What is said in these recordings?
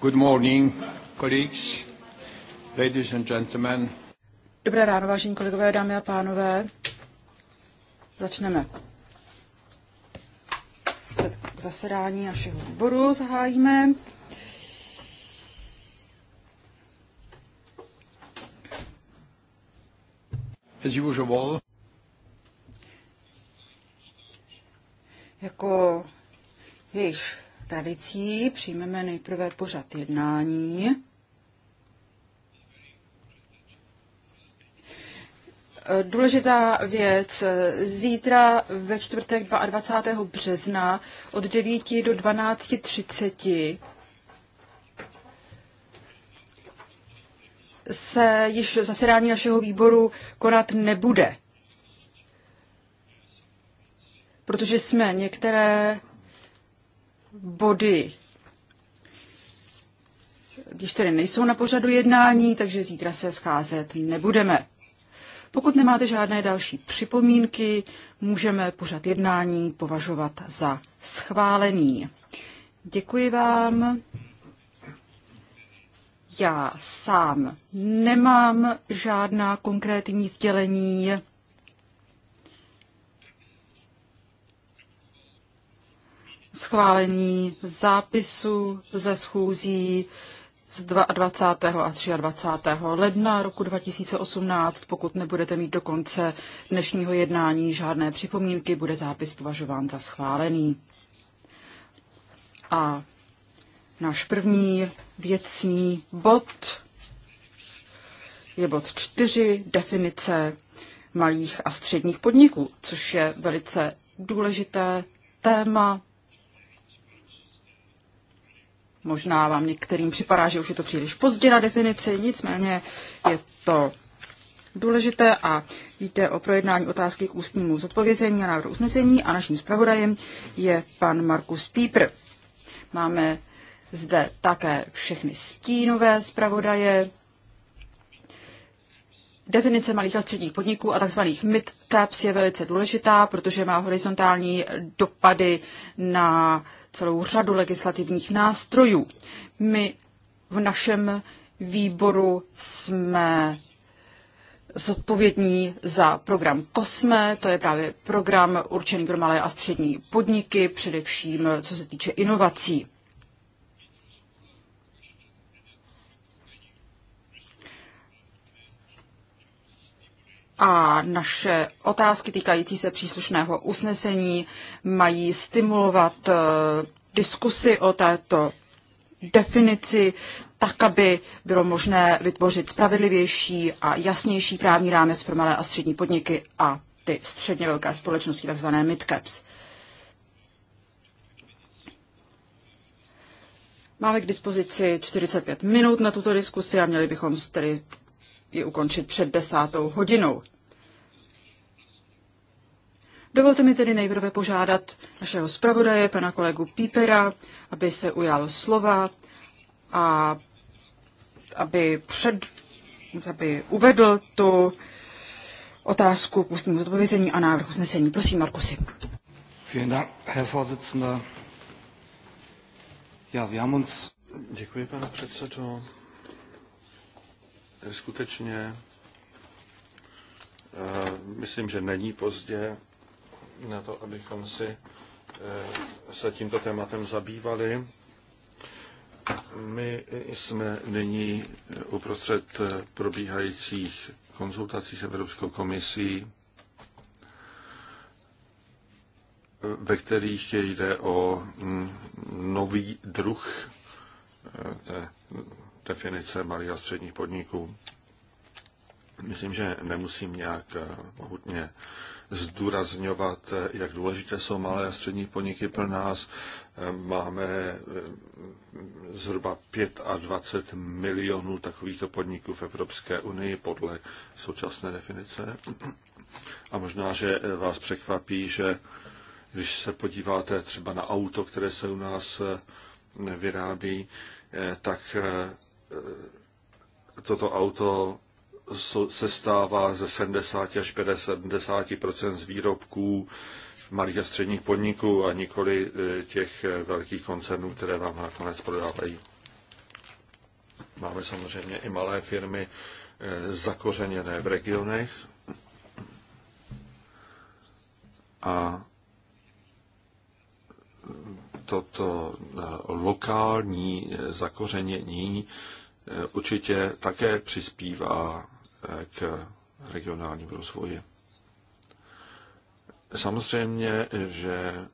Good morning, colleagues, ladies and gentlemen. Dobré ráno, vážení kolegové, dámy a pánové. Začneme zasedání našeho výboru zahájíme. As usual. Jako již tradicí přijmeme nejprve pořad jednání. Důležitá věc. Zítra ve čtvrtek 22. března od 9 do 12.30 se již zasedání našeho výboru konat nebude, protože jsme některé body když tedy nejsou na pořadu jednání, takže zítra se scházet nebudeme. Pokud nemáte žádné další připomínky, můžeme pořad jednání považovat za schválený. Děkuji vám. Já sám nemám žádná konkrétní sdělení. schválení zápisu ze schůzí z 22. a 23. ledna roku 2018. Pokud nebudete mít do konce dnešního jednání žádné připomínky, bude zápis považován za schválený. A náš první věcný bod je bod 4, definice malých a středních podniků, což je velice důležité téma Možná vám některým připadá, že už je to příliš pozdě na definici, nicméně je to důležité a jde o projednání otázky k ústnímu zodpovězení a návrhu usnesení a naším zpravodajem je pan Markus Pípr. Máme zde také všechny stínové zpravodaje, Definice malých a středních podniků a tzv. mid-caps je velice důležitá, protože má horizontální dopady na celou řadu legislativních nástrojů. My v našem výboru jsme zodpovědní za program COSME, to je právě program určený pro malé a střední podniky, především co se týče inovací. a naše otázky týkající se příslušného usnesení mají stimulovat eh, diskusy o této definici, tak, aby bylo možné vytvořit spravedlivější a jasnější právní rámec pro malé a střední podniky a ty středně velké společnosti, takzvané midcaps. Máme k dispozici 45 minut na tuto diskusi a měli bychom tedy ji ukončit před desátou hodinou. Dovolte mi tedy nejprve požádat našeho zpravodaje, pana kolegu Pípera, aby se ujal slova a aby, před, aby uvedl tu otázku k ústnímu zodpovězení a návrh usnesení. Prosím, Markusy. Děkuji, pane předsedo skutečně eh, myslím, že není pozdě na to, abychom si eh, se tímto tématem zabývali. My jsme nyní uprostřed eh, probíhajících konzultací s Evropskou komisí, ve kterých jde o mm, nový druh té definice malých a středních podniků. Myslím, že nemusím nějak eh, mohutně zdůrazňovat, eh, jak důležité jsou malé a střední podniky pro nás. Eh, máme zhruba 25 milionů takovýchto podniků v Evropské unii podle současné definice. A možná, že vás překvapí, že když se podíváte třeba na auto, které se u nás vyrábí, tak E, toto auto se stává ze 70 až 50 z výrobků malých a středních podniků a nikoli e, těch e, velkých koncernů, které vám nakonec prodávají. Máme samozřejmě i malé firmy zakořeněné v regionech a toto lokální zakořenění Eh, určitě také přispívá eh, k regionálnímu rozvoji. Samozřejmě, že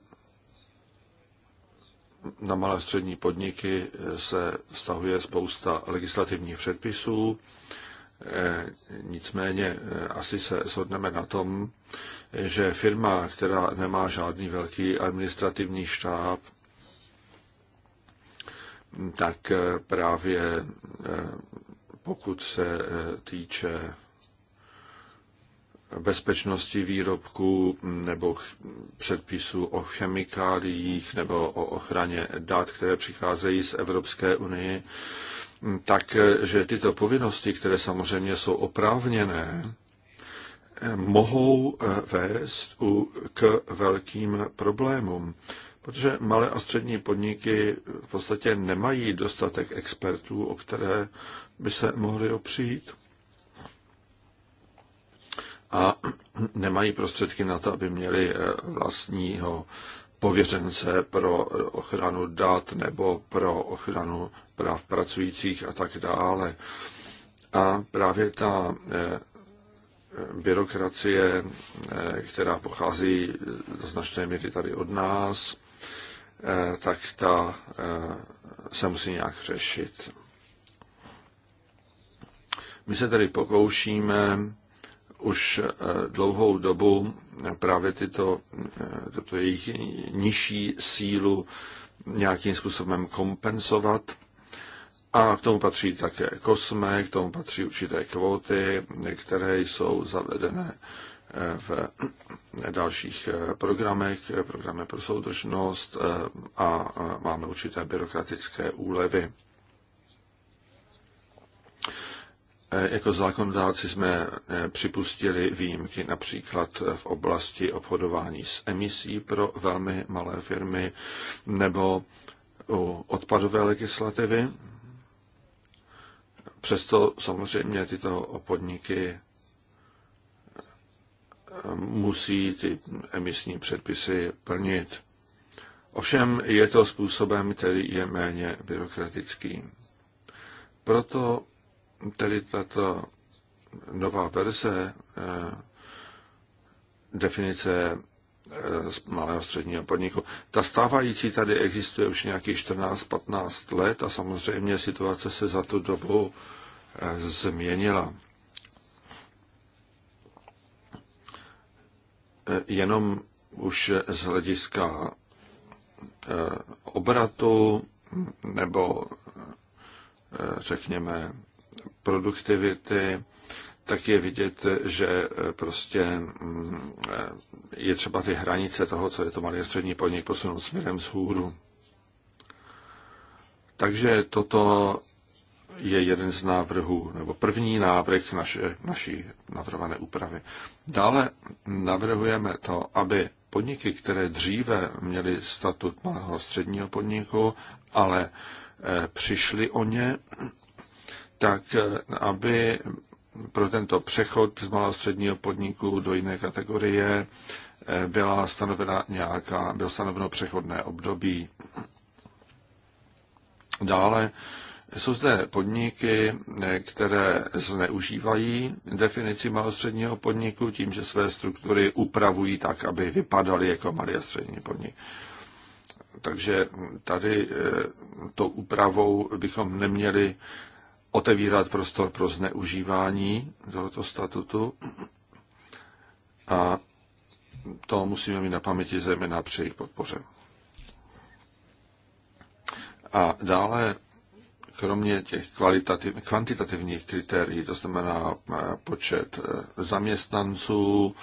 na malé střední podniky eh, se vztahuje spousta legislativních předpisů, nicméně asi se shodneme na tom, že firma, která nemá žádný velký administrativní štáb, tak právě pokud se týče bezpečnosti výrobků nebo předpisů o chemikáliích nebo o ochraně dat, které přicházejí z Evropské unie, takže tyto povinnosti, které samozřejmě jsou oprávněné, mohou vést k velkým problémům protože malé a střední podniky v podstatě nemají dostatek expertů, o které by se mohli opřít a nemají prostředky na to, aby měli eh, vlastního pověřence pro ochranu dat nebo pro ochranu práv pracujících a tak dále. A právě ta eh, eh, byrokracie, která pochází do značné míry tady od nás, Eh, tak ta eh, se musí nějak řešit. My se tedy pokoušíme už eh, dlouhou dobu právě tyto, tyto jejich nižší sílu nějakým způsobem kompenzovat. A k tomu patří také kosme, k tomu patří určité kvóty, které jsou zavedené v dalších eh, programech, eh, programy pro soudržnost eh, a máme určité byrokratické úlevy. Jako zákonodáci jsme připustili výjimky například v oblasti obchodování s emisí pro velmi malé firmy nebo u odpadové legislativy. Přesto samozřejmě tyto podniky musí ty emisní předpisy plnit. Ovšem je to způsobem, který je méně byrokratický. Proto tedy tato nová verze eh, definice eh, z malého středního podniku. Ta stávající tady existuje už nějakých 14-15 let a samozřejmě situace se za tu dobu eh, změnila. jenom už z hlediska eh, obratu nebo eh, řekněme produktivity, tak je vidět, že eh, prostě mm, je třeba ty hranice toho, co je to malý střední podnik, posunout směrem hůru. Takže toto je jeden z návrhů, nebo první návrh naše, naší navrhované úpravy. Dále navrhujeme to, aby podniky, které dříve měly statut malého středního podniku, ale eh, přišly o ně, tak eh, aby pro tento přechod z malého středního podniku do jiné kategorie eh, byla stanovena nějaká, bylo stanoveno přechodné období. Dále jsou zde podniky, eh, které zneužívají definici malostředního podniku tím, že své struktury upravují tak, aby vypadaly jako malý a střední podnik. Takže tady eh, to úpravou bychom neměli otevírat prostor pro zneužívání tohoto statutu a to musíme mít na paměti zejména při jejich podpoře. A dále kromě těch kvantitativních kritérií, to znamená eh, počet eh, zaměstnanců,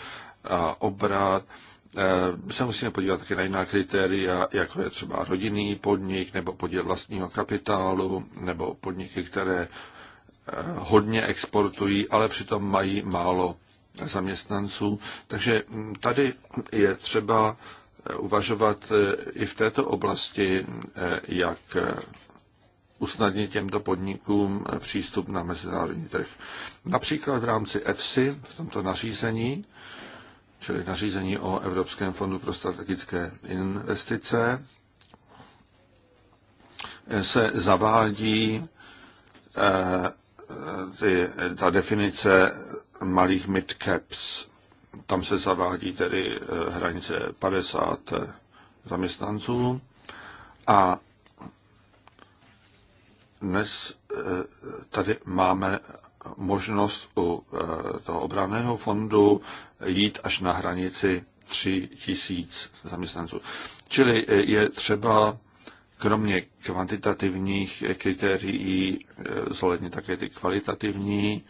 a obrat, eh, se musíme podívat také na jiná kritéria, jako je třeba rodinný podnik nebo podíl vlastního kapitálu nebo podniky, které hodně exportují, ale přitom mají málo zaměstnanců. Takže hm, tady je třeba uvažovat i v této oblasti, jak usnadnit těmto podnikům přístup na mezinárodní trh. Například v rámci EFSI, v tomto nařízení, čili nařízení o Evropském fondu pro strategické investice, se zavádí eh, ty, ta definice malých midcaps. Tam se zavádí tedy eh, hranice 50 eh, zaměstnanců a dnes eh, tady máme možnost u eh, toho obraného fondu jít až na hranici 3 tisíc zaměstnanců. Čili eh, je třeba kromě kvantitativních kritérií zohlednit také ty kvalitativní.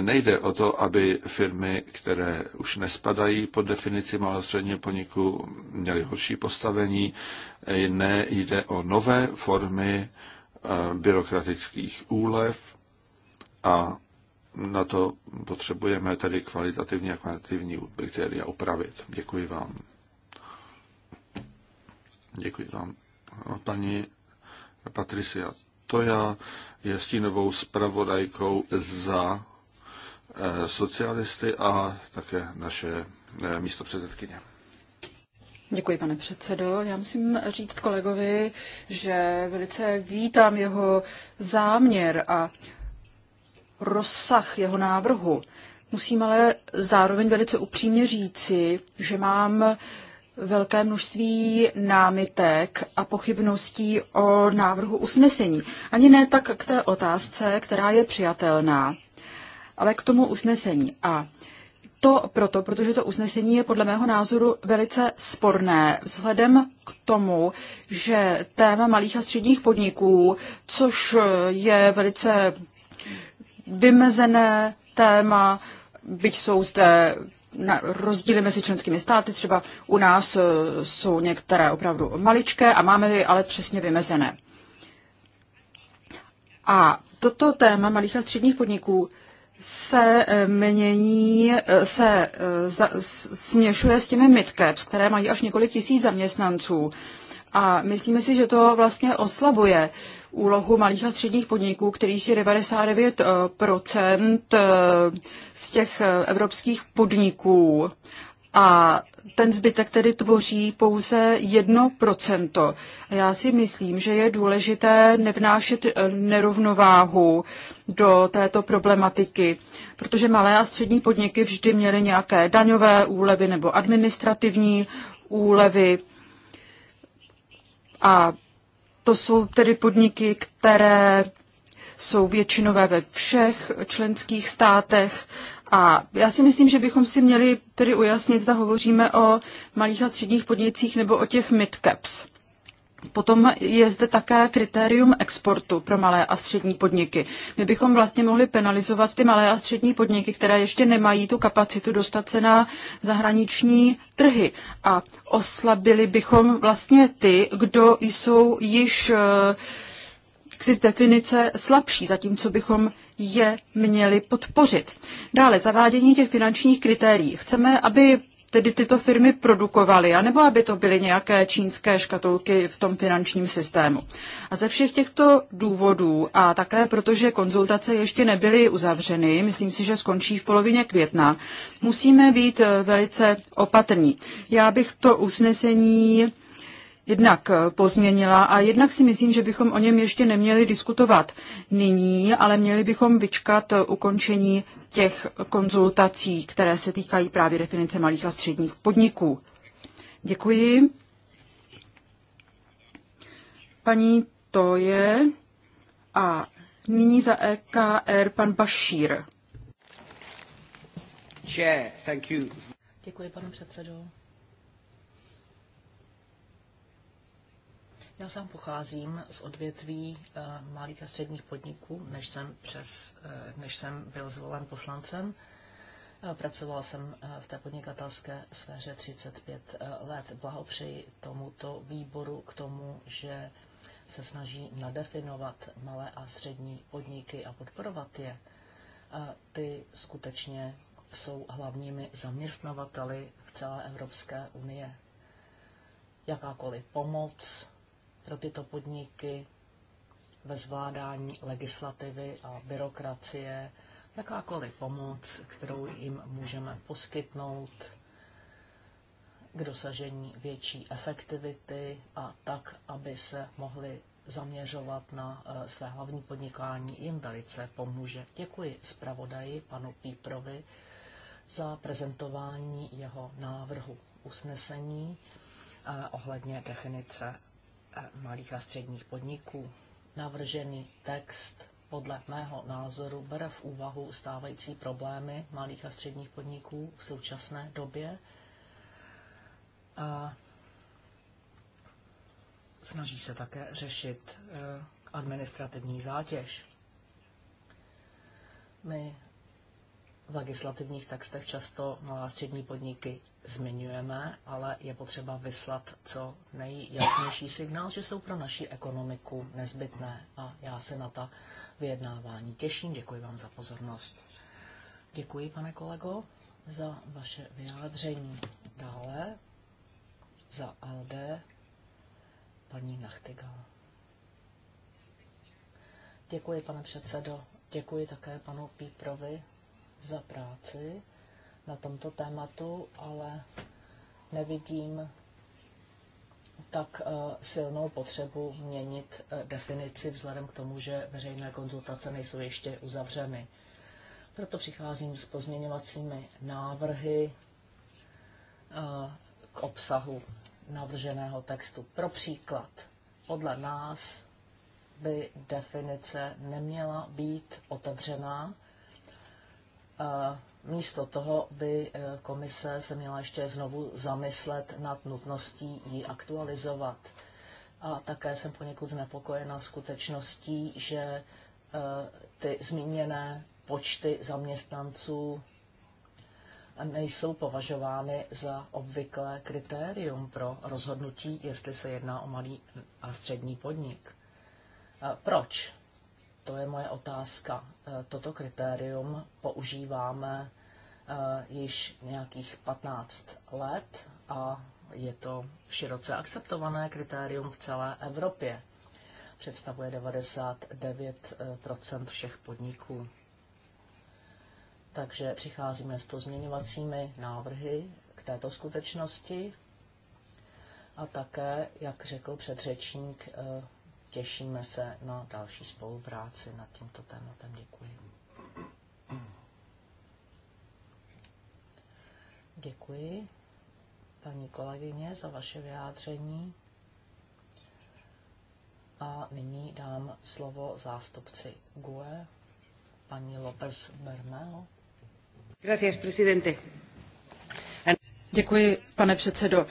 Nejde o to, aby firmy, které už nespadají pod definici malostředního středního podniku, měly horší postavení. Ne, jde o nové formy byrokratických úlev a na to potřebujeme tedy kvalitativní a kvalitativní kritéria upravit. Děkuji vám. Děkuji vám. Paní Patricia Toja je stínovou zpravodajkou za eh, socialisty a také naše eh, místo předsedkyně. Děkuji, pane předsedo. Já musím říct kolegovi, že velice vítám jeho záměr a rozsah jeho návrhu. Musím ale zároveň velice upřímně říci, že mám velké množství námitek a pochybností o návrhu usnesení. Ani ne tak k té otázce, která je přijatelná, ale k tomu usnesení. A to proto, protože to usnesení je podle mého názoru velice sporné vzhledem k tomu, že téma malých a středních podniků, což je velice vymezené téma, byť jsou zde na rozdíly mezi členskými státy. Třeba u nás eh, jsou některé opravdu maličké a máme je ale přesně vymezené. A toto téma malých a středních podniků se eh, mění, eh, se eh, za, směšuje s těmi midcaps, které mají až několik tisíc zaměstnanců. A myslíme si, že to vlastně oslabuje úlohu malých a středních podniků, kterých je 99 z těch evropských podniků. A ten zbytek tedy tvoří pouze jedno procento. já si myslím, že je důležité nevnášet eh, nerovnováhu do této problematiky, protože malé a střední podniky vždy měly nějaké daňové úlevy nebo administrativní úlevy. A to jsou tedy podniky, které jsou většinové ve všech členských státech a já si myslím, že bychom si měli tedy ujasnit, zda hovoříme o malých a středních podnicích nebo o těch midcaps. Potom je zde také kritérium exportu pro malé a střední podniky. My bychom vlastně mohli penalizovat ty malé a střední podniky, které ještě nemají tu kapacitu dostat se na zahraniční trhy. A oslabili bychom vlastně ty, kdo jsou již uh, jaksi z definice slabší, zatímco bychom je měli podpořit. Dále zavádění těch finančních kritérií. Chceme, aby tedy tyto firmy produkovaly, anebo aby to byly nějaké čínské škatulky v tom finančním systému. A ze všech těchto důvodů a také protože konzultace ještě nebyly uzavřeny, myslím si, že skončí v polovině května, musíme být eh, velice opatrní. Já bych to usnesení jednak eh, pozměnila a jednak si myslím, že bychom o něm ještě neměli diskutovat nyní, ale měli bychom vyčkat eh, ukončení těch konzultací, které se týkají právě definice malých a středních podniků. Děkuji. Paní to je a nyní za EKR pan Bašír. Děkuji, panu předsedu. Já sám pocházím z odvětví eh, malých a středních podniků, než jsem, přes, eh, než jsem byl zvolen poslancem. Eh, Pracoval jsem v té podnikatelské sféře 35 let. Blahopřeji tomuto výboru k tomu, že se snaží nadefinovat malé a střední podniky a podporovat je. Ty skutečně jsou hlavními zaměstnavateli v celé Evropské unie. Jakákoliv pomoc, pro tyto podniky ve zvládání legislativy a byrokracie, jakákoliv pomoc, kterou jim můžeme poskytnout k dosažení větší efektivity a tak, aby se mohli zaměřovat na eh, své hlavní podnikání, jim velice pomůže. Děkuji zpravodaji panu Píprovi za prezentování jeho návrhu usnesení eh, ohledně definice malých a středních podniků. Navržený text podle mého názoru bere v úvahu stávající problémy malých a středních podniků v současné době a snaží se také řešit eh, administrativní zátěž. My v legislativních textech často malá a střední podniky zmiňujeme, ale je potřeba vyslat co nejjasnější signál, že jsou pro naši ekonomiku nezbytné. A já se na ta vyjednávání těším. Děkuji vám za pozornost. Děkuji, pane kolego, za vaše vyjádření. Dále za LD paní Nachtigal. Děkuji, pane předsedo. Děkuji také panu Píprovi za práci na tomto tématu, ale nevidím tak eh, silnou potřebu měnit eh, definici vzhledem k tomu, že veřejné konzultace nejsou ještě uzavřeny. Proto přicházím s pozměňovacími návrhy eh, k obsahu navrženého textu. Pro příklad, podle nás by definice neměla být otevřená Eh, místo toho by eh, komise se měla ještě znovu zamyslet nad nutností ji aktualizovat. A také jsem poněkud znepokojena skutečností, že eh, ty zmíněné počty zaměstnanců nejsou považovány za obvyklé kritérium pro rozhodnutí, jestli se jedná o malý a střední podnik. Proč to je moje otázka. E, toto kritérium používáme e, již nějakých 15 let a je to široce akceptované kritérium v celé Evropě. Představuje 99 všech podniků. Takže přicházíme s pozměňovacími návrhy k této skutečnosti a také, jak řekl předřečník, e, těšíme se na další spolupráci nad tímto tématem. Děkuji. Děkuji, paní kolegyně, za vaše vyjádření. A nyní dám slovo zástupci GUE, paní López Bermeo. Děkuji, pane předsedo.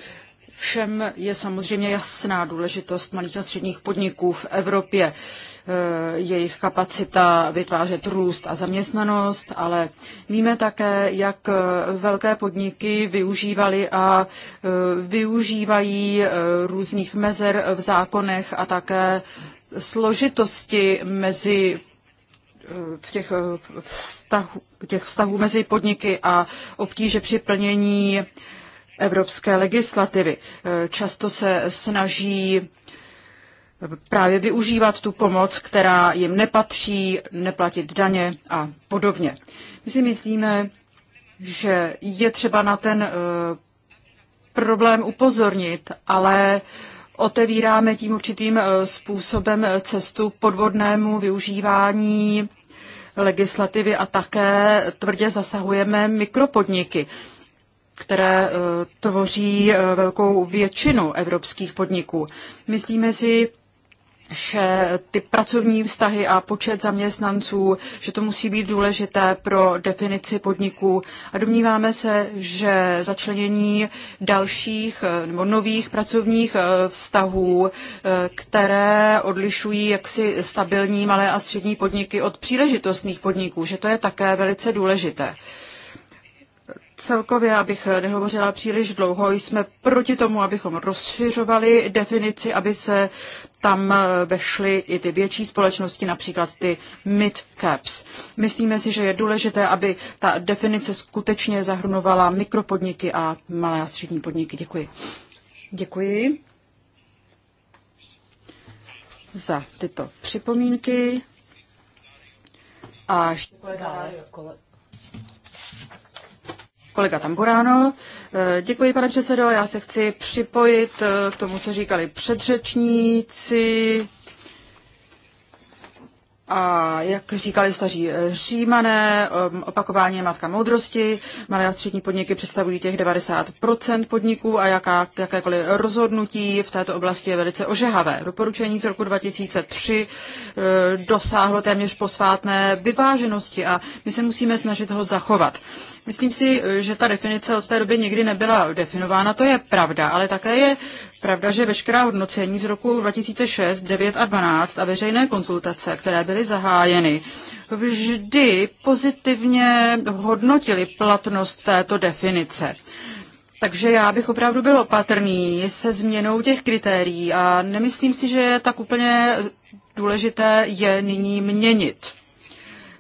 Všem je samozřejmě jasná důležitost malých a středních podniků v Evropě, e, jejich kapacita vytvářet růst a zaměstnanost, ale víme také, jak velké podniky využívaly a e, využívají e, různých mezer v zákonech a také složitosti mezi v těch, vztahu, těch vztahů mezi podniky a obtíže při plnění evropské legislativy. E, často se snaží právě využívat tu pomoc, která jim nepatří, neplatit daně a podobně. My si myslíme, že je třeba na ten e, problém upozornit, ale otevíráme tím určitým e, způsobem cestu podvodnému využívání legislativy a také tvrdě zasahujeme mikropodniky které eh, tvoří eh, velkou většinu evropských podniků. Myslíme si, že ty pracovní vztahy a počet zaměstnanců, že to musí být důležité pro definici podniků. A domníváme se, že začlenění dalších eh, nebo nových pracovních vztahů, které odlišují jaksi stabilní malé a střední podniky od příležitostných podniků, že to je také velice důležité. Celkově, abych nehovořila příliš dlouho, jsme proti tomu, abychom rozšiřovali definici, aby se tam vešly i ty větší společnosti, například ty mid-caps. Myslíme si, že je důležité, aby ta definice skutečně zahrnovala mikropodniky a malé a střední podniky. Děkuji. Děkuji za tyto připomínky. A ještě kolega, kolega, kolega Tamburáno. Eh, děkuji, pane předsedo. Já se chci připojit eh, k tomu, co říkali předřečníci. A jak říkali staří eh, římané, um, opakování je matka moudrosti, malé a střední podniky představují těch 90% podniků a jaká, jakékoliv rozhodnutí v této oblasti je velice ožehavé. Doporučení z roku 2003 eh, dosáhlo téměř posvátné vyváženosti a my se musíme snažit ho zachovat. Myslím si, eh, že ta definice od té doby nikdy nebyla definována, to je pravda, ale také je pravda, že veškerá hodnocení z roku 2006, 9 a 12 a veřejné konzultace, které byly zahájeny, vždy pozitivně hodnotili platnost této definice. Takže já bych opravdu byl opatrný se změnou těch kritérií a nemyslím si, že je tak úplně důležité je nyní měnit.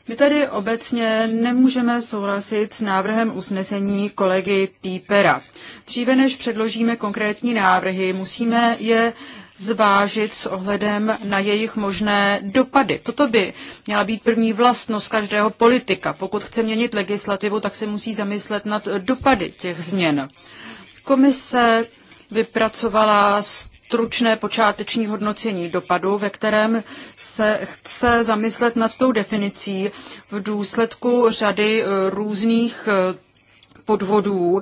My tady obecně nemůžeme souhlasit s návrhem usnesení kolegy Pípera. Dříve než předložíme konkrétní návrhy, musíme je zvážit s ohledem na jejich možné dopady. Toto by měla být první vlastnost každého politika. Pokud chce měnit legislativu, tak se musí zamyslet nad dopady těch změn. Komise vypracovala stručné počáteční hodnocení dopadu, ve kterém se chce zamyslet nad tou definicí v důsledku řady eh, různých eh, podvodů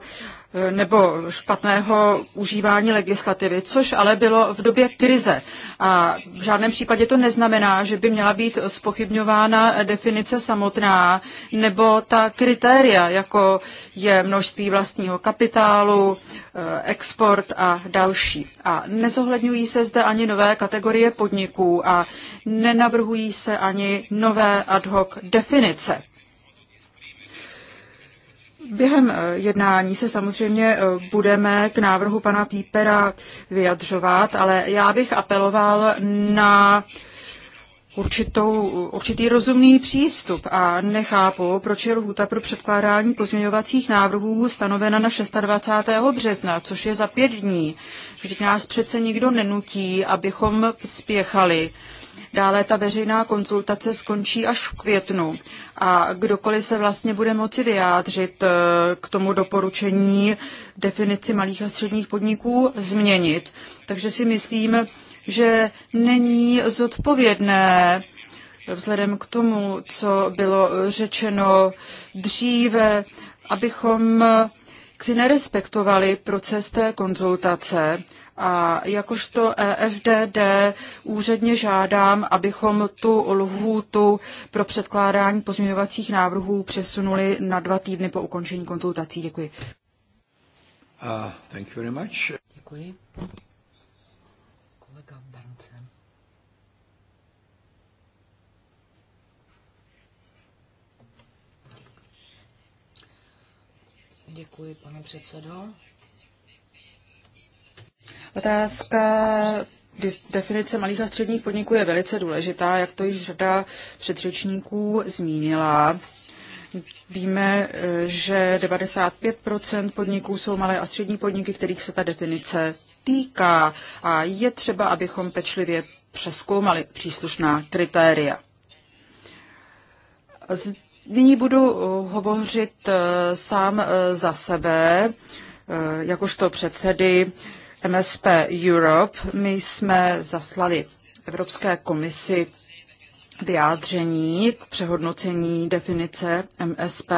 nebo špatného užívání legislativy, což ale bylo v době krize. A v žádném případě to neznamená, že by měla být spochybňována definice samotná nebo ta kritéria, jako je množství vlastního kapitálu, eh, export a další. A nezohledňují se zde ani nové kategorie podniků a nenavrhují se ani nové ad hoc definice. Během eh, jednání se samozřejmě eh, budeme k návrhu pana Pípera vyjadřovat, ale já bych apeloval na určitou, určitý rozumný přístup a nechápu, proč je lhůta pro předkládání pozměňovacích návrhů stanovena na 26. března, což je za pět dní. Vždyť nás přece nikdo nenutí, abychom spěchali Dále ta veřejná konzultace skončí až v květnu a kdokoliv se vlastně bude moci vyjádřit eh, k tomu doporučení definici malých a středních podniků změnit. Takže si myslím, že není zodpovědné eh, vzhledem k tomu, co bylo řečeno dříve, abychom eh, si nerespektovali proces té konzultace, a jakožto EFDD úředně žádám, abychom tu lhůtu pro předkládání pozměňovacích návrhů přesunuli na dva týdny po ukončení konzultací. Děkuji. Uh, thank you very much. Děkuji. Kolega Berncem. Děkuji, pane předsedo. Otázka definice malých a středních podniků je velice důležitá, jak to již řada předřečníků zmínila. Víme, že 95 podniků jsou malé a střední podniky, kterých se ta definice týká a je třeba, abychom pečlivě přeskoumali příslušná kritéria. Nyní budu uh, hovořit uh, sám uh, za sebe, jakožto předsedy MSP Europe my jsme zaslali Evropské komisi vyjádření k přehodnocení definice MSP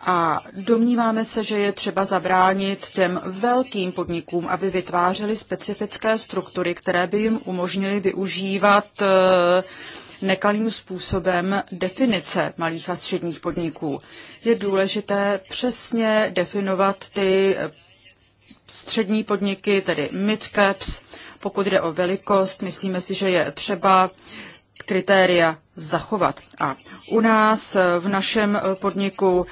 a domníváme se, že je třeba zabránit těm velkým podnikům, aby vytvářely specifické struktury, které by jim umožnily využívat eh, nekalým způsobem definice malých a středních podniků. Je důležité přesně definovat ty střední podniky, tedy midcaps. Pokud jde o velikost, myslíme si, že je třeba kritéria zachovat. A u nás eh, v našem eh, podniku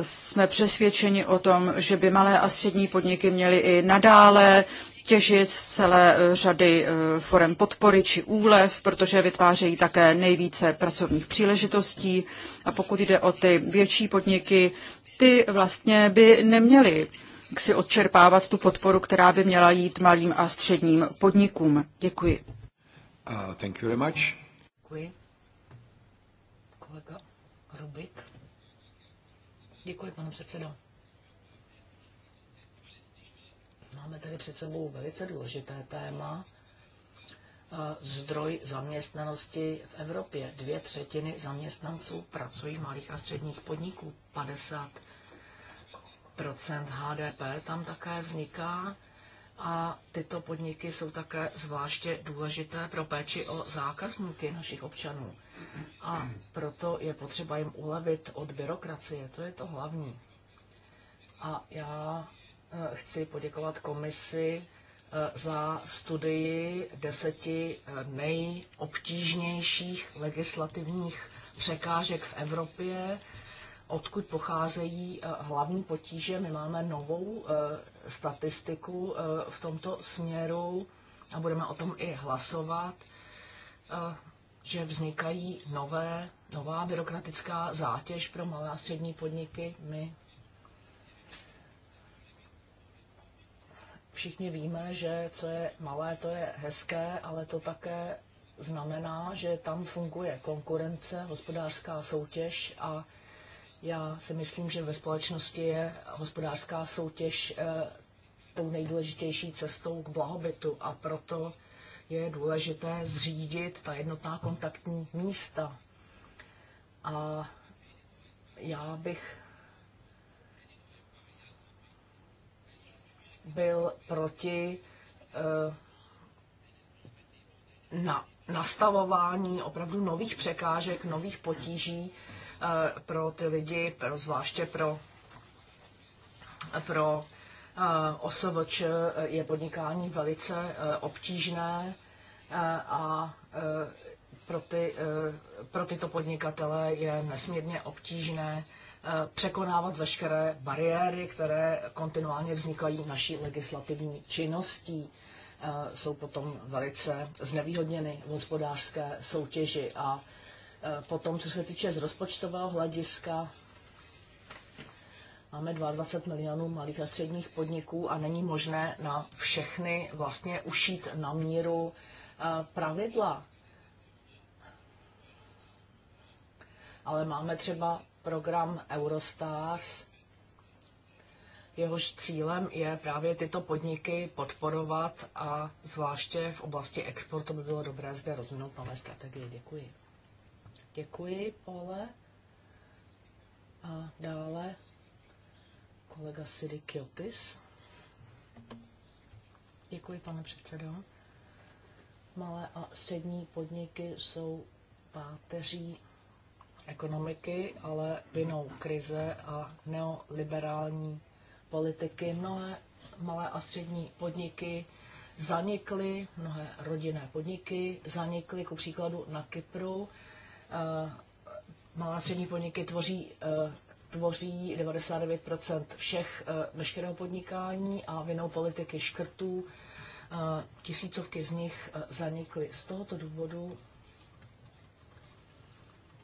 jsme přesvědčeni o tom, že by malé a střední podniky měly i nadále těžit z celé eh, řady forem podpory či úlev, protože vytvářejí také nejvíce pracovních příležitostí. A pokud jde o ty větší podniky, ty vlastně by neměly si odčerpávat tu podporu, která by měla jít malým a středním podnikům. Děkuji. Uh, thank you very much. Děkuji. Kolega Rubik. Děkuji, pane předsedo. Máme tady před sebou velice důležité téma. Eh, zdroj zaměstnanosti v Evropě. Dvě třetiny zaměstnanců pracují malých a středních podniků. 50 procent HDP tam také vzniká a tyto podniky jsou také zvláště důležité pro péči o zákazníky našich občanů. A proto je potřeba jim ulevit od byrokracie, to je to hlavní. A já eh, chci poděkovat komisi eh, za studii deseti eh, nejobtížnějších legislativních překážek v Evropě odkud pocházejí eh, hlavní potíže. My máme novou eh, statistiku eh, v tomto směru a budeme o tom i hlasovat, že vznikají nové, nová byrokratická zátěž pro malé a střední podniky. My všichni víme, že co je malé, to je hezké, ale to také znamená, že tam funguje konkurence, hospodářská soutěž a já si myslím, že ve společnosti je hospodářská soutěž eh, tou nejdůležitější cestou k blahobytu a proto je důležité zřídit ta jednotná kontaktní místa. A já bych byl proti eh, na nastavování opravdu nových překážek, nových potíží Eh, pro ty lidi, pro, zvláště pro, pro eh, osovoč eh, je podnikání velice obtížné a pro, ty, pro tyto podnikatele je nesmírně obtížné překonávat veškeré bariéry, které kontinuálně vznikají naší legislativní činností. Jsou potom velice znevýhodněny v hospodářské soutěži a Eh, potom, co se týče z rozpočtového hlediska, máme 22 milionů malých a středních podniků a není možné na všechny vlastně ušít na míru eh, pravidla. Ale máme třeba program Eurostars, jehož cílem je právě tyto podniky podporovat a zvláště v oblasti exportu by bylo dobré zde rozvinout nové strategie. Děkuji. Děkuji, Pole. A dále kolega Sidi Kiotis. Děkuji, pane předsedo. Malé a střední podniky jsou páteří ekonomiky, ale vinou krize a neoliberální politiky mnohé malé a střední podniky zanikly, mnohé rodinné podniky zanikly, ku příkladu na Kypru, Eh, Malá střední podniky tvoří eh, tvoří 99 všech, eh, veškerého podnikání a vinou politiky škrtů tisícovky z nich zanikly. Z tohoto důvodu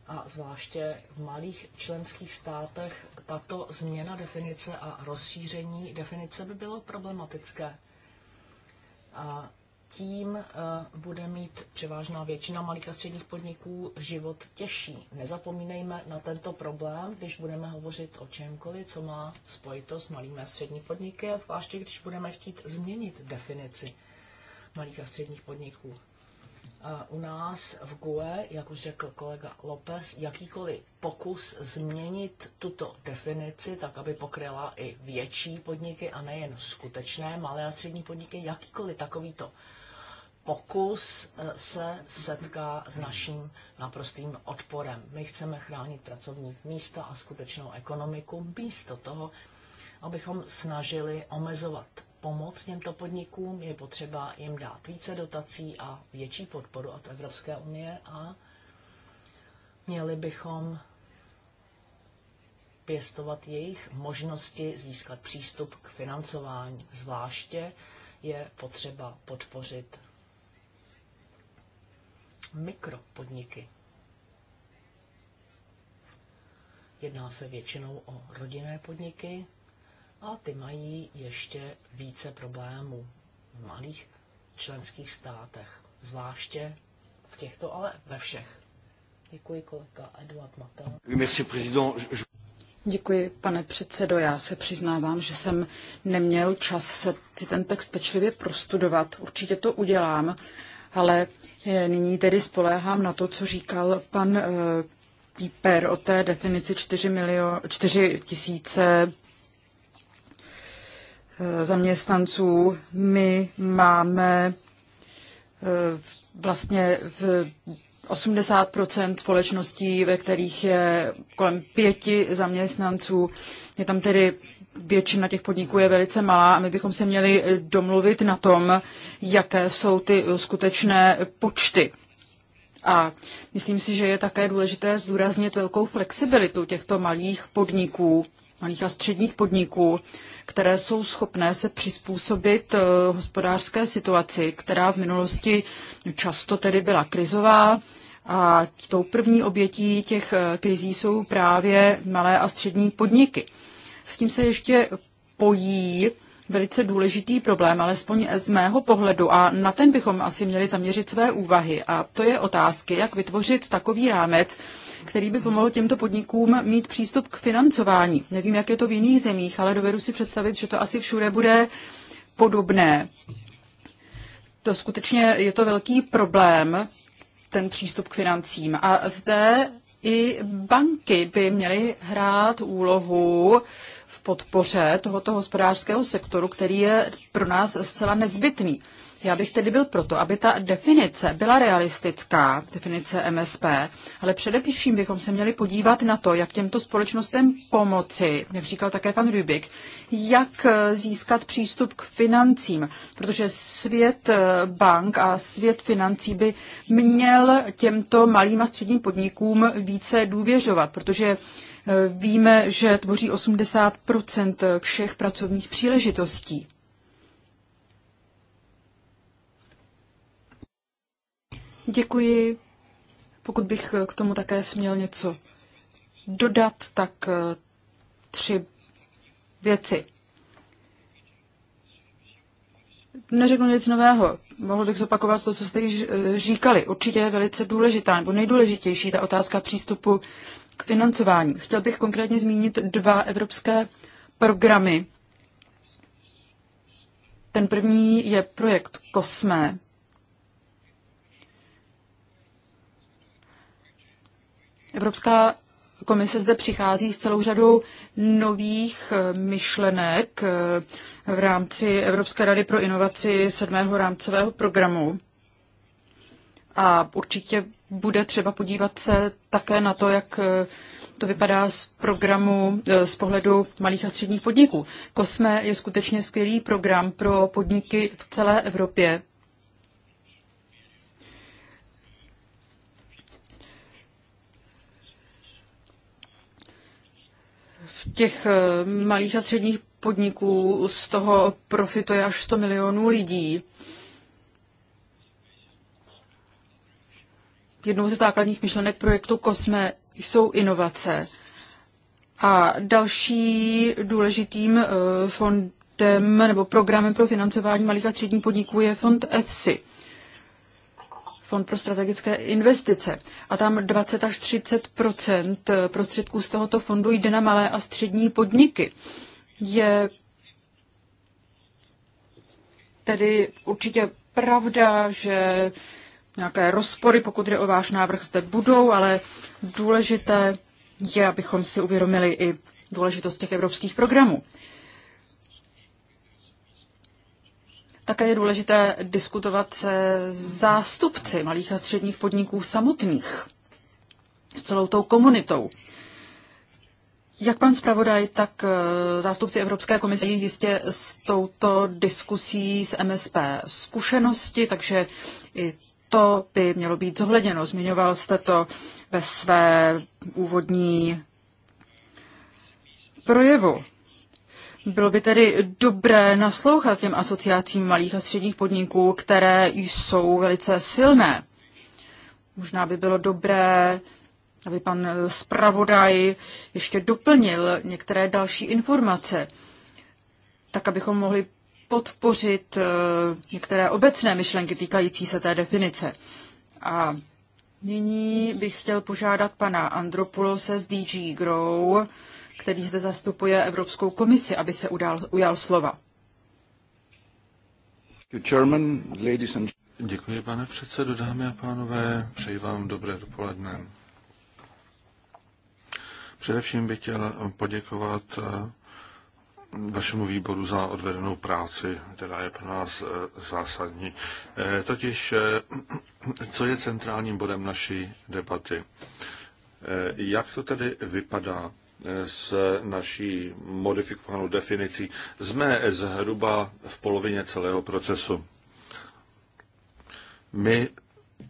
a zvláště v malých členských státech tato změna definice a rozšíření definice by bylo problematické. A tím eh, bude mít převážná většina malých a středních podniků život těžší. Nezapomínejme na tento problém, když budeme hovořit o čemkoliv, co má spojitost s malými a střední podniky, a zvláště když budeme chtít změnit definici malých a středních podniků u nás v GUE, jak už řekl kolega López, jakýkoliv pokus změnit tuto definici tak, aby pokryla i větší podniky a nejen skutečné malé a střední podniky, jakýkoliv takovýto pokus eh, se setká s naším naprostým odporem. My chceme chránit pracovní místa a skutečnou ekonomiku místo toho, abychom snažili omezovat pomoc těmto podnikům. Je potřeba jim dát více dotací a větší podporu od Evropské unie a měli bychom pěstovat jejich možnosti získat přístup k financování. Zvláště je potřeba podpořit mikropodniky. Jedná se většinou o rodinné podniky, a ty mají ještě více problémů v malých členských státech, zvláště v těchto, ale ve všech. Děkuji kolega Eduard Matel. Děkuji, pane předsedo. Já se přiznávám, že jsem neměl čas se ten text pečlivě prostudovat. Určitě to udělám, ale eh, nyní tedy spoléhám na to, co říkal pan eh, Píper o té definici 4, milio, 4 tisíce Eh, zaměstnanců. My máme eh, vlastně v 80 společností, ve kterých je kolem pěti zaměstnanců. Je tam tedy většina těch podniků je velice malá a my bychom se měli domluvit na tom, jaké jsou ty skutečné počty. A myslím si, že je také důležité zdůraznit velkou flexibilitu těchto malých podniků, malých a středních podniků, které jsou schopné se přizpůsobit eh, hospodářské situaci, která v minulosti často tedy byla krizová. A tou první obětí těch eh, krizí jsou právě malé a střední podniky. S tím se ještě pojí velice důležitý problém, alespoň z mého pohledu, a na ten bychom asi měli zaměřit své úvahy. A to je otázky, jak vytvořit takový rámec, který by pomohl těmto podnikům mít přístup k financování. Nevím, jak je to v jiných zemích, ale dovedu si představit, že to asi všude bude podobné. To skutečně je to velký problém, ten přístup k financím. A zde i banky by měly hrát úlohu v podpoře tohoto hospodářského sektoru, který je pro nás zcela nezbytný. Já bych tedy byl proto, aby ta definice byla realistická, definice MSP, ale především bychom se měli podívat na to, jak těmto společnostem pomoci, jak říkal také pan Rubik, jak eh, získat přístup k financím, protože svět eh, bank a svět financí by měl těmto malým a středním podnikům více důvěřovat, protože eh, víme, že tvoří 80 všech pracovních příležitostí. Děkuji. Pokud bych k tomu také směl něco dodat, tak eh, tři věci. Neřeknu nic nového. Mohl bych zopakovat to, co jste již eh, říkali. Určitě je velice důležitá, nebo nejdůležitější ta otázka přístupu k financování. Chtěl bych konkrétně zmínit dva evropské programy. Ten první je projekt COSME, Evropská komise zde přichází s celou řadou nových eh, myšlenek eh, v rámci Evropské rady pro inovaci sedmého rámcového programu. A určitě bude třeba podívat se také na to, jak eh, to vypadá z programu z pohledu malých a středních podniků. COSME je skutečně skvělý program pro podniky v celé Evropě. těch eh, malých a středních podniků z toho profituje až 100 milionů lidí. Jednou ze základních myšlenek projektu COSME jsou inovace. A další důležitým eh, fondem nebo programem pro financování malých a středních podniků je fond EFSI. Fond pro strategické investice. A tam 20 až 30 prostředků z tohoto fondu jde na malé a střední podniky. Je tedy určitě pravda, že nějaké rozpory, pokud jde o váš návrh, zde budou, ale důležité je, abychom si uvědomili i důležitost těch evropských programů. Také je důležité diskutovat se zástupci malých a středních podniků samotných, s celou tou komunitou. Jak pan zpravodaj, tak eh, zástupci Evropské komise jistě s touto diskusí s MSP zkušenosti, takže i to by mělo být zohledněno. Zmiňoval jste to ve své úvodní projevu. Bylo by tedy dobré naslouchat těm asociacím malých a středních podniků, které jsou velice silné. Možná by bylo dobré, aby pan zpravodaj ještě doplnil některé další informace, tak abychom mohli podpořit eh, některé obecné myšlenky týkající se té definice. A nyní bych chtěl požádat pana Andropulose z DG Grow, který zde zastupuje Evropskou komisi, aby se udál, ujal slova. Děkuji, pane předsedo, dámy a pánové, přeji vám dobré dopoledne. Především bych chtěl poděkovat eh, vašemu výboru za odvedenou práci, která je pro nás eh, zásadní. Eh, totiž, co je centrálním bodem naší debaty? Jak to tedy vypadá s naší modifikovanou definicí jsme zhruba v polovině celého procesu. My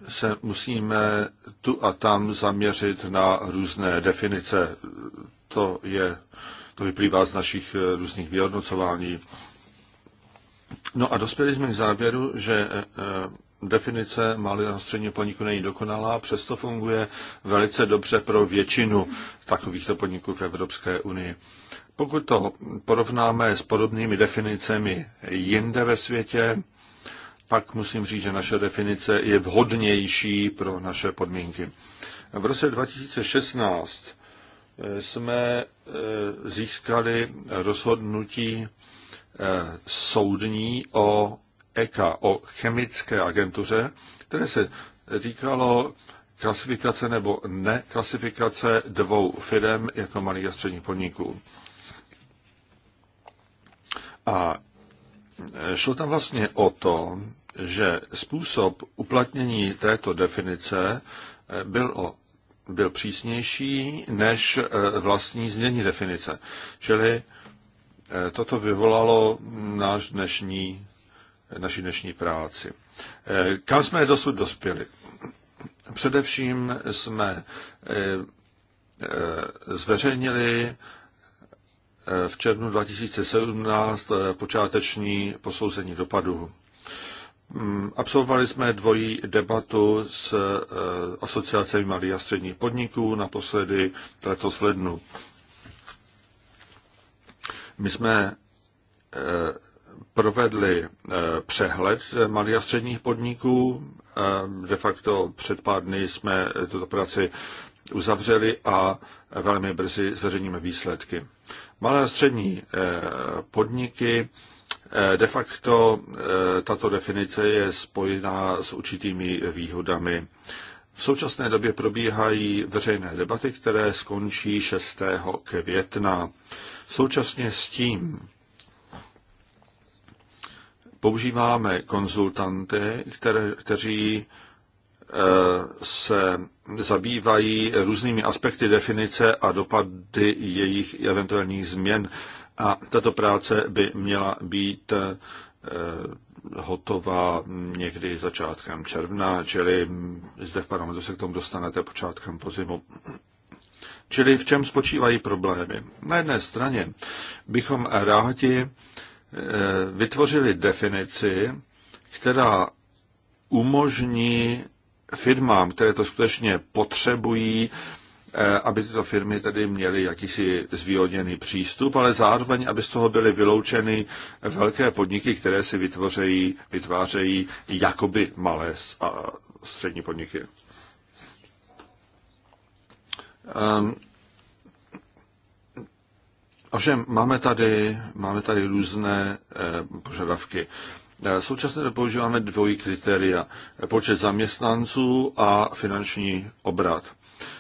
se musíme tu a tam zaměřit na různé definice. To, je, to vyplývá z našich eh, různých vyhodnocování. No a dospěli jsme k závěru, že eh, definice malého a středního podniku není dokonalá, přesto funguje velice dobře pro většinu takovýchto podniků v Evropské unii. Pokud to porovnáme s podobnými definicemi jinde ve světě, pak musím říct, že naše definice je vhodnější pro naše podmínky. V roce 2016 eh, jsme eh, získali rozhodnutí eh, soudní o ECA o chemické agentuře, které se týkalo klasifikace nebo neklasifikace dvou firm jako malých a středních podniků. A e, šlo tam vlastně o to, že způsob uplatnění této definice e, byl, o, byl přísnější než e, vlastní změní definice. Čili toto vyvolalo náš dnešní naší dnešní práci. Eh, kam jsme dosud dospěli? Především jsme eh, eh, zveřejnili v červnu 2017 počáteční posouzení dopadů. Mm, absolvovali jsme dvojí debatu s asociacemi malých a středních podniků, naposledy letos v lednu. My jsme provedli eh, přehled malých a středních podniků. Eh, de facto před pár dny jsme tuto práci uzavřeli a velmi brzy zveřejníme výsledky. Malé a střední eh, podniky, de facto tato definice je spojená s určitými výhodami. V současné době probíhají veřejné debaty, které skončí 6. května. Současně s tím Používáme konzultanty, které, kteří eh, se zabývají různými aspekty definice a dopady jejich eventuálních změn. A tato práce by měla být eh, hotová někdy začátkem června, čili zde v parlamentu se k tomu dostanete počátkem podzimu. Čili v čem spočívají problémy? Na jedné straně bychom rádi Eh, vytvořili definici, která umožní firmám, které to skutečně potřebují, eh, aby tyto firmy tedy měly jakýsi zvýhodněný přístup, ale zároveň, aby z toho byly vyloučeny velké podniky, které si vytvořejí, vytvářejí jakoby malé a střední podniky. Ehm, Ovšem, máme tady, máme tady různé eh, požadavky. Eh, současně používáme dvojí kritéria. Počet zaměstnanců a finanční obrat.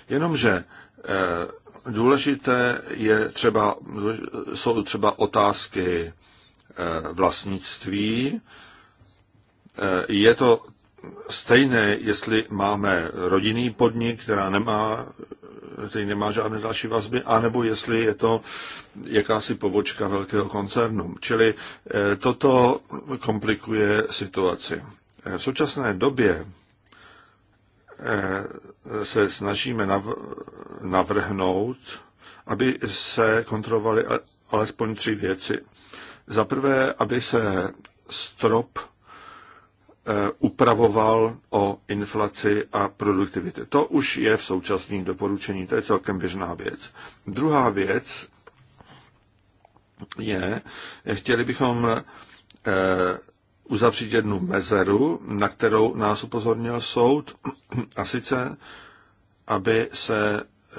Jenomže eh, důležité je třeba, jsou třeba otázky vlastnictví. Je to stejné, jestli máme rodinný podnik, která nemá který nemá žádné další vazby, anebo jestli je to jakási pobočka velkého koncernu. Čili eh, toto komplikuje situaci. Eh, v současné době eh, se snažíme navrhnout, aby se kontrolovaly alespoň tři věci. Za prvé, aby se strop Eh, upravoval o inflaci a produktivitě. To už je v současných doporučení, to je celkem běžná věc. Druhá věc je, chtěli bychom eh, uzavřít jednu mezeru, na kterou nás upozornil soud, a sice, aby se eh,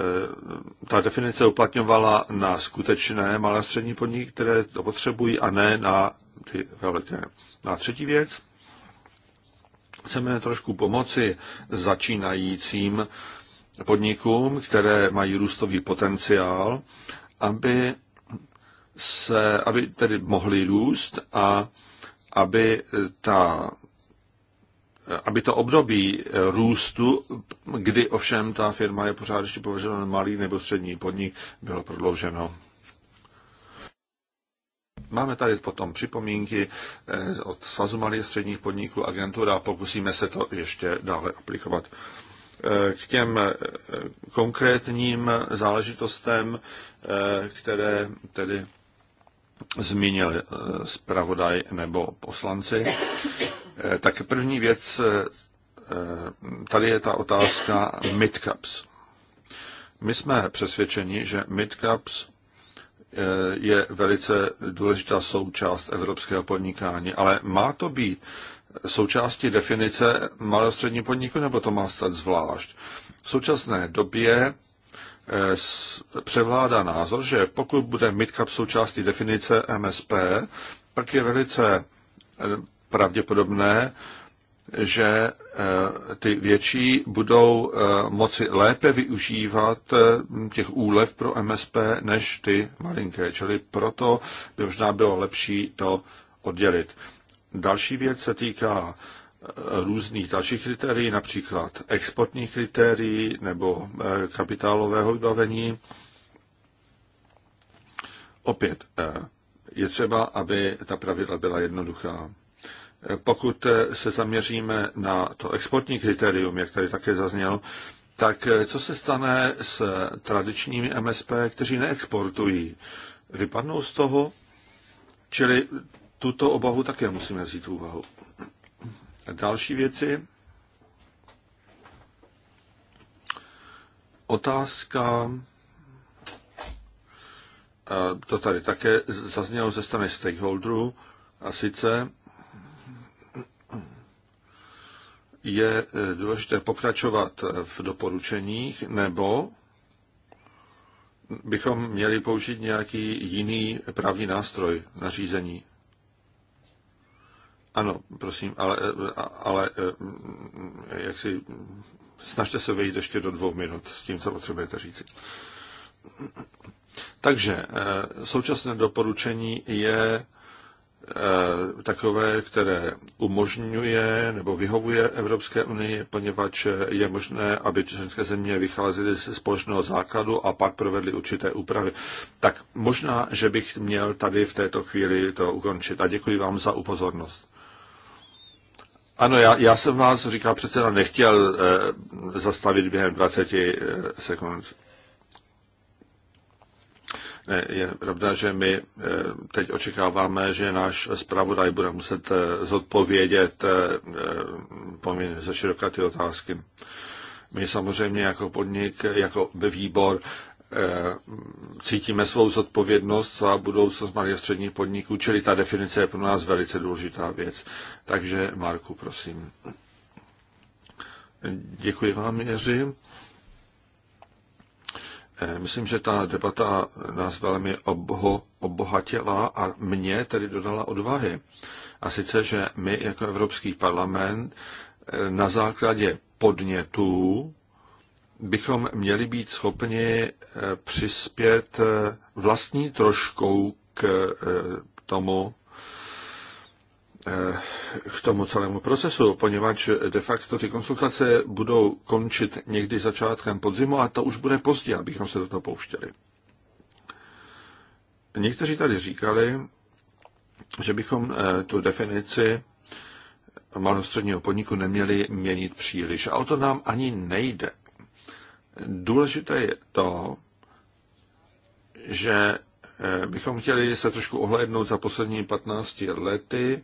ta definice uplatňovala na skutečné malé střední podniky, které to potřebují, a ne na ty velké. A třetí věc, Chceme trošku pomoci začínajícím podnikům, které mají růstový potenciál, aby, se, aby tedy mohli růst a aby, ta, aby to období růstu, kdy ovšem ta firma je pořád ještě považována malý nebo střední podnik, bylo prodlouženo. Máme tady potom připomínky eh, od Svazu malých středních podniků, agentura a pokusíme se to ještě dále aplikovat. Eh, k těm eh, konkrétním záležitostem, které tedy zmínil zpravodaj nebo poslanci, tak první věc, tady je ta otázka midcaps. My jsme přesvědčeni, že midcaps je velice důležitá součást evropského podnikání. Ale má to být součástí definice malého středního podniku, nebo to má stát zvlášť? V současné době eh, převládá názor, že pokud bude midcap součástí definice MSP, pak je velice eh, pravděpodobné, že eh, ty větší budou eh, moci lépe využívat eh, těch úlev pro MSP než ty malinké. Čili proto by možná bylo lepší to oddělit. Další věc se týká různých dalších kritérií, například exportních kritérií nebo kapitálového vybavení. Opět je třeba, aby ta pravidla byla jednoduchá pokud se zaměříme na to exportní kritérium, jak tady také zaznělo, tak co se stane s tradičními MSP, kteří neexportují? Vypadnou z toho? Čili tuto obavu také musíme vzít v úvahu. Další věci. Otázka, to tady také zaznělo ze strany stakeholderů, a sice je eh, důležité pokračovat v doporučeních nebo bychom měli použít nějaký jiný právní nástroj na řízení. Ano, prosím, ale, eh, ale eh, jak si snažte se vejít ještě do dvou minut s tím, co potřebujete říci. Takže současné doporučení je Eh, takové, které umožňuje nebo vyhovuje Evropské unii, poněvadž je možné, aby české země vycházely ze společného základu a pak provedly určité úpravy. Tak možná, že bych měl tady v této chvíli to ukončit. A děkuji vám za upozornost. Ano, já, já jsem vás, říká předseda, nechtěl eh, zastavit během 20 eh, sekund. E, je pravda, že my e, teď očekáváme, že náš zpravodaj bude muset e, zodpovědět poměrně ze široká ty otázky. My samozřejmě jako podnik, jako výbor cítíme svou zodpovědnost za budoucnost malých a středních podniků, čili ta definice je pro nás velice důležitá věc. Takže Marku, prosím. Děkuji vám, Jeřím. Eh, myslím, že ta debata nás velmi obho, obohatila a mě tedy dodala odvahy. A sice, že my jako Evropský parlament eh, na základě podnětů bychom měli být schopni eh, přispět vlastní troškou k tomu, Eh, k tomu celému procesu, poněvadž de facto ty konsultace budou končit někdy začátkem podzimu a to už bude pozdě, abychom se do toho pouštěli. Někteří tady říkali, že bychom eh, tu definici malostředního podniku neměli měnit příliš. A o to nám ani nejde. Důležité je to, že eh, bychom chtěli se trošku ohlédnout za poslední 15 lety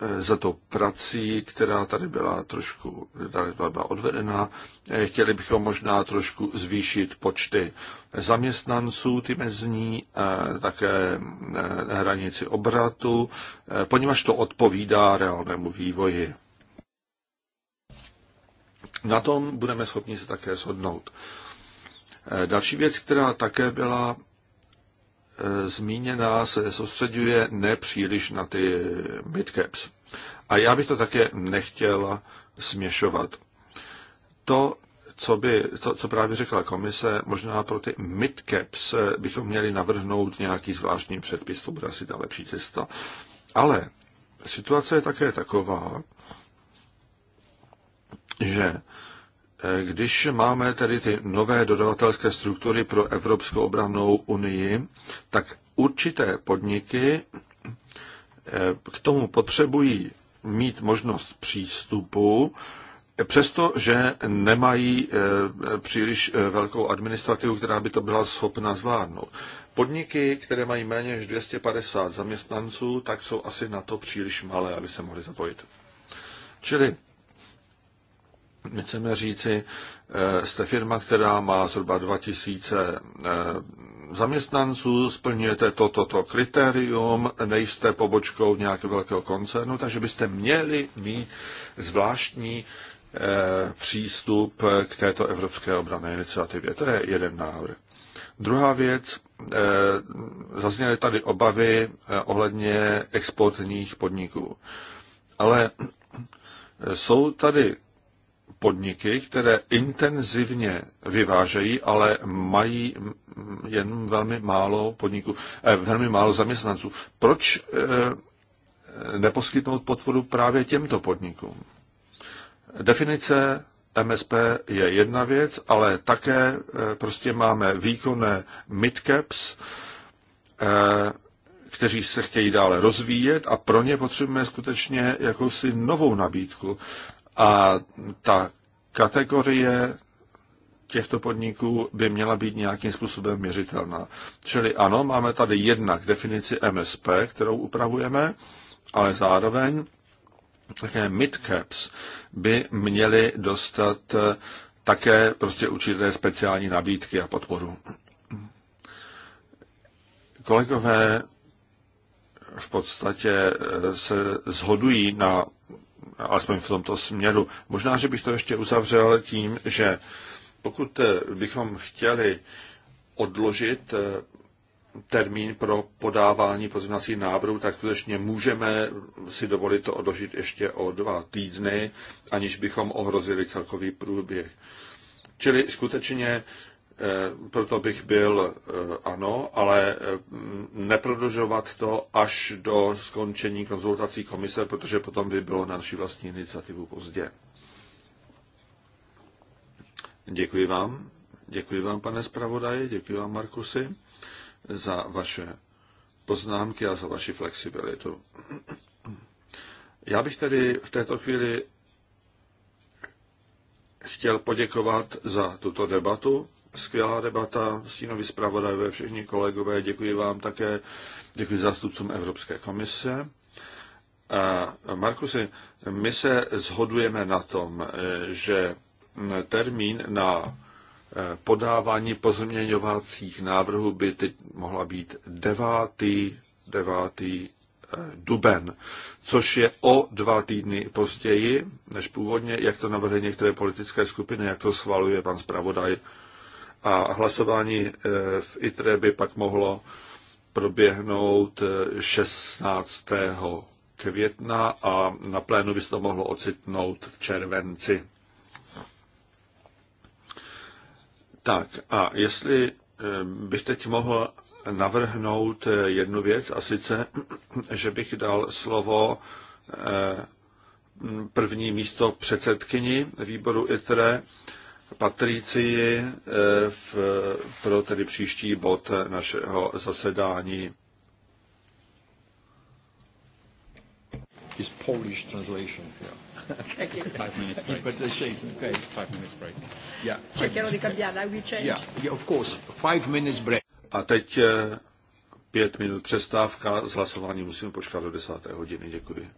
Eh, za to prací, která tady byla trošku tady byla odvedena. Eh, chtěli bychom možná trošku zvýšit počty zaměstnanců, ty mezní, eh, také hranici obratu, poněvadž to odpovídá reálnému vývoji. Na tom budeme schopni se také shodnout. Další věc, která také byla Eh, zmíněná se soustředuje nepříliš na ty midcaps. A já bych to také nechtěl směšovat. To, co, by, to, co právě řekla komise, možná pro ty midcaps eh, bychom měli navrhnout nějaký zvláštní předpis, to bude asi ta lepší cesta. Ale situace je také taková, že když máme tedy ty nové dodavatelské struktury pro Evropskou obrannou unii, tak určité podniky eh, k tomu potřebují mít možnost přístupu, přestože nemají eh, příliš eh, velkou administrativu, která by to byla schopna zvládnout. Podniky, které mají méně než 250 zaměstnanců, tak jsou asi na to příliš malé, aby se mohly zapojit. Čili my chceme říci, eh, jste firma, která má zhruba 2000 eh, zaměstnanců, splňujete toto to, to kritérium, nejste pobočkou nějakého velkého koncernu, takže byste měli mít zvláštní eh, přístup k této Evropské obrané iniciativě. To je jeden návrh. Druhá věc, zazněly tady obavy ohledně exportních podniků. Ale jsou tady podniky, které intenzivně vyvážejí, ale mají jen velmi málo podniků, eh, velmi málo zaměstnanců. Proč eh, neposkytnout podporu právě těmto podnikům? Definice MSP je jedna věc, ale také eh, prostě máme výkonné midcaps, eh, kteří se chtějí dále rozvíjet a pro ně potřebujeme skutečně jakousi novou nabídku. A ta kategorie těchto podniků by měla být nějakým způsobem měřitelná. Čili ano, máme tady jednak definici MSP, kterou upravujeme, ale zároveň také midcaps by měly dostat eh, také prostě určité speciální nabídky a podporu. Kolegové v podstatě eh, se zhodují na alespoň v tomto směru. Možná, že bych to ještě uzavřel tím, že pokud eh, bychom chtěli odložit eh, termín pro podávání pozměňovacích návrhů, tak skutečně můžeme si dovolit to odložit ještě o dva týdny, aniž bychom ohrozili celkový průběh. Čili skutečně Eh, proto bych byl eh, ano, ale eh, neprodlužovat to až do skončení konzultací komise, protože potom by bylo na naši vlastní iniciativu pozdě. Děkuji vám. Děkuji vám, pane zpravodaji, děkuji vám, Markusy, za vaše poznámky a za vaši flexibilitu. Já bych tedy v této chvíli chtěl poděkovat za tuto debatu skvělá debata, stínoví zpravodajové, všichni kolegové, děkuji vám také, děkuji zástupcům Evropské komise. A Markusy, my se zhodujeme na tom, že termín na e, podávání pozměňovacích návrhů by teď mohla být 9. 9. E, duben, což je o dva týdny později než původně, jak to navrhly některé politické skupiny, jak to schvaluje pan zpravodaj a hlasování eh, v ITRE by pak mohlo proběhnout 16. Eh, května a na plénu by se to mohlo ocitnout v červenci. Tak a jestli eh, bych teď mohl navrhnout jednu věc, a sice, že bych dal slovo první místo předsedkyni výboru ITRE, Patricii eh, v, pro tedy příští bod našeho zasedání. His Polish translation. Thank you. Five minutes break. Five minutes break. Yeah. Yeah, yeah, of course. Five minutes break. A teď eh, pět minut přestávka. s hlasováním. musíme počkat do desáté hodiny. Děkuji.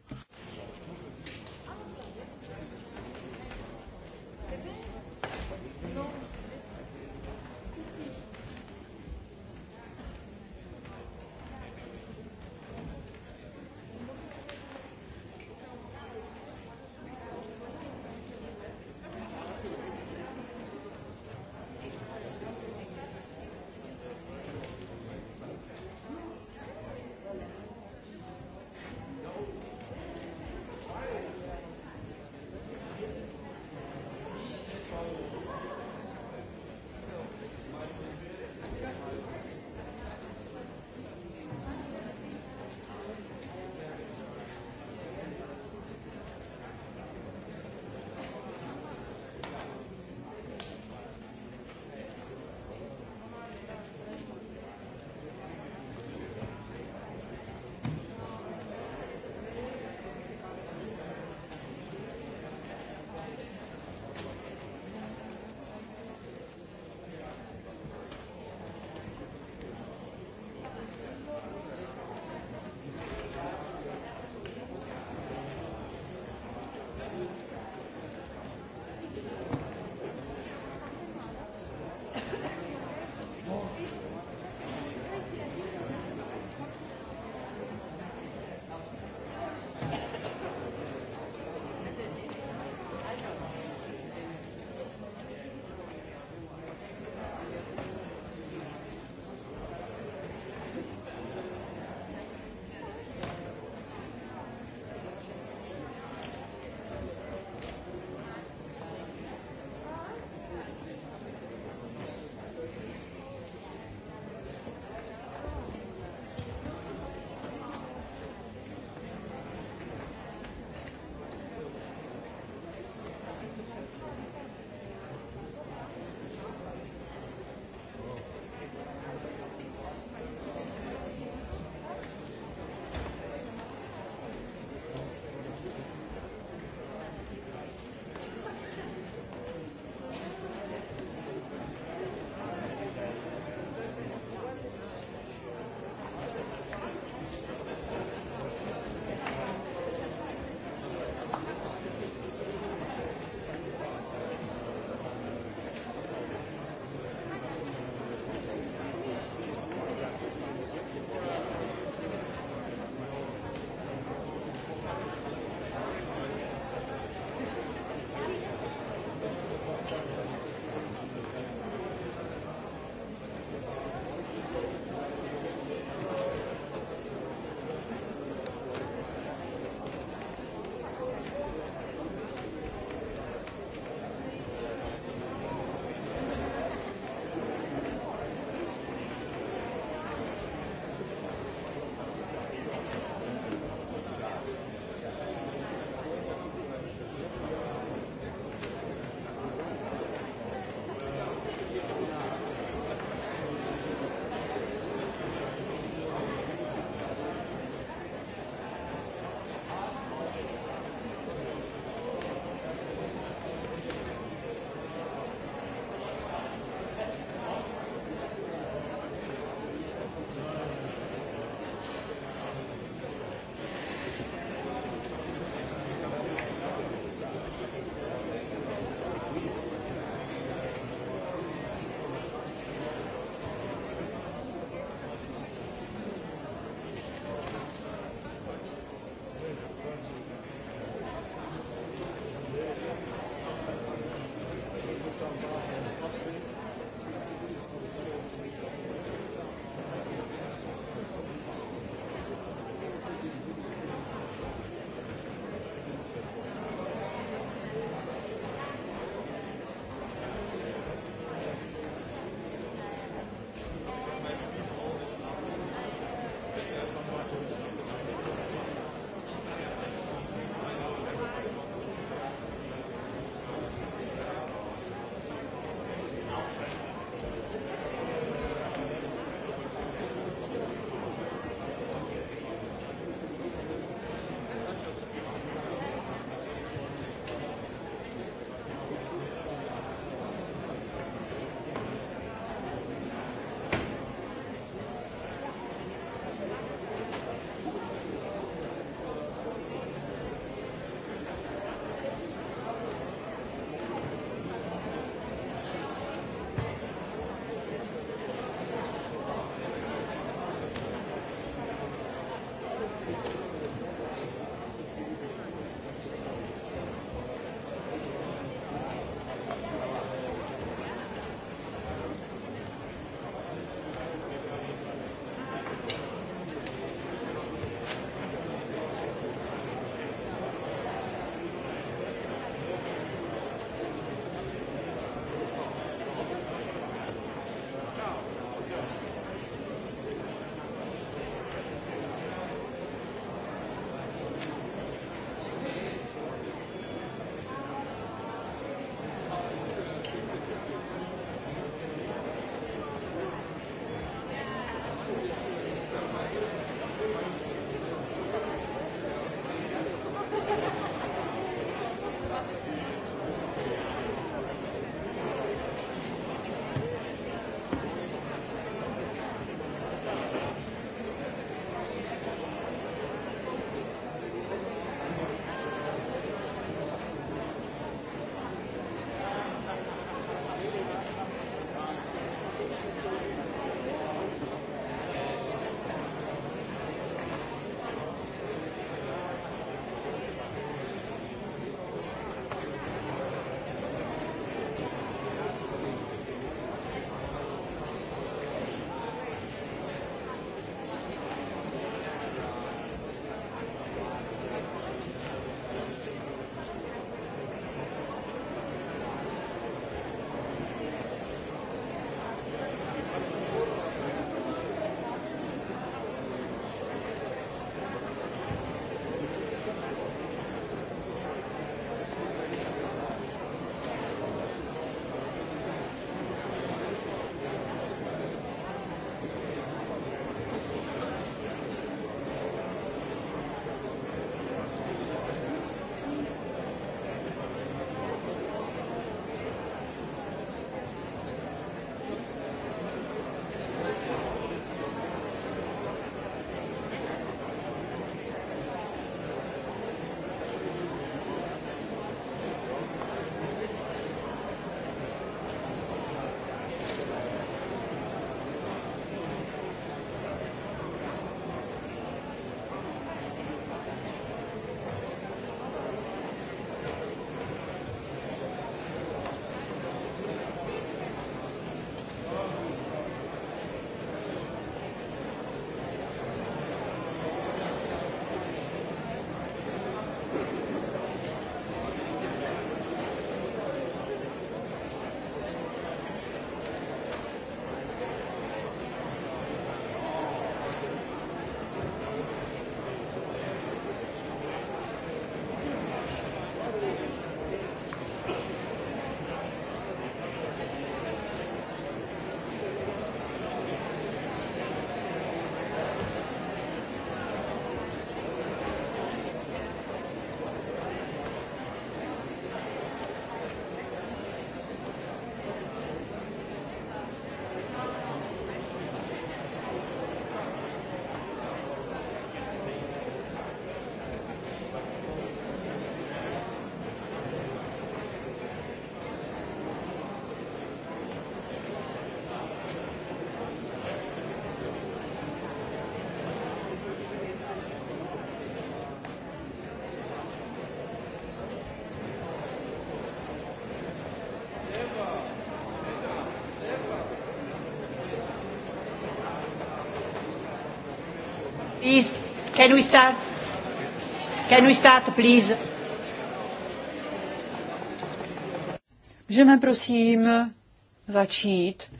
Please, can we start? Can we start, please? Můžeme prosím začít.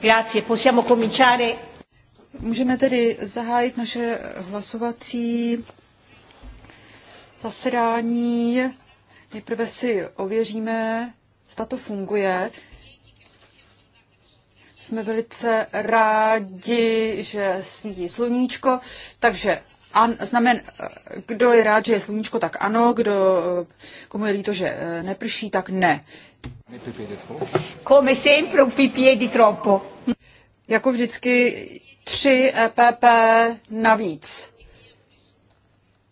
Grazie, possiamo cominciare. Můžeme tedy zahájit naše hlasovací zasedání. Nejprve si ověříme, zda to funguje. Jsme velice rádi, že svítí sluníčko, takže An, znamen, kdo je rád, že je sluníčko, tak ano, kdo, komu je líto, že eh, neprší, tak ne. Come sempre un pipiedi di troppo. Jako vždycky tři EPP navíc.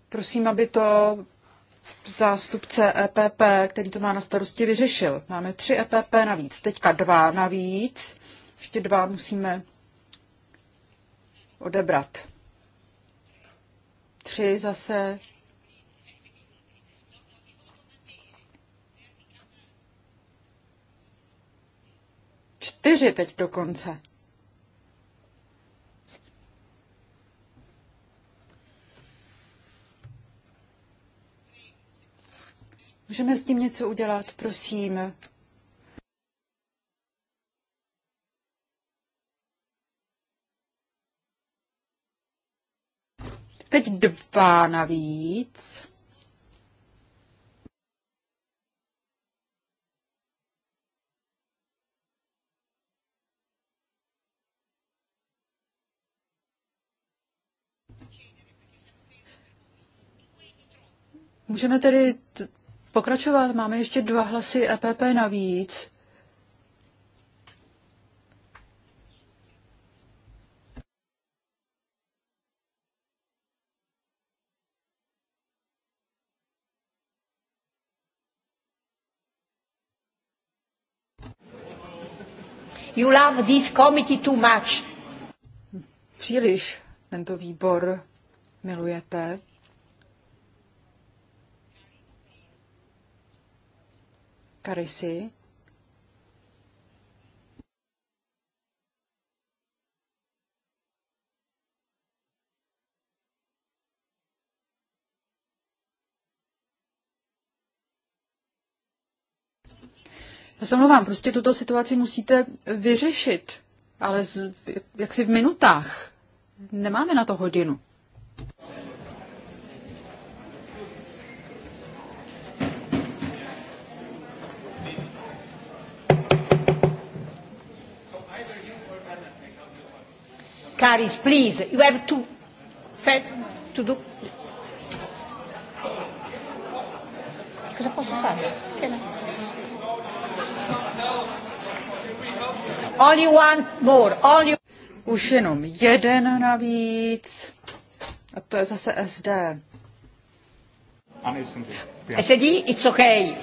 Prosím, aby to zástupce EPP, který to má na starosti, vyřešil. Máme tři EPP navíc, teďka dva navíc, ještě dva musíme odebrat. Tři zase. Čtyři teď dokonce. Můžeme s tím něco udělat, prosím. Teď dva navíc. Můžeme tedy pokračovat. Máme ještě dva hlasy EPP navíc. You love this committee too much. Příliš tento výbor milujete. Karisi. Já se mluvám, prostě tuto situaci musíte vyřešit, ale z, jaksi v minutách. Nemáme na to hodinu. Caris, please, you have to, to do. Cosa posso fare? Che no? Only one more. Only... Už jenom jeden navíc. A to je zase SD. SD, it's okay.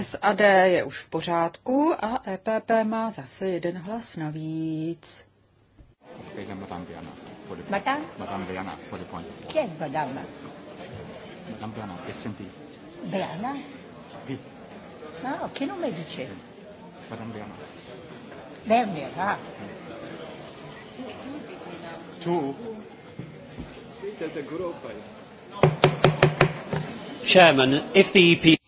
SAD je už v pořádku a EPP má zase jeden hlas navíc. Et la no, Madame Diana. Madame Madame Berna, pour le Madame Madame No, che nome dice? Madame Diana. Berner, ah. Tu? Chairman, if the EP...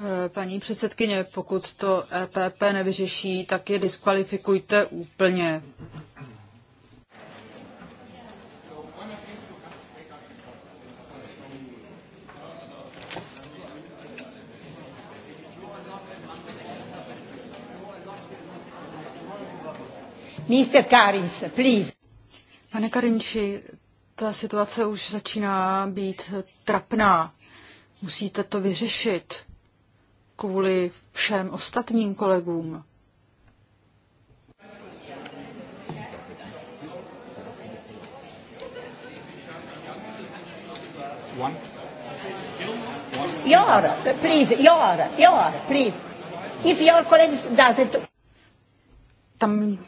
Eh, paní předsedkyně, pokud to EPP nevyřeší, tak je diskvalifikujte úplně. Mr. Karins, please. Pane Karinči, ta situace už začíná být trapná. Musíte to vyřešit kvůli všem ostatním kolegům. One. Your, please, your, your, please. If your colleagues doesn't... Tam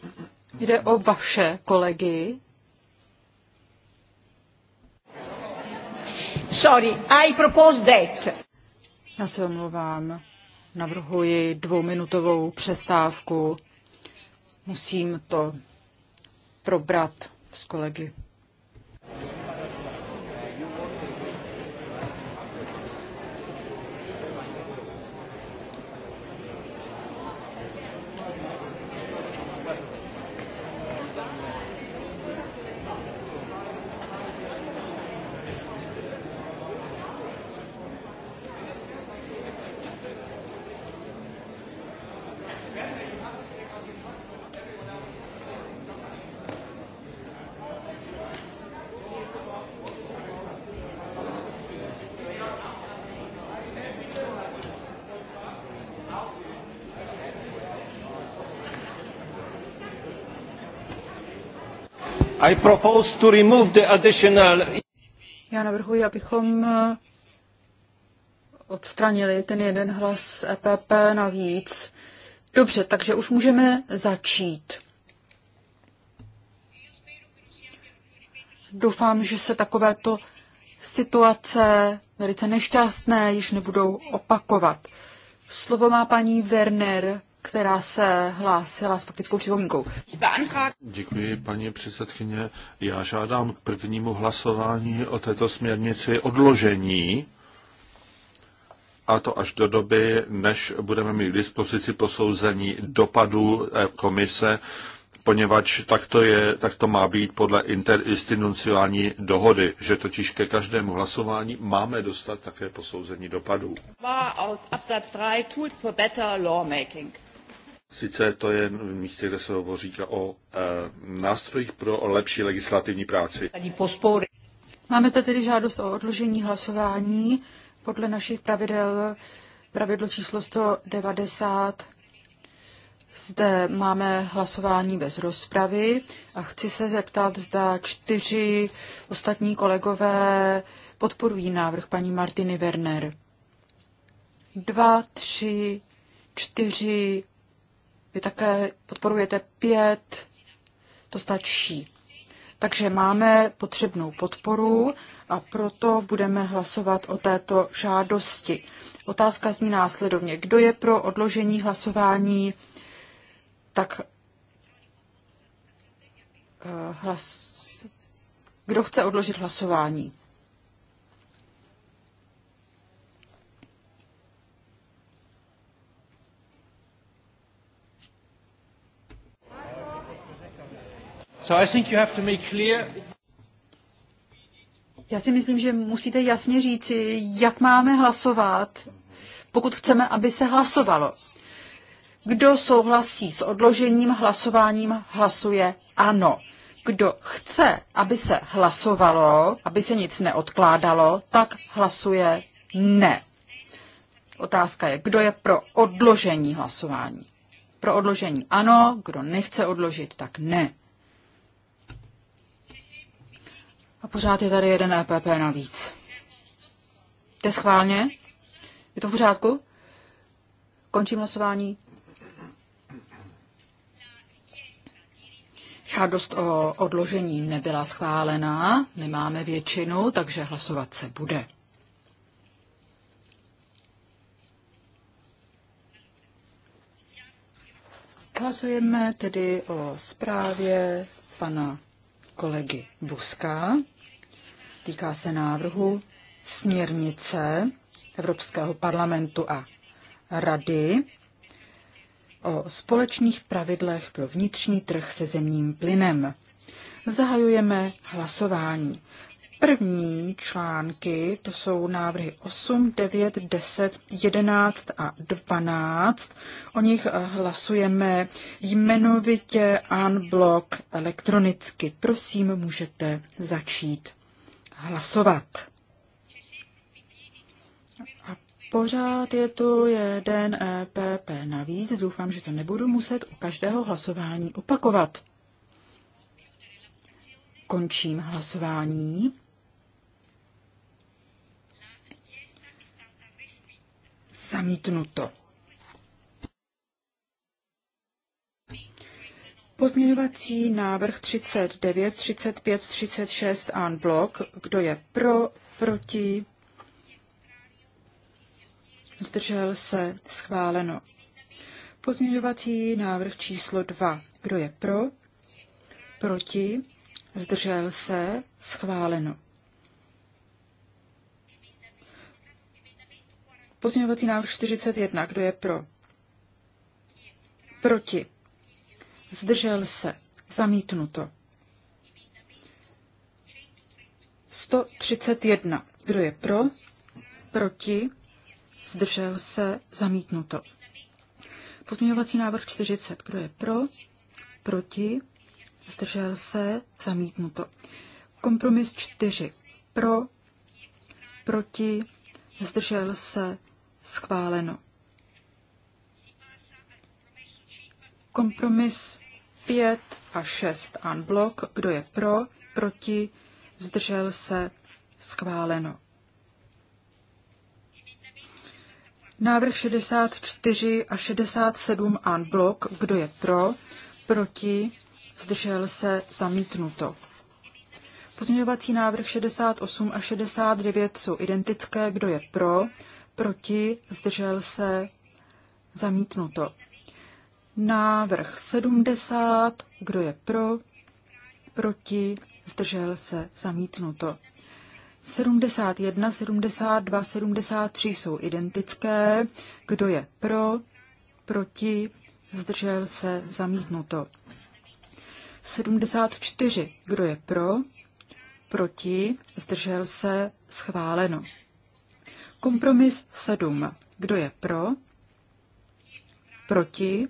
Jde o vaše kolegy. Sorry, I propose that. Já se omlouvám. Navrhuji dvouminutovou přestávku. Musím to probrat s kolegy. I propose to remove the additional... Já navrhuji, abychom eh, odstranili ten jeden hlas EPP navíc. Dobře, takže už můžeme začít. Doufám, že se takovéto situace velice nešťastné již nebudou opakovat. Slovo má paní Werner která se hlásila s faktickou připomínkou. Děkuji, paní předsedkyně. Já žádám k prvnímu hlasování o této směrnici odložení, a to až do doby, než budeme mít k dispozici posouzení dopadů eh, komise, poněvadž tak to, je, tak to má být podle interinstitucionální dohody, že totiž ke každému hlasování máme dostat také posouzení dopadů. Sice to je v místě, kde se hovoří o e, nástrojích pro lepší legislativní práci. Máme zde tedy žádost o odložení hlasování podle našich pravidel, pravidlo číslo 190. Zde máme hlasování bez rozpravy a chci se zeptat, zda čtyři ostatní kolegové podporují návrh paní Martiny Werner. Dva, tři, čtyři, vy také podporujete pět, to stačí. Takže máme potřebnou podporu a proto budeme hlasovat o této žádosti. Otázka zní následovně. Kdo je pro odložení hlasování, tak eh, hlas... Kdo chce odložit hlasování? Já si myslím, že musíte jasně říci, jak máme hlasovat, pokud chceme, aby se hlasovalo. Kdo souhlasí s odložením hlasováním, hlasuje ano. Kdo chce, aby se hlasovalo, aby se nic neodkládalo, tak hlasuje ne. Otázka je, kdo je pro odložení hlasování. Pro odložení ano, kdo nechce odložit, tak ne. A pořád je tady jeden EPP navíc. Jde schválně? Je to v pořádku? Končím hlasování. Žádost o odložení nebyla schválená, nemáme většinu, takže hlasovat se bude. Hlasujeme tedy o zprávě pana kolegy Buska. Týká se návrhu směrnice Evropského parlamentu a Rady o společných pravidlech pro vnitřní trh se zemním plynem. Zahajujeme hlasování. První články, to jsou návrhy 8, 9, 10, 11 a 12. O nich hlasujeme jmenovitě An blok elektronicky. Prosím, můžete začít hlasovat. A pořád je tu jeden EPP navíc. Doufám, že to nebudu muset u každého hlasování opakovat. Končím hlasování. Zamítnuto. Pozměňovací návrh 39, 35, 36 en blok. Kdo je pro, proti? Zdržel se schváleno. Pozměňovací návrh číslo 2. Kdo je pro? Proti? Zdržel se? Schváleno. Pozměňovací návrh 41. Kdo je pro? Proti? zdržel se, zamítnuto. 131. Kdo je pro? Proti? Zdržel se? Zamítnuto. Pozměňovací návrh 40. Kdo je pro? Proti? Zdržel se? Zamítnuto. Kompromis 4. Pro? Proti? Zdržel se? Schváleno. Kompromis 5 a 6 unblock. Kdo je pro, proti, zdržel se, schváleno. Návrh 64 a 67 unblock. Kdo je pro, proti, zdržel se, zamítnuto. Pozměňovací návrh 68 a 69 jsou identické. Kdo je pro, proti, zdržel se, zamítnuto. Návrh 70, kdo je pro, proti, zdržel se, zamítnuto. 71, 72, 73 jsou identické. Kdo je pro, proti, zdržel se, zamítnuto. 74, kdo je pro, proti, zdržel se, schváleno. Kompromis 7, kdo je pro, proti,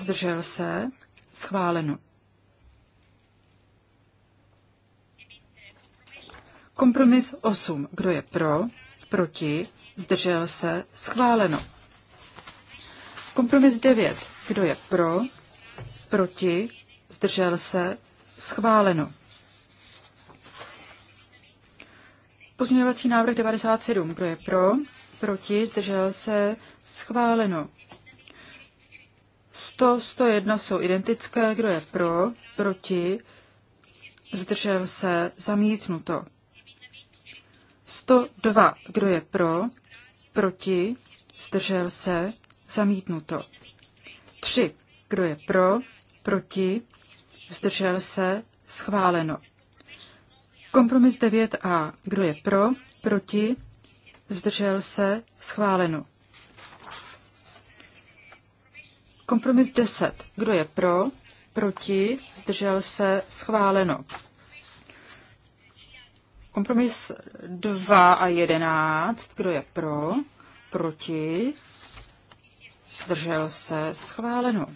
zdržel se, schváleno. Kompromis 8. Kdo je pro, proti, zdržel se, schváleno. Kompromis 9. Kdo je pro, proti, zdržel se, schváleno. Pozměňovací návrh 97. Kdo je pro, proti, zdržel se, schváleno. 100, 101 jsou identické, kdo je pro, proti, zdržel se, zamítnuto. 102, kdo je pro, proti, zdržel se, zamítnuto. 3, kdo je pro, proti, zdržel se, schváleno. Kompromis 9a, kdo je pro, proti, zdržel se, schváleno. Kompromis 10. Kdo je pro? Proti? Zdržel se? Schváleno. Kompromis 2 a 11. Kdo je pro? Proti? Zdržel se? Schváleno.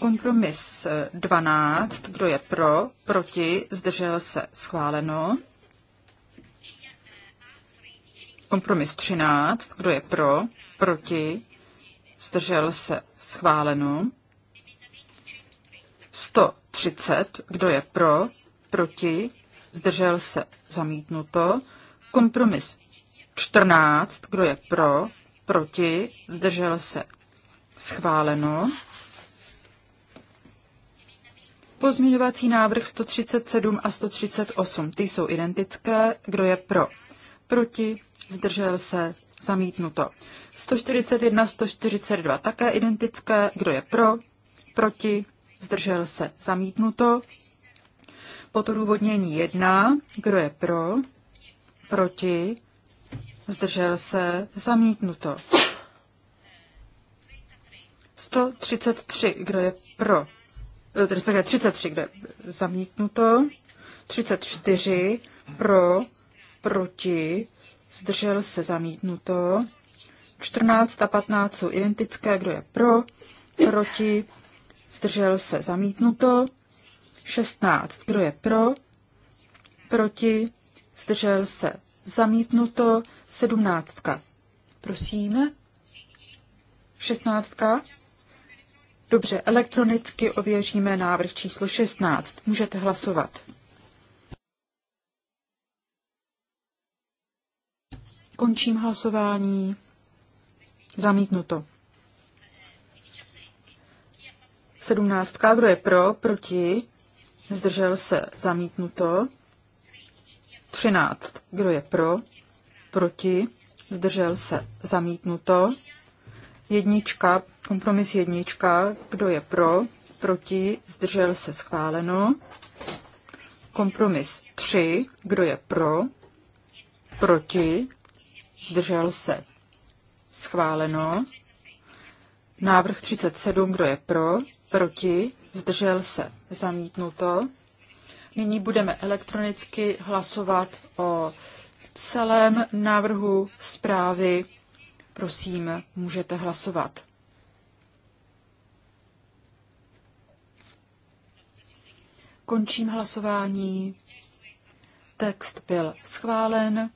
Kompromis 12. Kdo je pro? Proti? Zdržel se? Schváleno. Kompromis 13. Kdo je pro? proti, zdržel se schváleno. 130, kdo je pro, proti, zdržel se zamítnuto. Kompromis 14, kdo je pro, proti, zdržel se schváleno. Pozměňovací návrh 137 a 138, ty jsou identické, kdo je pro, proti, zdržel se Zamítnuto. 141, 142 také identické. Kdo je pro? Proti? Zdržel se. Zamítnuto. to důvodnění 1. Kdo je pro? Proti? Zdržel se. Zamítnuto. 133. Kdo je pro? Eh, respektive 33. Kdo je zamítnuto? 34. Pro? Proti? zdržel se zamítnuto. 14 a 15 jsou identické, kdo je pro, proti, zdržel se zamítnuto. 16, kdo je pro, proti, zdržel se zamítnuto. 17, prosím. 16. Dobře, elektronicky ověříme návrh číslo 16. Můžete hlasovat. Končím hlasování. Zamítnuto. 17. Kdo je pro? Proti? Zdržel se? Zamítnuto. 13. Kdo je pro? Proti? Zdržel se? Zamítnuto. Jednička, kompromis jednička, kdo je pro, proti, zdržel se schváleno. Kompromis 3, kdo je pro, proti, zdržel se. Schváleno. Návrh 37, kdo je pro, proti, zdržel se. Zamítnuto. Nyní budeme elektronicky hlasovat o celém návrhu zprávy. Prosím, můžete hlasovat. Končím hlasování. Text byl schválen.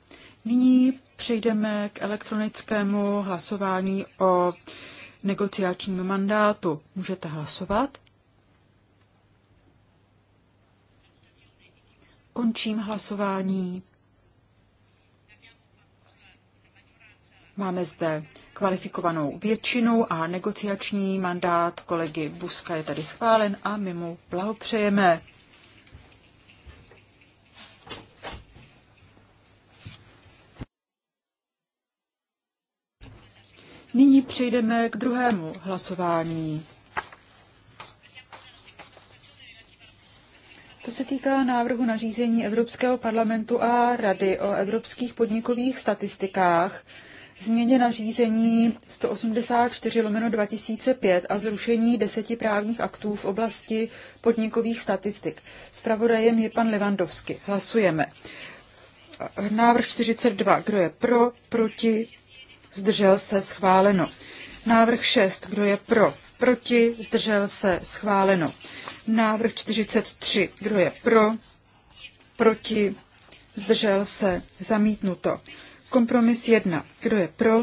Nyní přejdeme k elektronickému hlasování o negociačním mandátu. Můžete hlasovat. Končím hlasování. Máme zde kvalifikovanou většinu a negociační mandát kolegy Buska je tady schválen a my mu blahopřejeme. Nyní přejdeme k druhému hlasování. To se týká návrhu nařízení Evropského parlamentu a Rady o evropských podnikových statistikách, změně nařízení 184 lomeno 2005 a zrušení deseti právních aktů v oblasti podnikových statistik. Spravodajem je pan Levandovsky. Hlasujeme. Návrh 42. Kdo je pro, proti, zdržel se, schváleno. Návrh 6, kdo je pro, proti, zdržel se, schváleno. Návrh 43, kdo je pro, proti, zdržel se, zamítnuto. Kompromis 1, kdo je pro,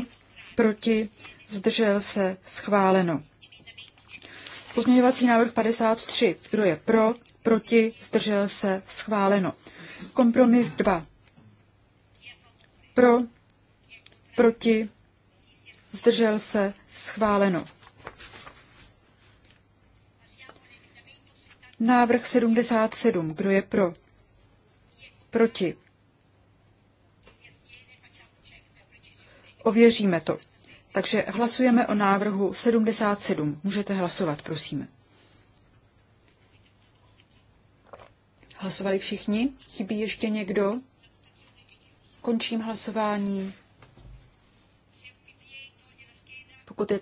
proti, zdržel se, schváleno. Pozměňovací návrh 53, kdo je pro, proti, zdržel se, schváleno. Kompromis 2, pro, proti, zdržel se, schváleno. Návrh 77. Kdo je pro? Proti. Ověříme to. Takže hlasujeme o návrhu 77. Můžete hlasovat, prosím. Hlasovali všichni? Chybí ještě někdo? Končím hlasování. Pokud je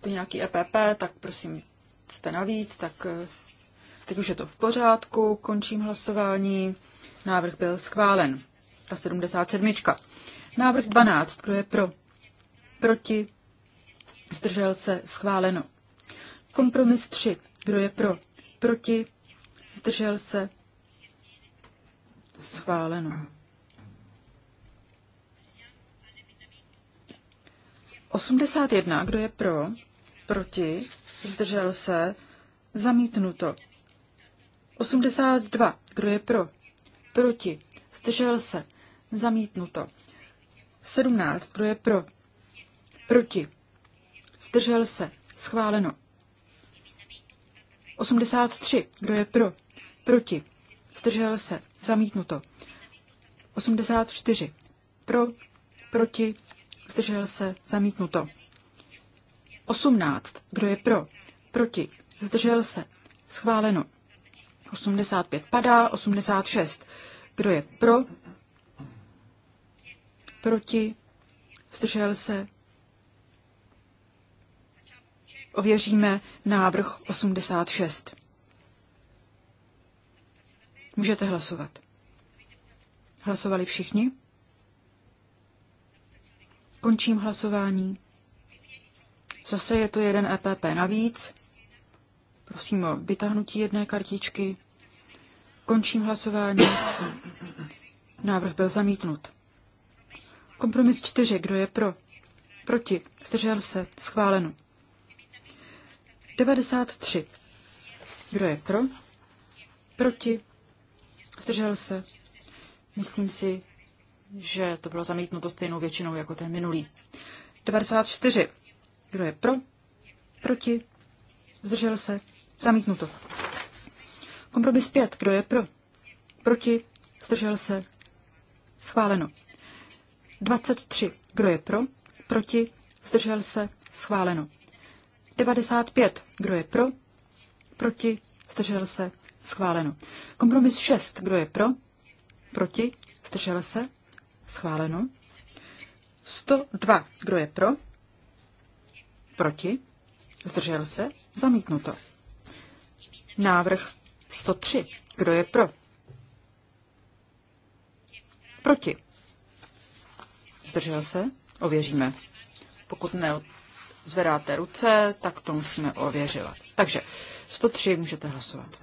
to nějaký EPP, tak prosím, jste navíc, tak eh, teď už je to v pořádku, končím hlasování. Návrh byl schválen. A 77. Návrh 12. Kdo je pro? Proti? Zdržel se? Schváleno. Kompromis 3. Kdo je pro? Proti? Zdržel se? Schváleno. 81, kdo je pro, proti, zdržel se, zamítnuto. 82, kdo je pro, proti, zdržel se, zamítnuto. 17, kdo je pro, proti, zdržel se, schváleno. 83, kdo je pro, proti, zdržel se, zamítnuto. 84, pro, proti, zdržel se, zamítnuto. 18. Kdo je pro? Proti. Zdržel se. Schváleno. 85 padá, 86. Kdo je pro? Proti. Zdržel se. Ověříme návrh 86. Můžete hlasovat. Hlasovali všichni? Končím hlasování. Zase je to jeden EPP navíc. Prosím o vytáhnutí jedné kartičky. Končím hlasování. Návrh byl zamítnut. Kompromis 4. Kdo je pro? Proti. Zdržel se. Schváleno. 93. Kdo je pro? Proti. Zdržel se. Myslím si, že to bylo zamítnuto stejnou většinou jako ten minulý. 94. Kdo je pro? Proti? Zdržel se? Zamítnuto. Kompromis 5. Kdo je pro? Proti? Zdržel se? Schváleno. 23. Kdo je pro? Proti? Zdržel se? Schváleno. 95. Kdo je pro? Proti? Zdržel se? Schváleno. Kompromis 6. Kdo je pro? Proti? Zdržel se? Schváleno. 102. Kdo je pro? Proti? Zdržel se? Zamítnuto. Návrh 103. Kdo je pro? Proti? Zdržel se? Ověříme. Pokud ne, zvedáte ruce, tak to musíme ověřovat. Takže 103 můžete hlasovat.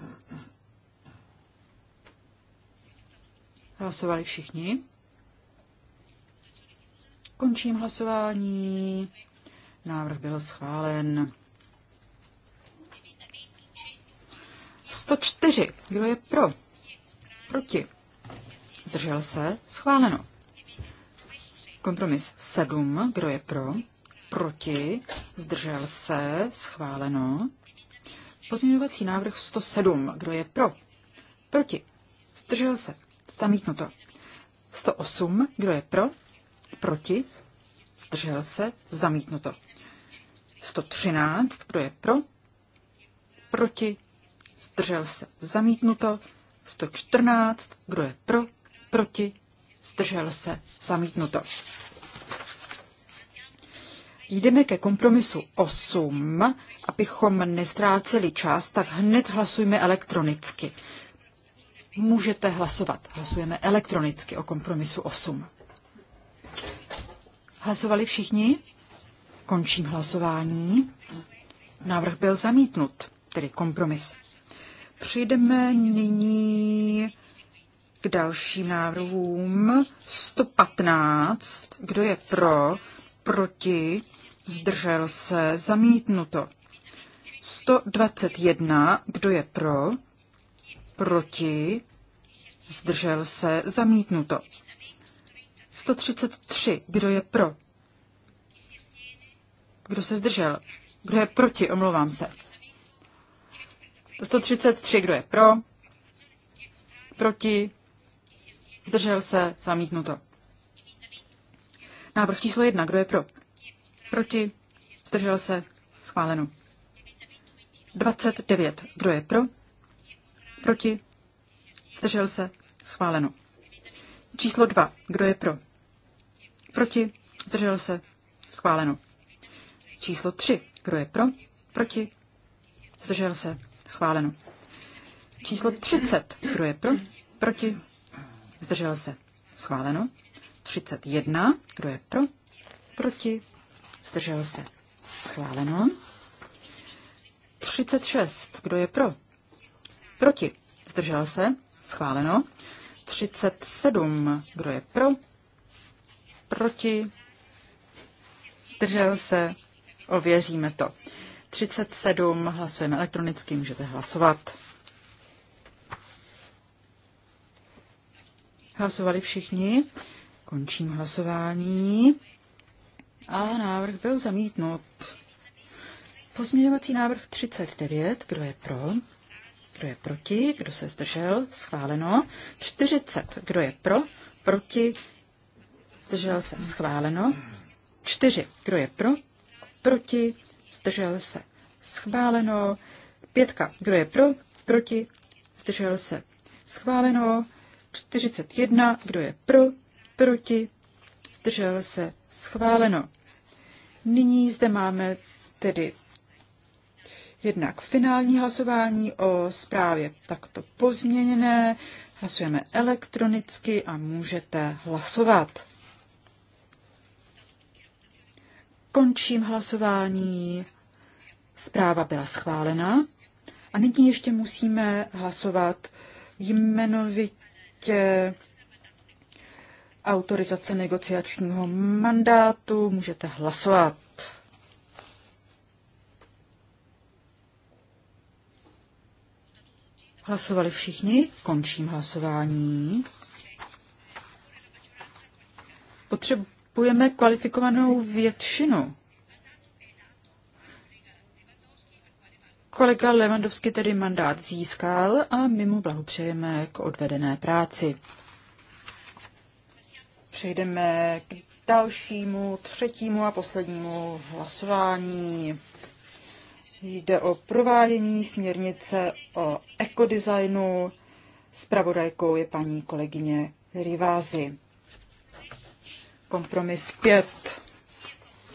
Hlasovali všichni. Končím hlasování. Návrh byl schválen. 104. Kdo je pro? Proti. Zdržel se? Schváleno. Kompromis 7. Kdo je pro? Proti. Zdržel se? Schváleno. Pozměňovací návrh 107. Kdo je pro? Proti. Zdržel se? Zamítnuto. 108. Kdo je pro? proti, zdržel se, zamítnuto. 113, kdo je pro, proti, zdržel se, zamítnuto. 114, kdo je pro, proti, zdržel se, zamítnuto. Jdeme ke kompromisu 8, abychom nestráceli čas, tak hned hlasujme elektronicky. Můžete hlasovat. Hlasujeme elektronicky o kompromisu 8. Hlasovali všichni? Končím hlasování. Návrh byl zamítnut, tedy kompromis. Přijdeme nyní k dalším návrhům. 115. Kdo je pro? Proti? Zdržel se? Zamítnuto. 121. Kdo je pro? Proti? Zdržel se? Zamítnuto. 133. Kdo je pro? Kdo se zdržel? Kdo je proti? Omlouvám se. 133. Kdo je pro? Proti? Zdržel se? Zamítnuto. Návrh číslo 1. Kdo je pro? Proti? Zdržel se? Schváleno. 29. Kdo je pro? Proti? Zdržel se? Schváleno. Číslo 2. Kdo je pro? Proti? Zdržel se? Schváleno. Číslo 3. Kdo je pro? Proti? Zdržel se? Schváleno. Číslo 30. Kdo je pro? Proti? Zdržel se? Schváleno. 31. Kdo je pro? Proti? Zdržel se? Schváleno. 36. Kdo je pro? Proti? Zdržel se? Schváleno. 37. Kdo je pro? proti, zdržel se, ověříme to. 37, hlasujeme elektronicky, můžete hlasovat. Hlasovali všichni, končím hlasování a návrh byl zamítnut. Pozměňovací návrh 39, kdo je pro? Kdo je proti? Kdo se zdržel? Schváleno. 40. Kdo je pro? Proti? zdržel se, schváleno. Čtyři, kdo je pro, proti, zdržel se, schváleno. Pětka, kdo je pro, proti, zdržel se, schváleno. 41, kdo je pro, proti, zdržel se, schváleno. Nyní zde máme tedy jednak finální hlasování o zprávě takto pozměněné. Hlasujeme elektronicky a můžete hlasovat. Končím hlasování. Zpráva byla schválena. A nyní ještě musíme hlasovat jmenovitě autorizace negociačního mandátu. Můžete hlasovat. Hlasovali všichni? Končím hlasování. Potřebu potřebujeme kvalifikovanou většinu. Kolega Levandovský tedy mandát získal a my mu blahopřejeme k odvedené práci. Přejdeme k dalšímu, třetímu a poslednímu hlasování. Jde o provádění směrnice o ekodesignu. Spravodajkou je paní kolegyně Rivázy. Kompromis 5.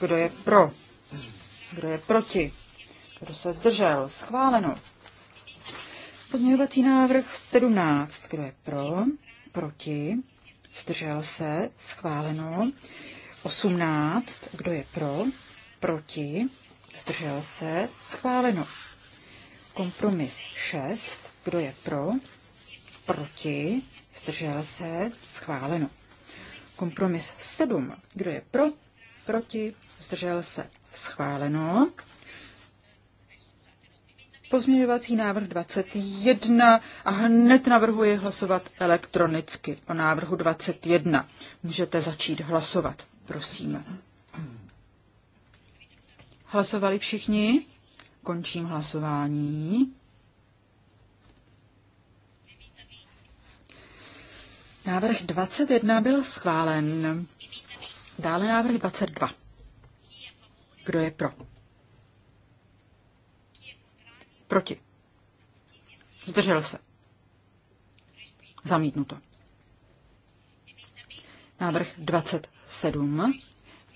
Kdo je pro? Kdo je proti? Kdo se zdržel? Schváleno. Pozměňovací návrh 17. Kdo je pro? Proti? Zdržel se? Schváleno. 18. Kdo je pro? Proti? Zdržel se? Schváleno. Kompromis 6. Kdo je pro? Proti? Zdržel se? Schváleno. Kompromis 7. Kdo je pro? Proti? Zdržel se? Schváleno. Pozměňovací návrh 21 a hned navrhuji hlasovat elektronicky o návrhu 21. Můžete začít hlasovat, prosím. Hlasovali všichni? Končím hlasování. Návrh 21 byl schválen. Dále návrh 22. Kdo je pro? Proti. Zdržel se. Zamítnuto. Návrh 27.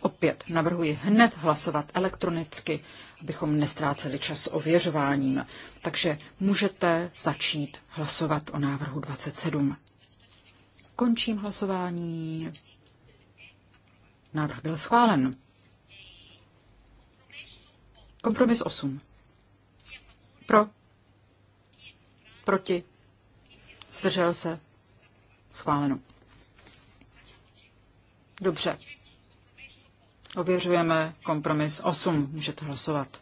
Opět navrhuji hned hlasovat elektronicky, abychom nestráceli čas ověřováním. Takže můžete začít hlasovat o návrhu 27 Končím hlasování. Návrh byl schválen. Kompromis 8. Pro. Proti. Zdržel se. Schváleno. Dobře. Ověřujeme kompromis 8. Můžete hlasovat.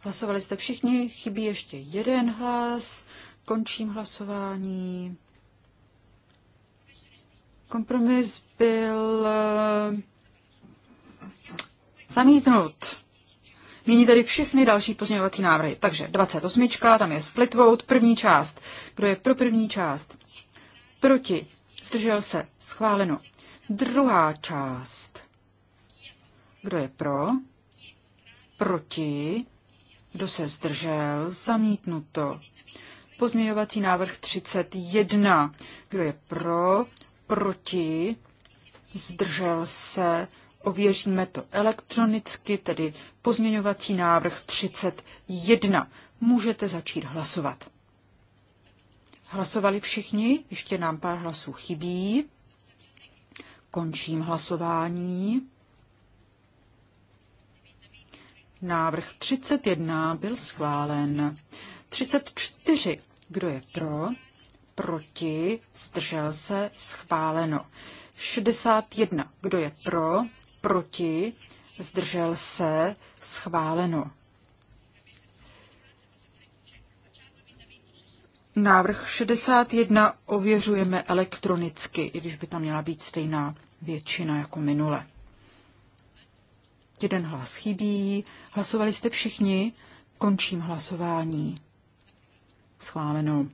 Hlasovali jste všichni, chybí ještě jeden hlas. Končím hlasování. Kompromis byl eh, zamítnut. Nyní tady všechny další pozměňovací návrhy. Takže 28, tam je split vote, první část. Kdo je pro první část? Proti. Zdržel se. Schváleno. Druhá část. Kdo je pro? Proti. Kdo se zdržel? Zamítnuto. Pozměňovací návrh 31. Kdo je pro? proti, zdržel se, ověříme to elektronicky, tedy pozměňovací návrh 31. Můžete začít hlasovat. Hlasovali všichni, ještě nám pár hlasů chybí. Končím hlasování. Návrh 31 byl schválen. 34. Kdo je pro? proti, zdržel se, schváleno. 61. Kdo je pro, proti, zdržel se, schváleno. Návrh 61 ověřujeme elektronicky, i když by tam měla být stejná většina jako minule. Jeden hlas chybí. Hlasovali jste všichni? Končím hlasování. Schváleno.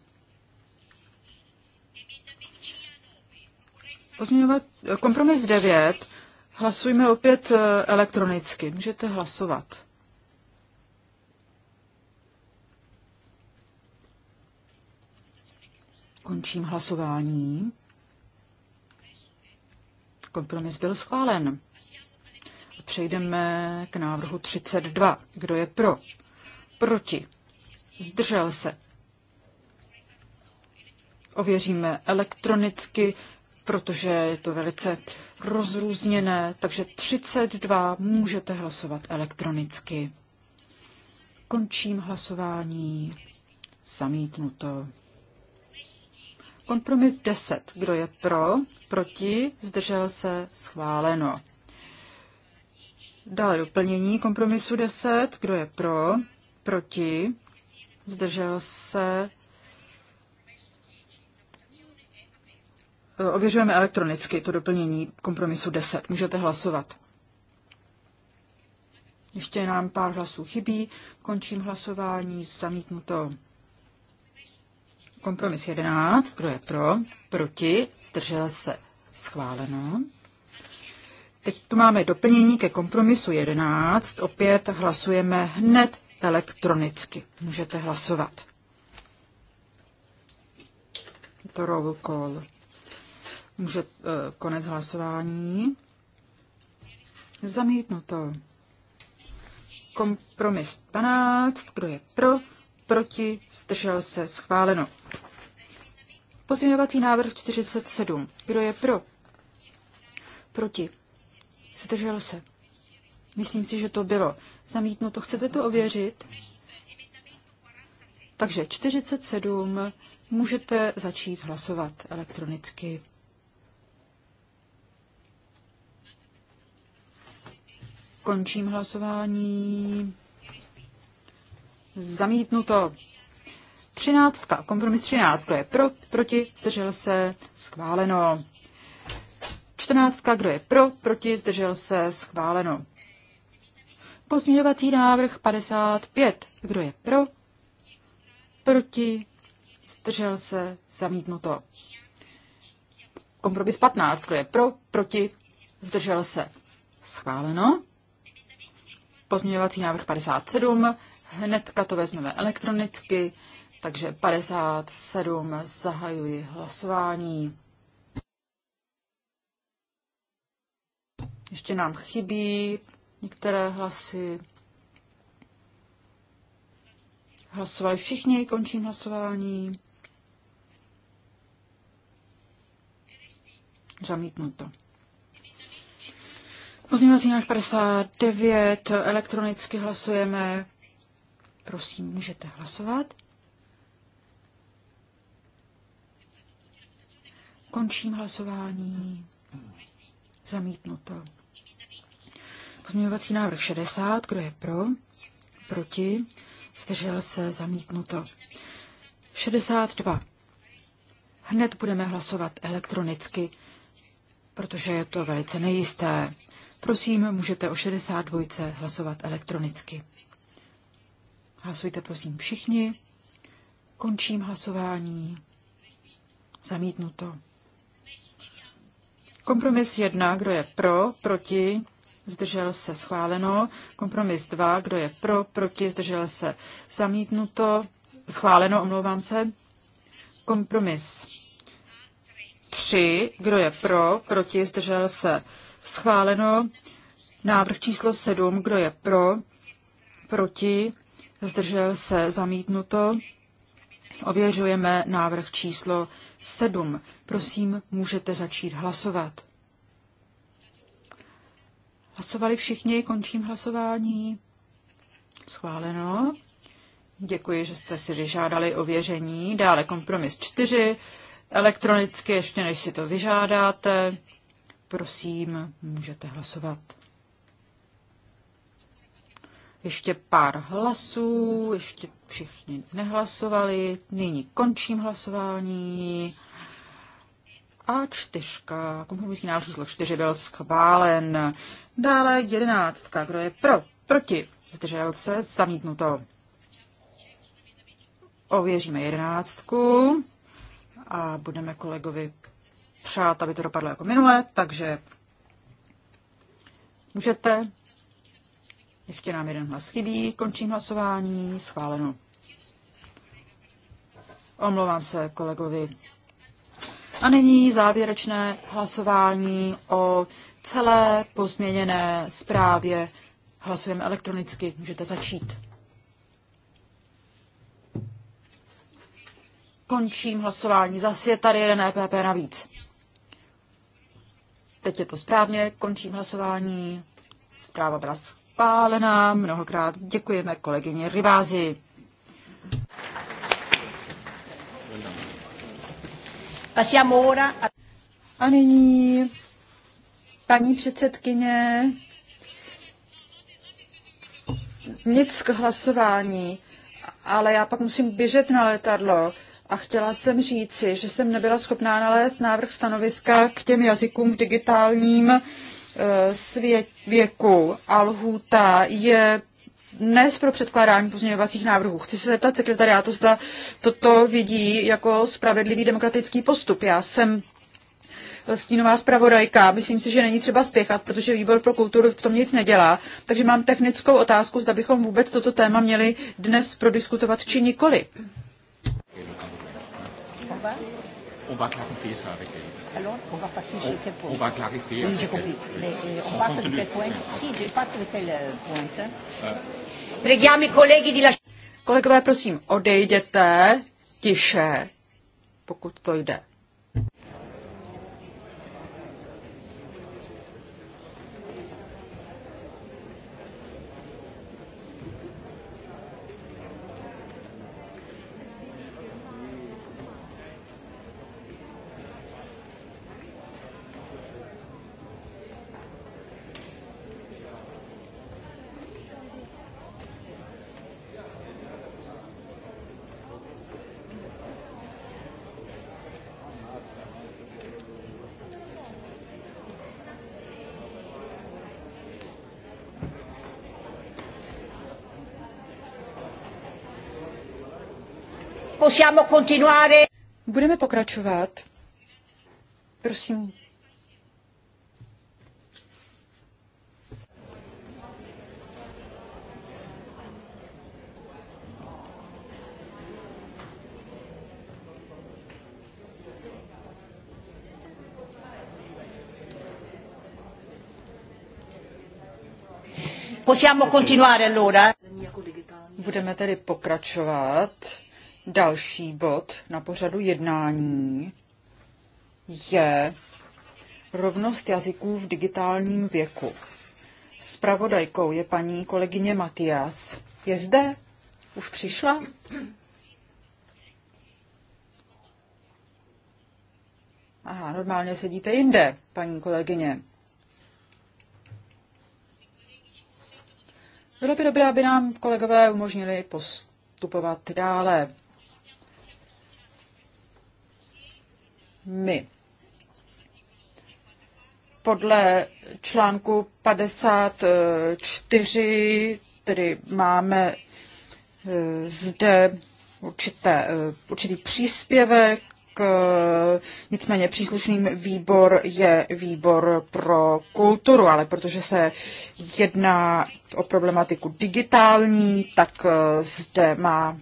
Pozměňovat eh, kompromis 9. Hlasujme opět eh, elektronicky. Můžete hlasovat. Končím hlasování. Kompromis byl schválen. Přejdeme k návrhu 32. Kdo je pro? Proti? Zdržel se? Ověříme elektronicky protože je to velice rozrůzněné, takže 32 můžete hlasovat elektronicky. Končím hlasování. Zamítnuto. Kompromis 10. Kdo je pro? Proti? Zdržel se? Schváleno. Dále doplnění kompromisu 10. Kdo je pro? Proti? Zdržel se? Eh, ověřujeme elektronicky to doplnění kompromisu 10. Můžete hlasovat. Ještě nám pár hlasů chybí. Končím hlasování. Zamítnuto. Kompromis 11. Kdo je pro? Proti? Zdržel se? Schváleno. Teď tu máme doplnění ke kompromisu 11. Opět hlasujeme hned elektronicky. Můžete hlasovat. To roll call. Může e, konec hlasování. Zamítnuto. Kompromis 12. Kdo je pro? Proti? Zdržel se? Schváleno. Pozměňovací návrh 47. Kdo je pro? Proti? Zdržel se? Myslím si, že to bylo zamítnuto. Chcete to ověřit? Takže 47 můžete začít hlasovat elektronicky. Končím hlasování. Zamítnuto. 13. Kompromis 13. Kdo je pro, proti, zdržel se, schváleno. 14. Kdo je pro, proti, zdržel se, schváleno. Pozměňovací návrh 55. Kdo je pro, proti, zdržel se, zamítnuto. Kompromis 15. Kdo je pro, proti, zdržel se, schváleno. Pozměňovací návrh 57, hnedka to vezmeme elektronicky, takže 57 zahajuji hlasování. Ještě nám chybí některé hlasy. Hlasovali všichni, končím hlasování. Zamítnuto. Pozměňovací návrh 59, elektronicky hlasujeme. Prosím, můžete hlasovat. Končím hlasování. Zamítnuto. Pozměňovací návrh 60, kdo je pro? Proti? Zdržel se, zamítnuto. 62. Hned budeme hlasovat elektronicky, protože je to velice nejisté. Prosím, můžete o 62 hlasovat elektronicky. Hlasujte prosím všichni. Končím hlasování. Zamítnuto. Kompromis 1, kdo je pro, proti, zdržel se schváleno. Kompromis 2, kdo je pro, proti, zdržel se zamítnuto, schváleno, omlouvám se. Kompromis 3, kdo je pro, proti, zdržel se Schváleno návrh číslo 7, kdo je pro, proti, zdržel se, zamítnuto. Ověřujeme návrh číslo 7. Prosím, můžete začít hlasovat. Hlasovali všichni, končím hlasování. Schváleno. Děkuji, že jste si vyžádali ověření. Dále kompromis 4. Elektronicky, ještě než si to vyžádáte. Prosím, můžete hlasovat. Ještě pár hlasů, ještě všichni nehlasovali. Nyní končím hlasování. A čtyřka, kompromisní návrh číslo čtyři byl schválen. Dále jedenáctka, kdo je pro, proti, zdržel se, zamítnuto. Ověříme jedenáctku a budeme kolegovi přát, aby to dopadlo jako minule, takže můžete. Ještě nám jeden hlas chybí, končím hlasování, schváleno. Omlouvám se kolegovi. A nyní závěrečné hlasování o celé pozměněné zprávě. Hlasujeme elektronicky, můžete začít. Končím hlasování. Zase je tady jeden EPP navíc. Teď je to správně, končím hlasování. Zpráva byla schválená. Mnohokrát děkujeme kolegyně Rivázi. A nyní paní předsedkyně nic k hlasování, ale já pak musím běžet na letadlo a chtěla jsem říci, že jsem nebyla schopná nalézt návrh stanoviska k těm jazykům v digitálním e, svět, věku a lhůta je dnes pro předkládání pozměňovacích návrhů. Chci se zeptat sekretariátu, zda toto vidí jako spravedlivý demokratický postup. Já jsem stínová zpravodajka. Myslím si, že není třeba spěchat, protože výbor pro kulturu v tom nic nedělá. Takže mám technickou otázku, zda bychom vůbec toto téma měli dnes prodiskutovat či nikoli va On va clarifier ça avec elle. Alors, on va partir sur quel point On va clarifier. Oui, j'ai compris. Mais euh, on part de quel point Si, je pars de quel point i colleghi Kolegové, prosím, odejděte tiše, pokud to jde. possiamo continuare. Budeme pokračovat. Prosím, Possiamo continuare allora? Budeme tedy pokračovat. Další bod na pořadu jednání je rovnost jazyků v digitálním věku. Spravodajkou je paní kolegyně Matias. Je zde? Už přišla? Aha, normálně sedíte jinde, paní kolegyně. Bylo by dobré, aby nám kolegové umožnili postupovat dále. my. Podle článku 54 tedy máme e, zde určité, e, určitý příspěvek, e, nicméně příslušným výbor je výbor pro kulturu, ale protože se jedná o problematiku digitální, tak zde má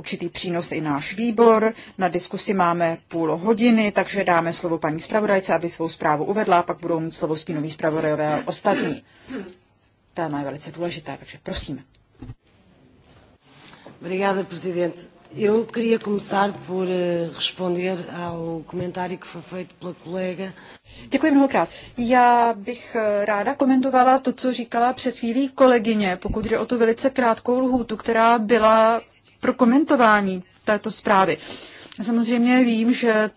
určitý přínos i náš výbor. Na diskusi máme půl hodiny, takže dáme slovo paní zpravodajce, aby svou zprávu uvedla, pak budou mít slovo stínoví zpravodajové a ostatní. Téma je velice důležité, takže prosím. Obrigada, prezident. Eu queria começar por eh, responder ao comentário que foi feito pela colega. Děkuji mnohokrát. Já bych eh, ráda komentovala to, co říkala před chvílí kolegyně, pokud jde o tu velice krátkou lhůtu, která byla pro komentování této zprávy. Samozřejmě vím, že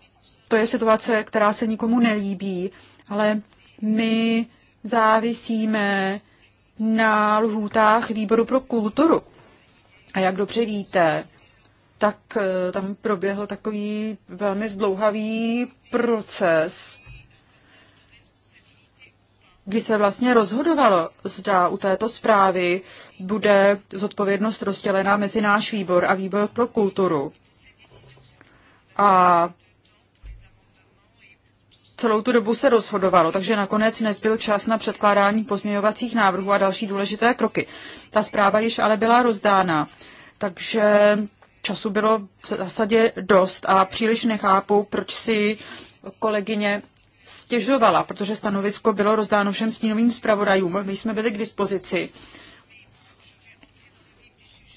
to je situace, která se nikomu nelíbí, ale my závisíme na lhůtách výboru pro kulturu. A jak dobře víte, tak eh, tam proběhl takový velmi zdlouhavý proces, kdy se vlastně rozhodovalo, zda u této zprávy bude zodpovědnost rozdělena mezi náš výbor a výbor pro kulturu. A celou tu dobu se rozhodovalo, takže nakonec nezbyl čas na předkládání pozměňovacích návrhů a další důležité kroky. Ta zpráva již ale byla rozdána, takže času bylo v zásadě dost a příliš nechápu, proč si kolegyně stěžovala, protože stanovisko bylo rozdáno všem stínovým zpravodajům. My jsme byli k dispozici.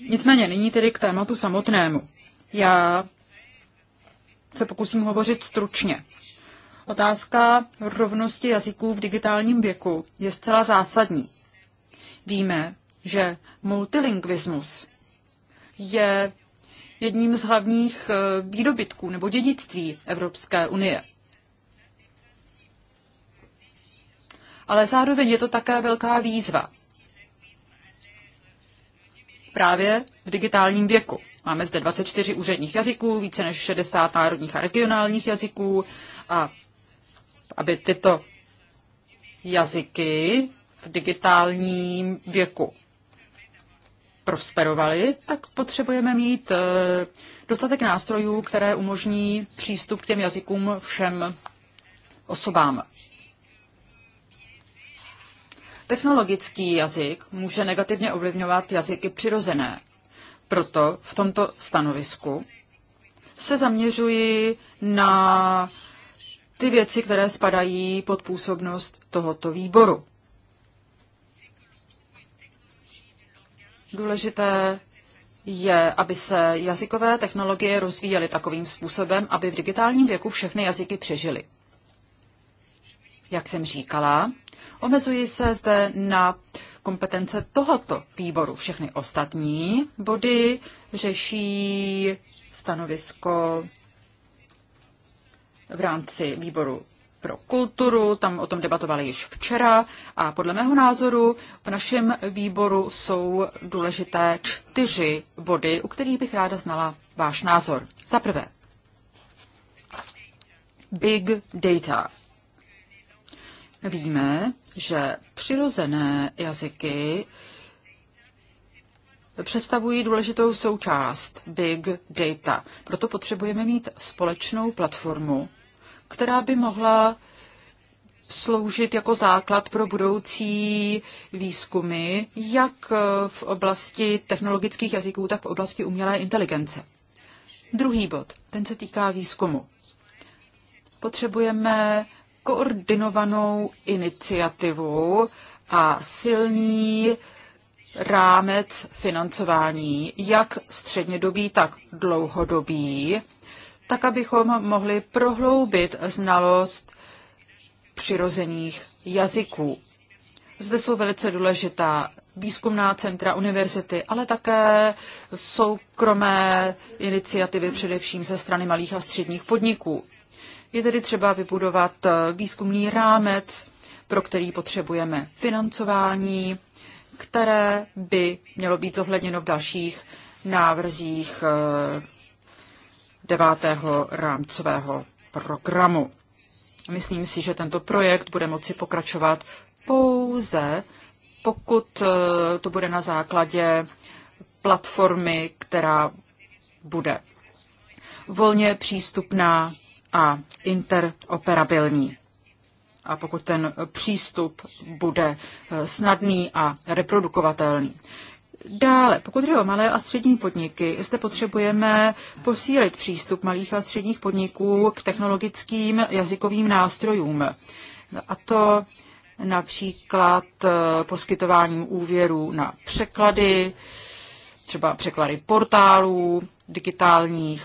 Nicméně nyní tedy k tématu samotnému. Já se pokusím hovořit stručně. Otázka rovnosti jazyků v digitálním věku je zcela zásadní. Víme, že multilingvismus je jedním z hlavních eh, výdobytků nebo dědictví Evropské unie. ale zároveň je to také velká výzva. Právě v digitálním věku. Máme zde 24 úředních jazyků, více než 60 národních a regionálních jazyků a aby tyto jazyky v digitálním věku prosperovaly, tak potřebujeme mít eh, dostatek nástrojů, které umožní přístup k těm jazykům všem osobám. Technologický jazyk může negativně ovlivňovat jazyky přirozené. Proto v tomto stanovisku se zaměřuji na ty věci, které spadají pod působnost tohoto výboru. Důležité je, aby se jazykové technologie rozvíjely takovým způsobem, aby v digitálním věku všechny jazyky přežily. Jak jsem říkala, Omezuji se zde na kompetence tohoto výboru. Všechny ostatní body řeší stanovisko v rámci výboru pro kulturu, tam o tom debatovali již včera a podle mého názoru v našem výboru jsou důležité čtyři body, u kterých bych ráda znala váš názor. Za prvé, big data víme, že přirozené jazyky představují důležitou součást big data. Proto potřebujeme mít společnou platformu, která by mohla sloužit jako základ pro budoucí výzkumy, jak v oblasti technologických jazyků, tak v oblasti umělé inteligence. Druhý bod, ten se týká výzkumu. Potřebujeme koordinovanou iniciativu a silný rámec financování, jak střednědobý, tak dlouhodobý, tak abychom mohli prohloubit znalost přirozených jazyků. Zde jsou velice důležitá výzkumná centra, univerzity, ale také soukromé iniciativy především ze strany malých a středních podniků. Je tedy třeba vybudovat eh, výzkumný rámec, pro který potřebujeme financování, které by mělo být zohledněno v dalších návrzích eh, devátého rámcového programu. Myslím si, že tento projekt bude moci pokračovat pouze, pokud eh, to bude na základě platformy, která bude volně přístupná a interoperabilní. A pokud ten přístup bude eh, snadný a reprodukovatelný. Dále, pokud jde o malé a střední podniky, zde potřebujeme posílit přístup malých a středních podniků k technologickým jazykovým nástrojům. A to například eh, poskytováním úvěrů na překlady, třeba překlady portálů digitálních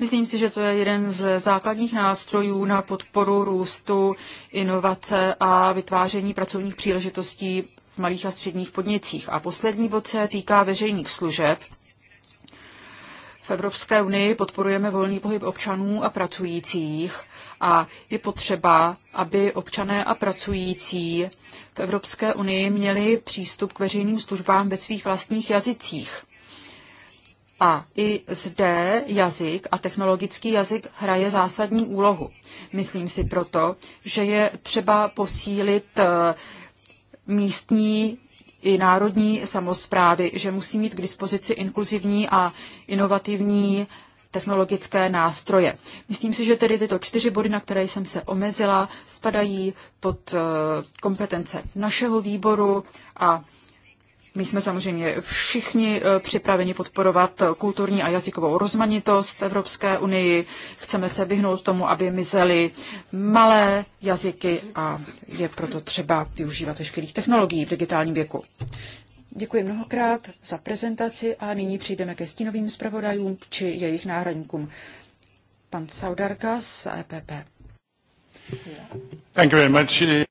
Myslím si, že to je jeden z základních nástrojů na podporu růstu, inovace a vytváření pracovních příležitostí v malých a středních podnicích. A poslední bod se týká veřejných služeb. V Evropské unii podporujeme volný pohyb občanů a pracujících a je potřeba, aby občané a pracující v Evropské unii měli přístup k veřejným službám ve svých vlastních jazycích. A i zde jazyk a technologický jazyk hraje zásadní úlohu. Myslím si proto, že je třeba posílit eh, místní i národní samozprávy, že musí mít k dispozici inkluzivní a inovativní technologické nástroje. Myslím si, že tedy tyto čtyři body, na které jsem se omezila, spadají pod eh, kompetence našeho výboru a my jsme samozřejmě všichni eh, připraveni podporovat kulturní a jazykovou rozmanitost v Evropské unii. Chceme se vyhnout tomu, aby mizely malé jazyky a je proto třeba využívat veškerých technologií v digitálním věku. Děkuji mnohokrát za prezentaci a nyní přijdeme ke stínovým zpravodajům či jejich náhradníkům. Pan Saudargas, EPP. Thank you very much.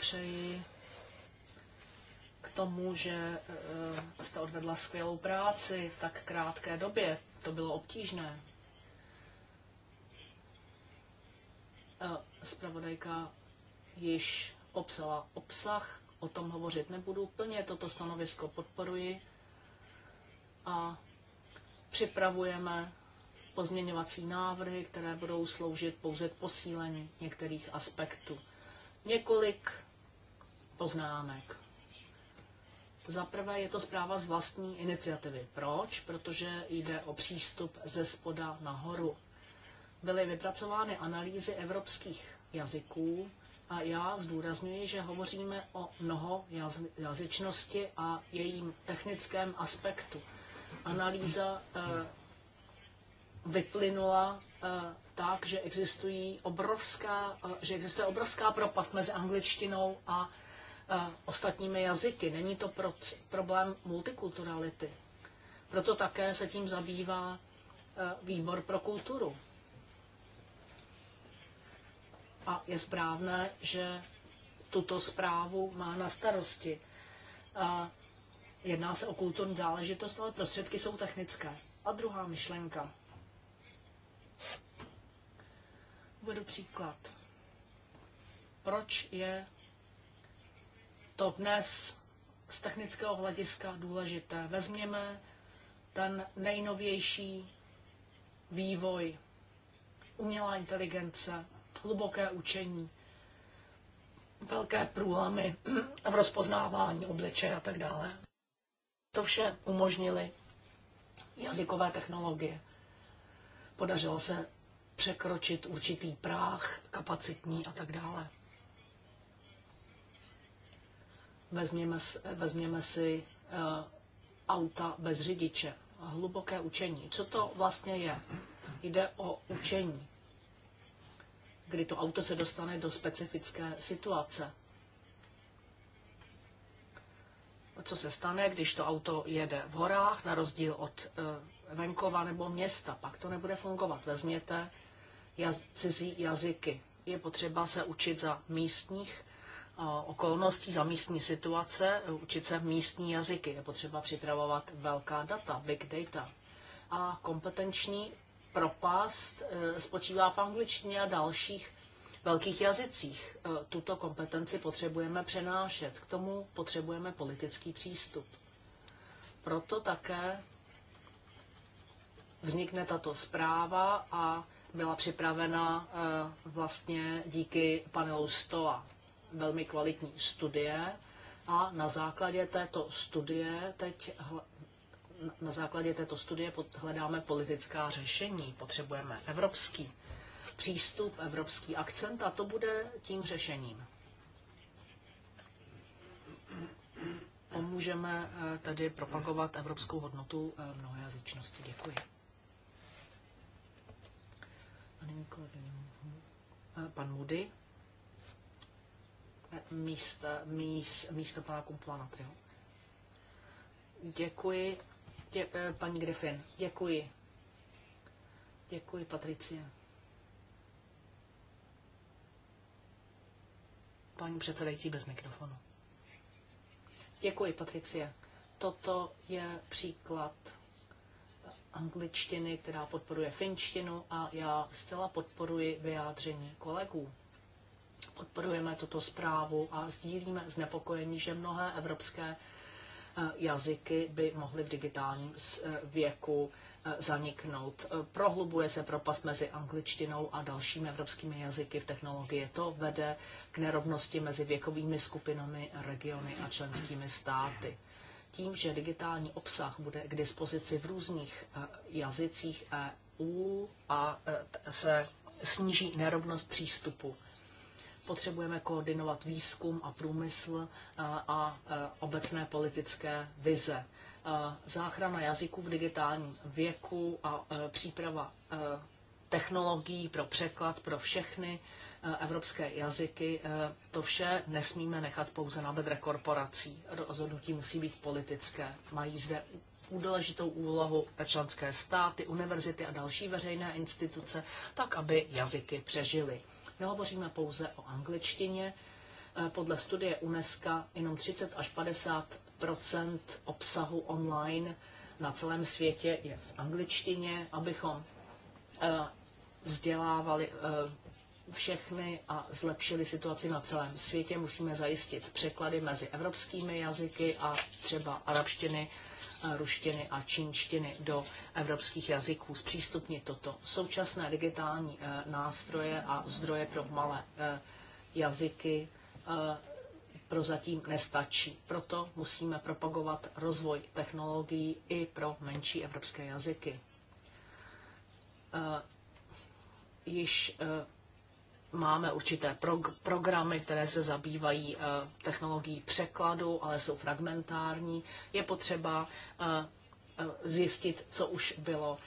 přeji k tomu, že eh, jste odvedla skvělou práci v tak krátké době. To bylo obtížné. Spravodajka eh, již popsala obsah, o tom hovořit nebudu. Plně toto stanovisko podporuji a připravujeme pozměňovací návrhy, které budou sloužit pouze k posílení některých aspektů. Několik poznámek. Za prvé je to zpráva z vlastní iniciativy. Proč? Protože jde o přístup ze spoda nahoru. Byly vypracovány analýzy evropských jazyků a já zdůrazňuji, že hovoříme o mnoho jazyčnosti a jejím technickém aspektu. Analýza eh, vyplynula eh, tak, že, existují obrovská, eh, že existuje obrovská propast mezi angličtinou a ostatními jazyky. Není to pro, problém multikulturality. Proto také se tím zabývá e, výbor pro kulturu. A je správné, že tuto zprávu má na starosti. Jedná se o kulturní záležitost, ale prostředky jsou technické. A druhá myšlenka. Uvedu příklad. Proč je to dnes z technického hlediska důležité. Vezměme ten nejnovější vývoj, umělá inteligence, hluboké učení, velké průlamy v rozpoznávání obličeje a tak dále. To vše umožnili jazykové technologie. Podařilo se překročit určitý práh, kapacitní a tak dále. Vezměme, vezměme si eh, auta bez řidiče. Hluboké učení. Co to vlastně je? Jde o učení, kdy to auto se dostane do specifické situace. Co se stane, když to auto jede v horách, na rozdíl od eh, venkova nebo města, pak to nebude fungovat. Vezměte jaz, cizí jazyky. Je potřeba se učit za místních okolností za místní situace e, učit se místní jazyky. Je potřeba připravovat velká data, big data. A kompetenční propast e, spočívá v angličtině a dalších velkých jazycích. E, tuto kompetenci potřebujeme přenášet. K tomu potřebujeme politický přístup. Proto také vznikne tato zpráva a byla připravena vlastně díky panelu STOA velmi kvalitní studie a na základě této studie teď na základě této studie hledáme politická řešení. Potřebujeme evropský přístup, evropský akcent a to bude tím řešením. Pomůžeme eh, tedy propagovat evropskou hodnotu eh, mnohojazyčnosti. Děkuji. Eh, pan Moody míst, míst, místo pana Kumplana. Tyho. Děkuji, dě, eh, paní Griffin. Děkuji. Děkuji, Patricie. Paní předsedající bez mikrofonu. Děkuji, Patricie. Toto je příklad angličtiny, která podporuje finštinu a já zcela podporuji vyjádření kolegů. Podporujeme tuto zprávu a sdílíme znepokojení, že mnohé evropské eh, jazyky by mohly v digitálním eh, věku eh, zaniknout. Prohlubuje se propast mezi angličtinou a dalšími evropskými jazyky v technologii. To vede k nerovnosti mezi věkovými skupinami, regiony a členskými státy. Tím, že digitální obsah bude k dispozici v různých jazycích EU a se sníží nerovnost přístupu Potřebujeme koordinovat výzkum a průmysl eh, a eh, obecné politické vize. Eh, záchrana jazyků v digitálním věku a příprava technologií pro překlad pro všechny evropské jazyky, to vše nesmíme nechat pouze na bedre korporací. Rozhodnutí musí být politické. Mají zde důležitou úlohu členské státy, univerzity a další veřejné instituce, tak aby jazyky přežily. Nehovoříme pouze o angličtině. Eh, podle studie UNESCO jenom 30 až 50 obsahu online na celém světě je v angličtině, abychom eh, vzdělávali eh, všechny a zlepšili situaci na celém světě. Musíme zajistit překlady mezi evropskými jazyky a třeba arabštiny ruštiny a čínštiny do evropských jazyků, zpřístupnit toto. Současné digitální eh, nástroje a zdroje pro malé eh, jazyky eh, prozatím nestačí. Proto musíme propagovat rozvoj technologií i pro menší evropské jazyky. Již máme určité prog- programy, které se zabývají e, technologií překladu, ale jsou fragmentární. Je potřeba e, zjistit, co už bylo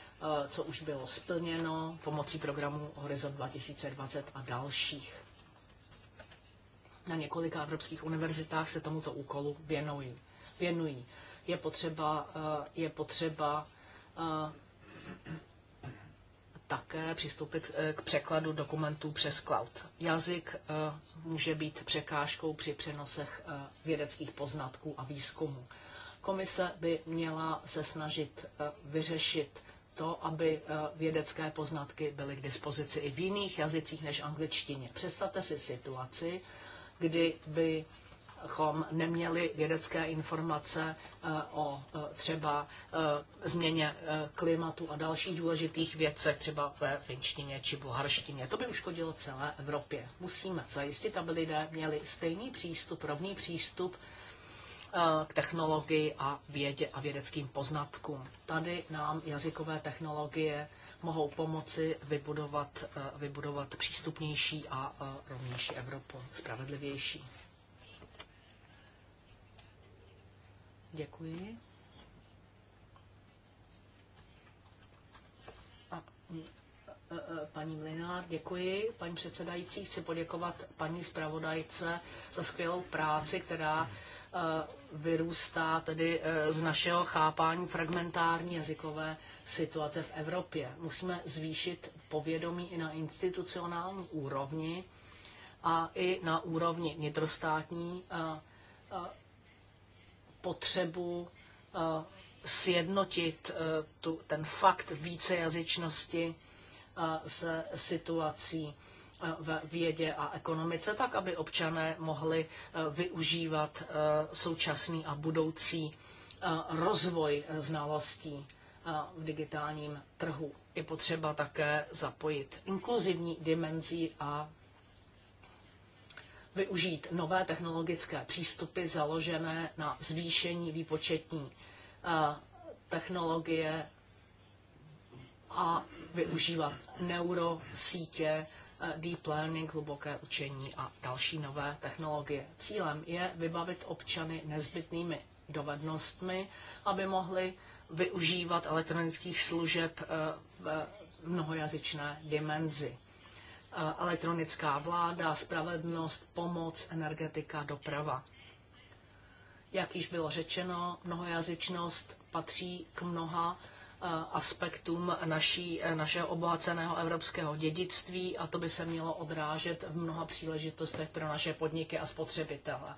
co už bylo splněno pomocí programu Horizon 2020 a dalších. Na několika evropských univerzitách se tomuto úkolu věnují. věnují. Je potřeba, je potřeba také přistoupit eh, k překladu dokumentů přes cloud. Jazyk eh, může být překážkou při přenosech eh, vědeckých poznatků a výzkumu. Komise by měla se snažit vyřešit to, aby vědecké poznatky byly k dispozici i v jiných jazycích než angličtině. Představte si situaci, kdy by bychom neměli vědecké informace eh, o eh, třeba eh, změně klimatu a dalších důležitých věcech, třeba ve finštině či boharštině. To by uškodilo celé Evropě. Musíme zajistit, aby lidé měli stejný přístup, rovný přístup k technologii a vědě a vědeckým poznatkům. Tady nám jazykové technologie mohou pomoci vybudovat, vybudovat přístupnější a rovnější Evropu, spravedlivější. Děkuji. A, mm, e, e, paní Mlinár, děkuji. Paní předsedající, chci poděkovat paní zpravodajce za skvělou práci, která e, vyrůstá tedy z našeho chápání fragmentární jazykové situace v Evropě. Musíme zvýšit povědomí i na institucionální úrovni a i na úrovni vnitrostátní potřebu eh, sjednotit eh, tu, ten fakt vícejazyčnosti eh, s situací v vědě a ekonomice, tak aby občané mohli využívat současný a budoucí rozvoj znalostí v digitálním trhu. Je potřeba také zapojit inkluzivní dimenzi a využít nové technologické přístupy založené na zvýšení výpočetní eh, technologie a využívat neurosítě, eh, deep learning, hluboké učení a další nové technologie. Cílem je vybavit občany nezbytnými dovednostmi, aby mohli využívat elektronických služeb eh, v mnohojazyčné dimenzi. Eh, elektronická vláda, spravedlnost, pomoc, energetika, doprava. Jak již bylo řečeno, mnohojazyčnost patří k mnoha eh, aspektům naší, eh, našeho obohaceného evropského dědictví a to by se mělo odrážet v mnoha příležitostech pro naše podniky a spotřebitele.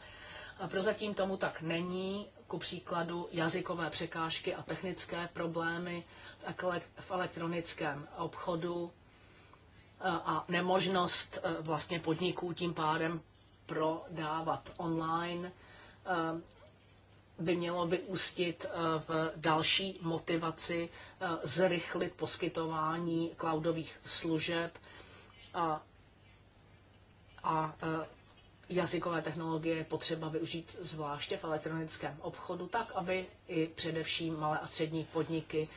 A prozatím tomu tak není, ku příkladu jazykové překážky a technické problémy v elektronickém obchodu a nemožnost e, vlastně podniků tím pádem prodávat online e, by mělo vyústit e, v další motivaci zrychlit poskytování cloudových služeb a, a jazykové technologie je potřeba využít zvláště v elektronickém obchodu, tak aby i především malé a střední podniky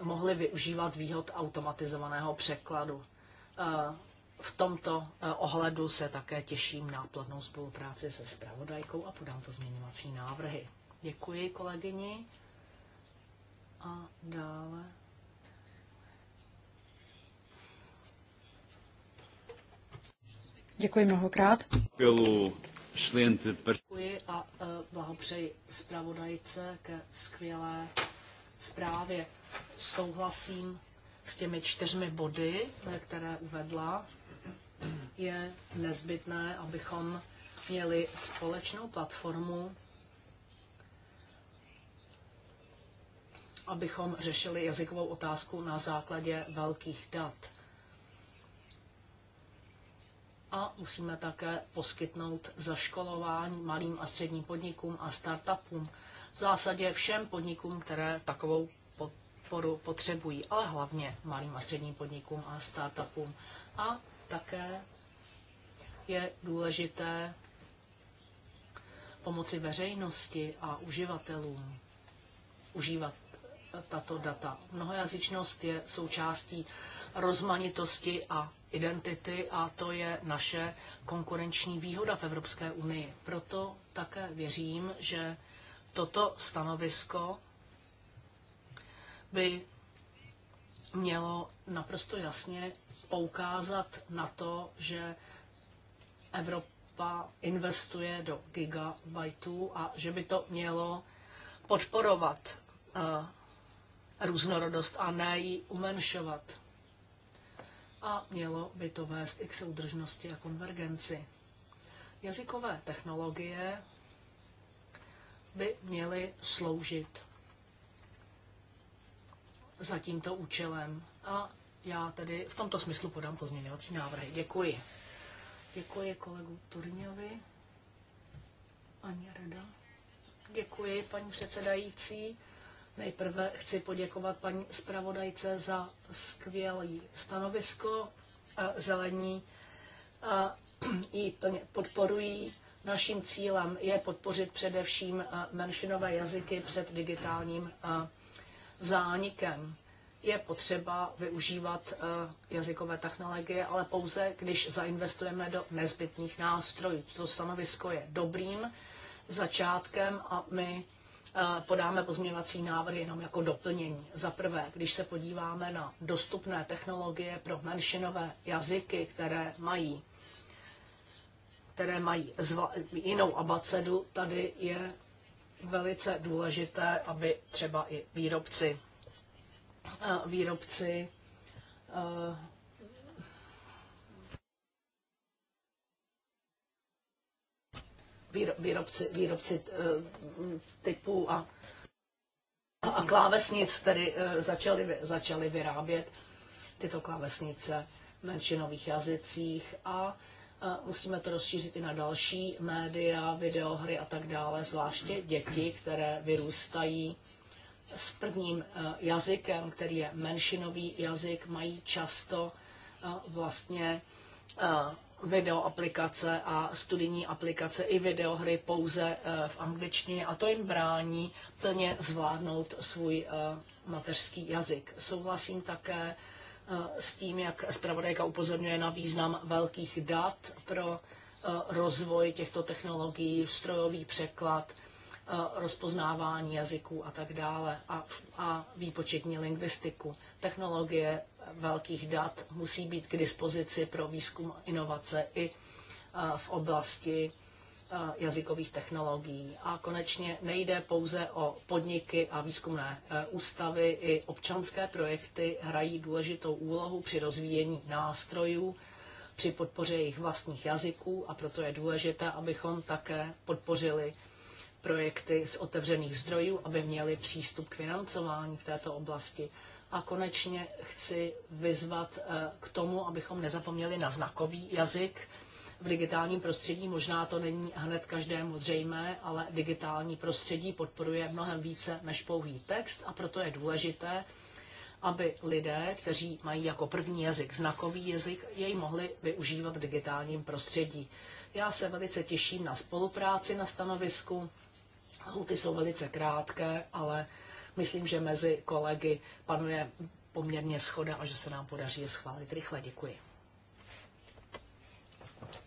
mohly využívat výhod automatizovaného překladu. Eh, v tomto eh, ohledu se také těším na plodnou spolupráci se spravodajkou a podám pozměňovací návrhy. Děkuji kolegyni. A dále. Děkuji mnohokrát. Děkuji a eh, blahopřeji zpravodajce ke skvělé zprávě. Souhlasím s těmi čtyřmi body, které uvedla, je nezbytné, abychom měli společnou platformu, abychom řešili jazykovou otázku na základě velkých dat. A musíme také poskytnout zaškolování malým a středním podnikům a startupům, v zásadě všem podnikům, které takovou podporu potřebují, ale hlavně malým a středním podnikům a startupům. A také je důležité pomoci veřejnosti a uživatelům užívat tato data. Mnohojazyčnost je součástí rozmanitosti a identity a to je naše konkurenční výhoda v Evropské unii. Proto také věřím, že toto stanovisko by mělo naprosto jasně poukázat na to, že Evropa investuje do gigabajtů a že by to mělo podporovat eh, různorodost a ne ji umenšovat. A mělo by to vést i k soudržnosti a konvergenci. Jazykové technologie by měly sloužit za tímto účelem. A já tedy v tomto smyslu podám pozměňovací návrhy. Děkuji. Děkuji kolegu Turňovi. Ani Rada. Děkuji, paní předsedající. Nejprve chci poděkovat paní zpravodajce za skvělé stanovisko. Zelení ji plně podporují. Naším cílem je podpořit především menšinové jazyky před digitálním zánikem. Je potřeba využívat eh, jazykové technologie, ale pouze, když zainvestujeme do nezbytných nástrojů. To stanovisko je dobrým začátkem a my eh, podáme pozměňovací návrhy jenom jako doplnění. Za prvé, když se podíváme na dostupné technologie pro menšinové jazyky, které mají, které mají jinou abacedu, tady je velice důležité, aby třeba i výrobci, eh, eh, výrobci výrobci, výrobci eh, typů a, a klávesnic, tedy začali, začali vyrábět tyto klávesnice v menšinových jazycích a Musíme to rozšířit i na další média, videohry a tak dále, zvláště děti, které vyrůstají s prvním eh, jazykem, který je menšinový jazyk, mají často eh, vlastně eh, video aplikace a studijní aplikace i videohry pouze v angličtině a to jim brání plně zvládnout svůj mateřský jazyk. Souhlasím také Eh, s tím, jak zpravodajka upozorňuje na význam velkých dat pro eh, rozvoj těchto technologií, strojový překlad, eh, rozpoznávání jazyků a tak dále a, a výpočetní lingvistiku. Technologie velkých dat musí být k dispozici pro výzkum inovace i v oblasti Eh, jazykových technologií. A konečně nejde pouze o podniky a výzkumné eh, ústavy, i občanské projekty hrají důležitou úlohu při rozvíjení nástrojů, při podpoře jejich vlastních jazyků a proto je důležité, abychom také podpořili projekty z otevřených zdrojů, aby měli přístup k financování v této oblasti. A konečně chci vyzvat eh, k tomu, abychom nezapomněli na znakový jazyk, v digitálním prostředí. Možná to není hned každému zřejmé, ale digitální prostředí podporuje mnohem více než pouhý text a proto je důležité, aby lidé, kteří mají jako první jazyk znakový jazyk, jej mohli využívat v digitálním prostředí. Já se velice těším na spolupráci na stanovisku. Huty jsou velice krátké, ale myslím, že mezi kolegy panuje poměrně schoda a že se nám podaří je schválit rychle. Děkuji.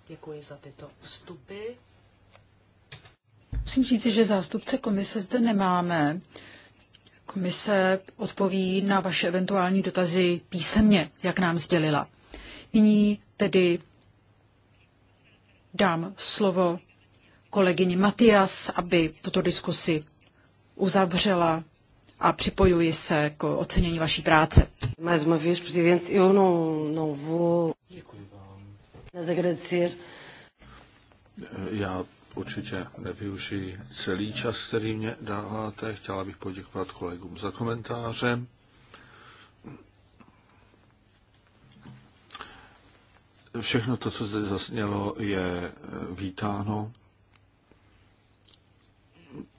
Děkuji za tyto vstupy. Musím říct, že zástupce komise zde nemáme. Komise odpoví na vaše eventuální dotazy písemně, jak nám sdělila. Nyní tedy dám slovo kolegyni Matias, aby tuto diskusi uzavřela a připojuji se k ocenění vaší práce. Mais uma vez, presidente, eu não, não vou... Děkuji, já určitě nevyužiji celý čas, který mě dáváte. Chtěla bych poděkovat kolegům za komentáře. Všechno to, co zde zasnělo, je eh, vítáno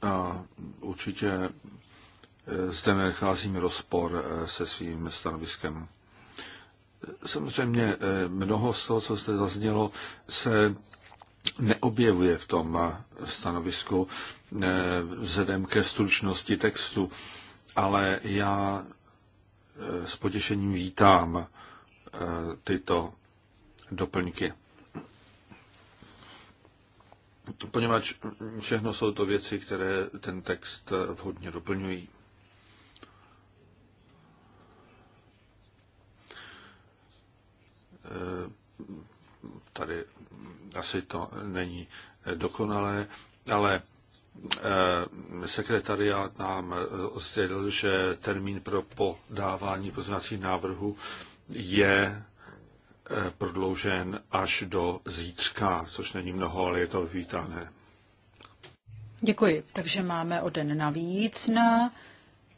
a určitě eh, zde nenecházím rozpor eh, se svým stanoviskem. Samozřejmě eh, mnoho z toho, co zde zaznělo, se neobjevuje v tom eh, stanovisku eh, vzhledem ke stručnosti textu, ale já s potěšením vítám tyto doplňky. Poněvadž všechno jsou to věci, které ten text vhodně doplňují. Eh, tady asi to není dokonalé, ale eh, sekretariát nám eh, sdělil, že termín pro podávání poznacích návrhu je prodloužen až do zítřka, což není mnoho, ale je to vítané. Děkuji. Takže máme o den navíc na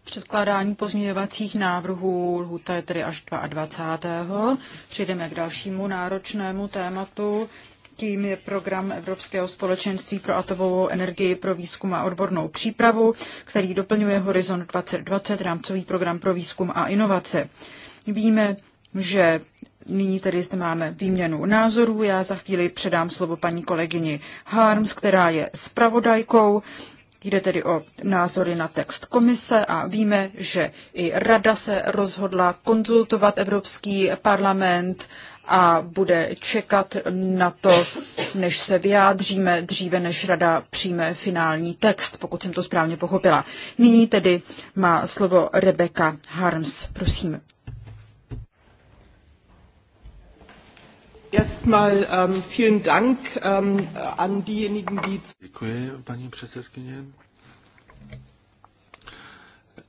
předkládání pozměňovacích návrhů, lhuta je tedy až 22. Přijdeme k dalšímu náročnému tématu, tím je program Evropského společenství pro atomovou energii pro výzkum a odbornou přípravu, který doplňuje Horizont 2020, rámcový program pro výzkum a inovace. Víme, že nyní tedy zde máme výměnu názorů. Já za chvíli předám slovo paní kolegyni Harms, která je spravodajkou Jde tedy o názory na text komise a víme, že i rada se rozhodla konzultovat Evropský parlament a bude čekat na to, než se vyjádříme dříve, než rada přijme finální text, pokud jsem to správně pochopila. Nyní tedy má slovo Rebecca Harms. Prosím. Erstmal ähm, vielen Dank ähm, an diejenigen, die. Děkuji, paní předsedkyně.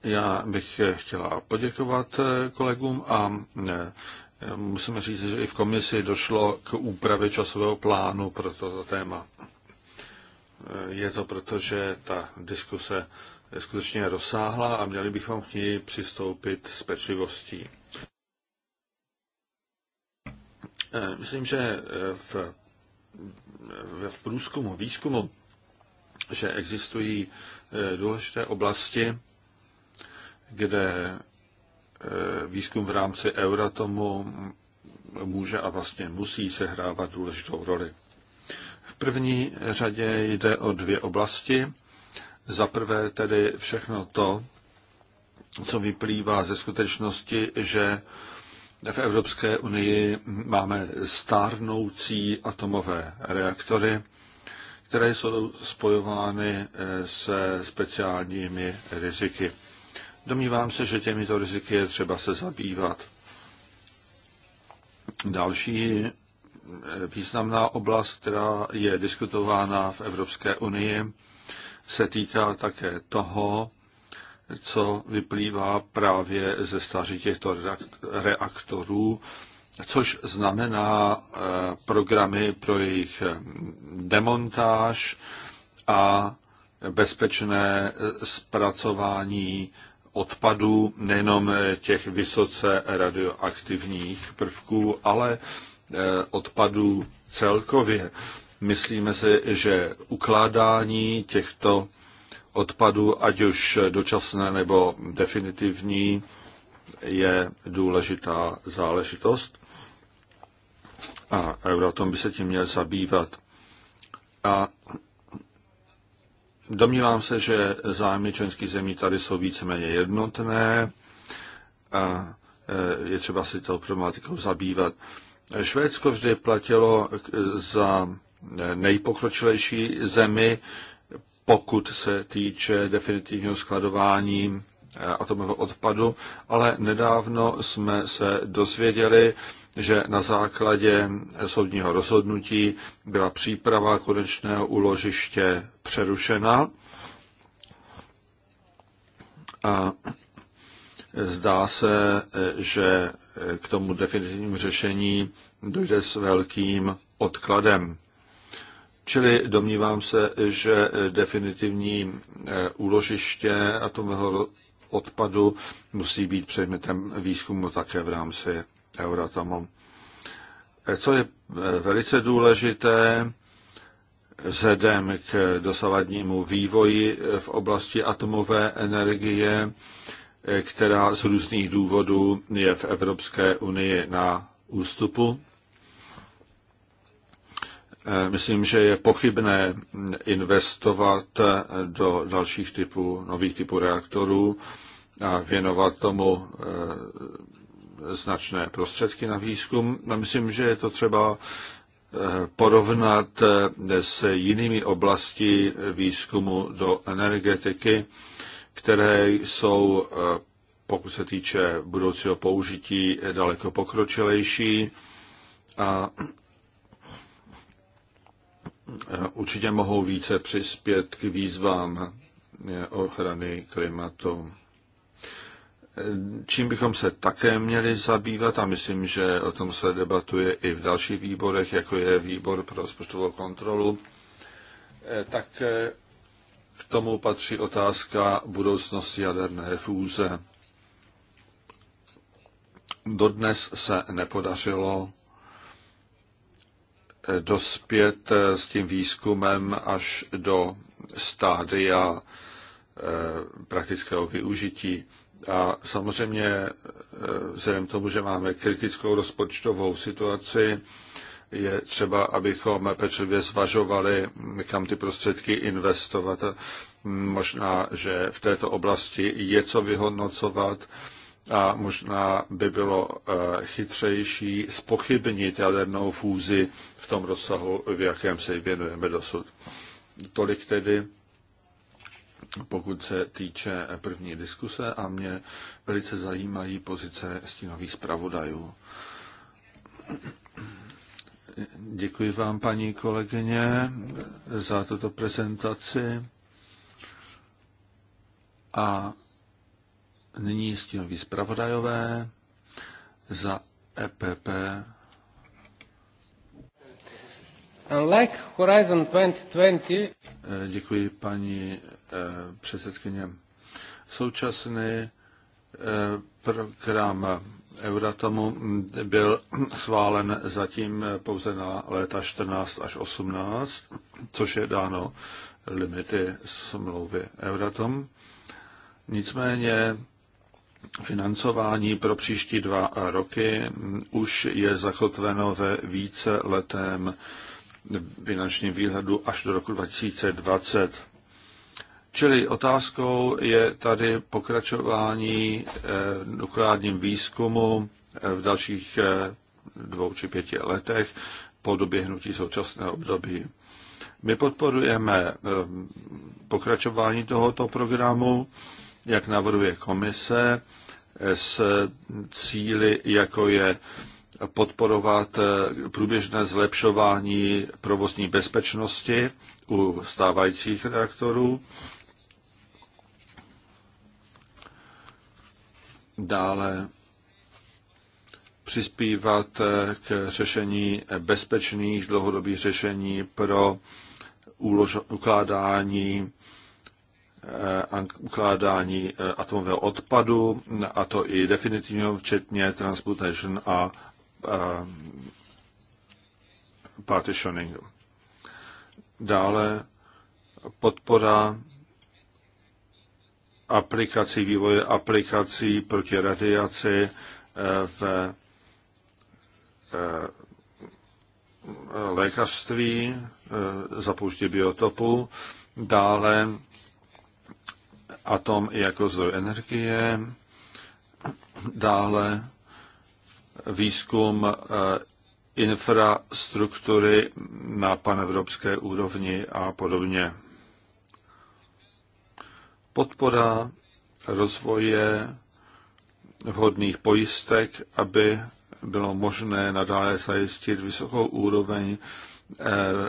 Já bych eh, chtěla poděkovat eh, kolegům a eh, musím říct, že i v komisi došlo k úpravě časového plánu pro toto téma. Je to proto, že ta diskuse je skutečně rozsáhla a měli bychom k ní přistoupit s pečlivostí. Eh, myslím, že eh, v, eh, v průzkumu, výzkumu, že existují důležité oblasti, kde výzkum v rámci Euratomu může a vlastně musí sehrávat důležitou roli. V první řadě jde o dvě oblasti. Za prvé tedy všechno to, co vyplývá ze skutečnosti, že v Evropské unii máme stárnoucí atomové reaktory, které jsou spojovány eh, se speciálními riziky. Domnívám se, že těmito riziky je třeba se zabývat. Další eh, významná oblast, která je diskutována v Evropské unii, se týká také toho, co vyplývá právě ze stáří těchto reaktorů, což znamená eh, programy pro jejich eh, demontáž a bezpečné eh, zpracování odpadů, nejenom těch vysoce radioaktivních prvků, ale odpadů celkově. Myslíme si, že ukládání těchto odpadu, ať už dočasné nebo definitivní, je důležitá záležitost. A Euratom by se tím měl zabývat. A domnívám se, že zájmy členských zemí tady jsou víceméně jednotné a e, je třeba si tou problematikou zabývat. Švédsko vždy platilo za nejpokročilejší zemi pokud se týče definitivního skladování eh, atomového odpadu, ale nedávno jsme se dozvěděli, že na základě soudního rozhodnutí byla příprava konečného úložiště přerušena. A zdá se, eh, že eh, k tomu definitivním řešení dojde s velkým odkladem. Čili domnívám se, že definitivní eh, úložiště atomového odpadu musí být předmětem výzkumu také v rámci Euratomu. Eh, co je eh, velice důležité, vzhledem k dosavadnímu vývoji v oblasti atomové energie, která z různých důvodů je v Evropské unii na ústupu. Eh, myslím, že je pochybné investovat eh, do dalších typů, nových typů reaktorů a věnovat tomu eh, značné prostředky na výzkum. A myslím, že je to třeba porovnat s jinými oblasti výzkumu do energetiky, které jsou, pokud se týče budoucího použití, daleko pokročilejší a určitě mohou více přispět k výzvám ochrany klimatu. Čím bychom se také měli zabývat, a myslím, že o tom se debatuje i v dalších výborech, jako je výbor pro rozpočtovou kontrolu, tak k tomu patří otázka budoucnosti jaderné fúze. Dodnes se nepodařilo dospět eh, s tím výzkumem až do stádia eh, praktického využití. A samozřejmě eh, vzhledem k tomu, že máme kritickou rozpočtovou situaci, je třeba, abychom pečlivě zvažovali, kam ty prostředky investovat. Možná, že v této oblasti je co vyhodnocovat a možná by bylo eh, chytřejší spochybnit jadernou fúzi v tom rozsahu, v jakém se věnujeme dosud. Tolik tedy, pokud se týče první diskuse a mě velice zajímají pozice stínových zpravodajů. Děkuji vám, paní kolegyně, za tuto prezentaci. A Nyní stínoví zpravodajové za EPP. Unlike Horizon 2020... Eh, děkuji, paní eh, předsedkyně. Současný eh, program Euratomu byl schválen zatím pouze na léta 14 až 18, což je dáno limity smlouvy Euratom. Nicméně financování pro příští dva roky už je zachotveno ve více letém finančním výhledu až do roku 2020. Čili otázkou je tady pokračování eh, nukleárním výzkumu eh, v dalších eh, dvou či pěti letech po doběhnutí současného období. My podporujeme pokračování tohoto programu jak navrhuje komise, s cíly, jako je podporovat eh, průběžné zlepšování provozní bezpečnosti u stávajících reaktorů. Dále přispívat eh, k řešení bezpečných dlouhodobých řešení pro ukládání ukládání e, atomového odpadu, a to i definitivního, včetně transportation a partitioningu. Dále podpora aplikací, vývoje aplikací proti radiaci e, v e, lékařství, zapouštění biotopu, dále atom jako zdroj energie, dále výzkum eh, infrastruktury na panevropské úrovni a podobně. Podpora rozvoje vhodných pojistek, aby bylo možné nadále zajistit vysokou úroveň eh,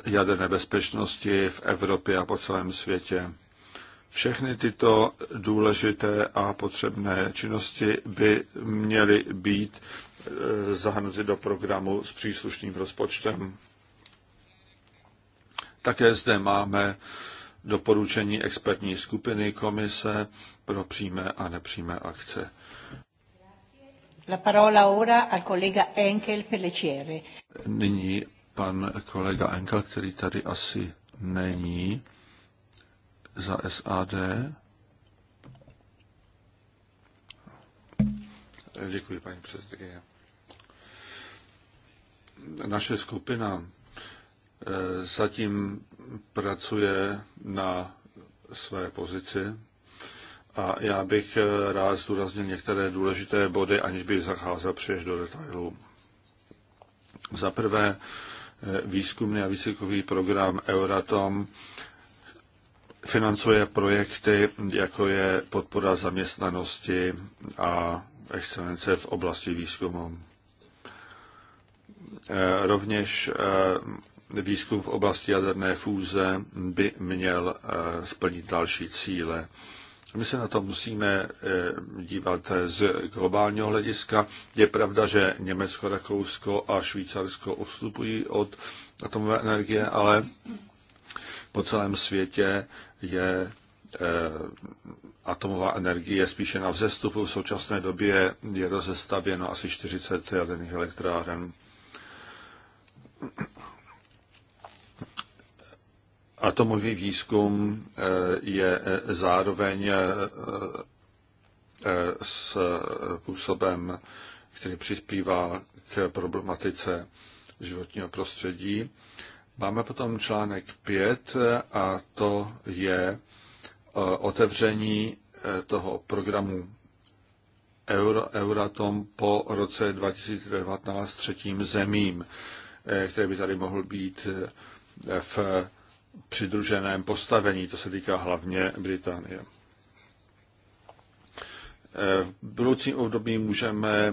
jaderné bezpečnosti v Evropě a po celém světě. Všechny tyto důležité a potřebné činnosti by měly být eh, zahrnuty do programu s příslušným rozpočtem. Také zde máme doporučení expertní skupiny komise pro přímé a nepřímé akce. La parola ora al kolega Enkel Pelleciere. Nyní pan kolega Enkel, který tady asi není za SAD. Děkuji, paní předsedkyně. Naše skupina eh, zatím pracuje na své pozici a já bych eh, rád zdůraznil některé důležité body, aniž bych zacházel příliš do detailů. Za prvé, eh, výzkumný a výcvikový program Euratom financuje projekty, jako je podpora zaměstnanosti a excelence v oblasti výzkumu. Eh, rovněž eh, výzkum v oblasti jaderné fúze by měl eh, splnit další cíle. My se na to musíme dívat z globálního hlediska. Je pravda, že Německo, Rakousko a Švýcarsko odstupují od atomové energie, ale po celém světě je eh, atomová energie spíše na vzestupu. V současné době je rozestavěno asi 40 jaderných elektráren. Atomový výzkum eh, je eh, zároveň s působem, který přispívá k problematice životního prostředí. Máme potom článek 5 a to je e, otevření e, toho programu Euro, Euratom po roce 2019 třetím zemím, e, který by tady mohl být v přidruženém postavení. To se týká hlavně Británie. V budoucím období můžeme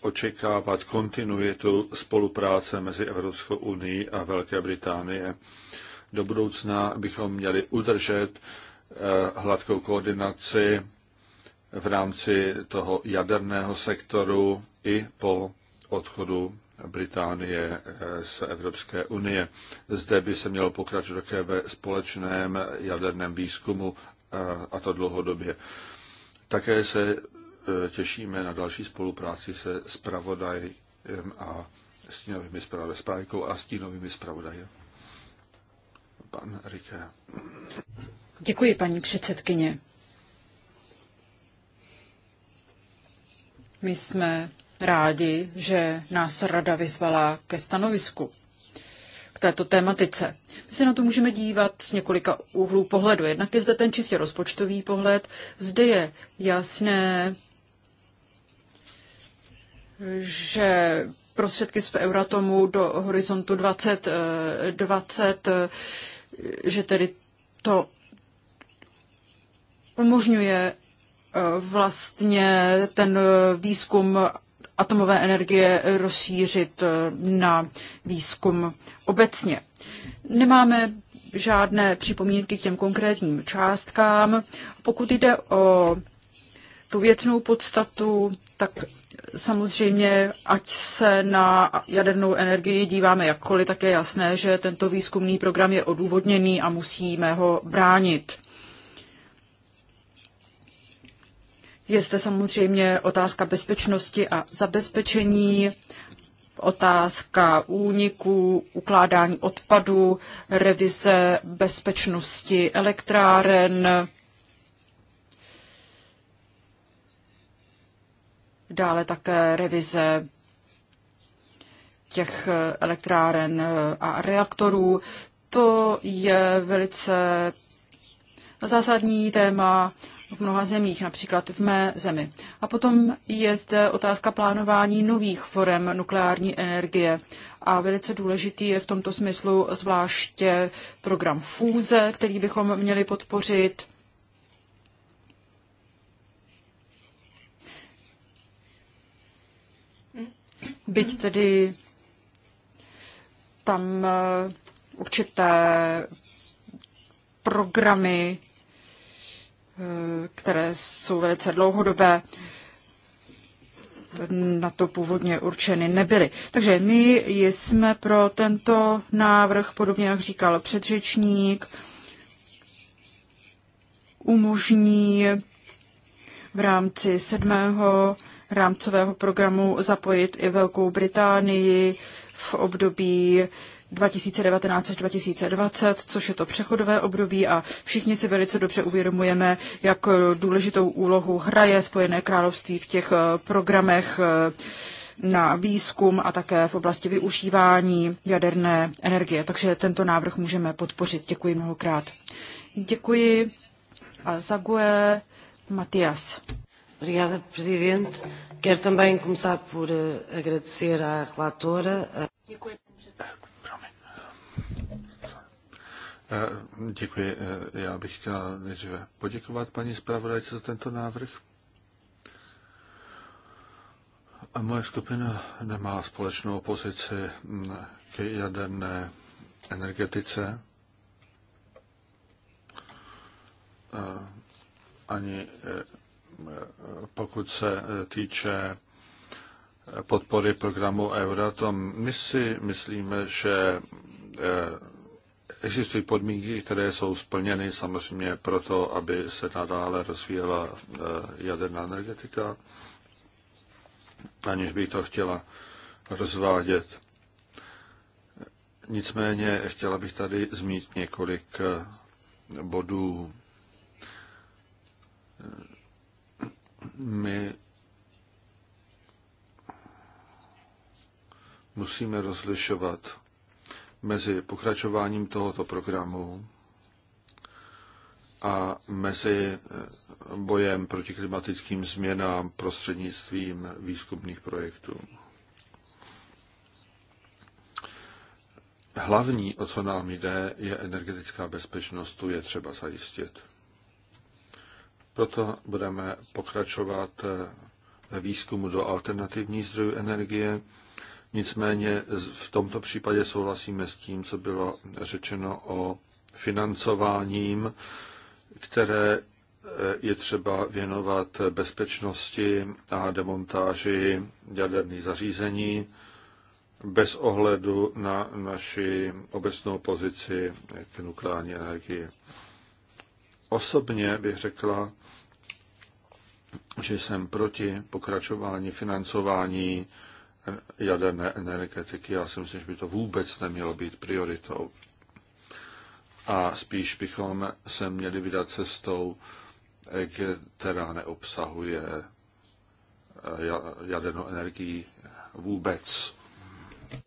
očekávat kontinuitu spolupráce mezi Evropskou unii a Velké Británie. Do budoucna bychom měli udržet eh, hladkou koordinaci v rámci toho jaderného sektoru i po odchodu Británie eh, z Evropské unie. Zde by se mělo pokračovat také ve společném jaderném výzkumu eh, a to dlouhodobě. Také se E, těšíme na další spolupráci se spravodajem a stínovými zpravodaj, a stínovými zpravodaji. Pan Riké. Děkuji, paní předsedkyně. My jsme rádi, že nás rada vyzvala ke stanovisku k této tématice. My se na to můžeme dívat z několika úhlů pohledu. Jednak je zde ten čistě rozpočtový pohled. Zde je jasné, že prostředky z Euratomu do horizontu 2020, že tedy to umožňuje eh, vlastně ten výzkum atomové energie rozšířit eh, na výzkum obecně. Nemáme žádné připomínky k těm konkrétním částkám. Pokud jde o tu věcnou podstatu, tak samozřejmě, ať se na jadernou energii díváme jakkoliv, tak je jasné, že tento výzkumný program je odůvodněný a musíme ho bránit. Je zde samozřejmě otázka bezpečnosti a zabezpečení, otázka úniku, ukládání odpadu, revize bezpečnosti elektráren, dále také revize těch elektráren a reaktorů. To je velice zásadní téma v mnoha zemích, například v mé zemi. A potom je zde otázka plánování nových forem nukleární energie. A velice důležitý je v tomto smyslu zvláště program fúze, který bychom měli podpořit. byť tedy tam eh, určité programy, eh, které jsou velice dlouhodobé, na to původně určeny nebyly. Takže my jsme pro tento návrh, podobně jak říkal předřečník, umožní v rámci sedmého rámcového programu zapojit i Velkou Británii v období 2019 až 2020, což je to přechodové období a všichni si velice dobře uvědomujeme, jak důležitou úlohu hraje Spojené království v těch eh, programech eh, na výzkum a také v oblasti využívání jaderné energie. Takže tento návrh můžeme podpořit. Děkuji mnohokrát. Děkuji. A Zague Matias. Obrigada, Presidente. Quero também começar por eh, agradecer à relatora. A... Děkuji, eh, eh, Děkuji. Já bych chtěl nejdříve poděkovat paní zpravodajce za tento návrh. A moje skupina nemá společnou pozici mm, k jaderné energetice ani pokud se týče podpory programu Euratom, my si myslíme, že eh, existují podmínky, které jsou splněny samozřejmě proto, aby se nadále rozvíjela eh, jaderná energetika, aniž by to chtěla rozvádět. Nicméně chtěla bych tady zmít několik eh, bodů my musíme rozlišovat mezi pokračováním tohoto programu a mezi eh, bojem proti klimatickým změnám prostřednictvím výzkumných projektů. Hlavní, o co nám jde, je energetická bezpečnost, tu je třeba zajistit. Proto budeme pokračovat eh, ve výzkumu do alternativních zdrojů energie. Nicméně v tomto případě souhlasíme s tím, co bylo řečeno o financováním, které eh, je třeba věnovat bezpečnosti a demontáži jaderných zařízení bez ohledu na naši obecnou pozici k nukleární energii. Osobně bych řekla, že jsem proti pokračování financování jaderné energetiky. Já si myslím, že by to vůbec nemělo být prioritou. A spíš bychom se měli vydat cestou, která neobsahuje eh, jadernou energii vůbec.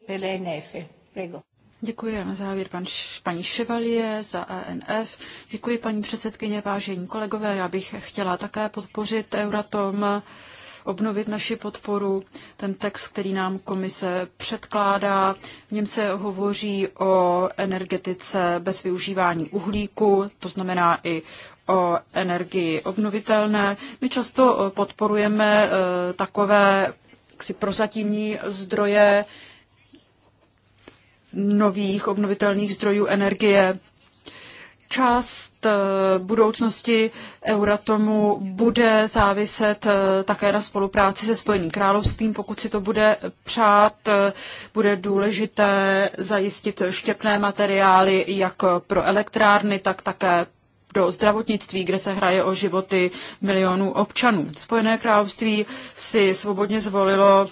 Pelé Nefe, prego. Děkuji na závěr pan, paní Ševalie za ENF. Děkuji paní předsedkyně, vážení kolegové. Já bych chtěla také podpořit Euratom, obnovit naši podporu. Ten text, který nám komise předkládá, v něm se hovoří o energetice bez využívání uhlíku, to znamená i o energii obnovitelné. My často podporujeme eh, takové si prozatímní zdroje nových obnovitelných zdrojů energie. Část eh, budoucnosti Euratomu bude záviset eh, také na spolupráci se Spojeným královstvím. Pokud si to bude přát, eh, bude důležité zajistit štěpné materiály jak pro elektrárny, tak také do zdravotnictví, kde se hraje o životy milionů občanů. Spojené království si svobodně zvolilo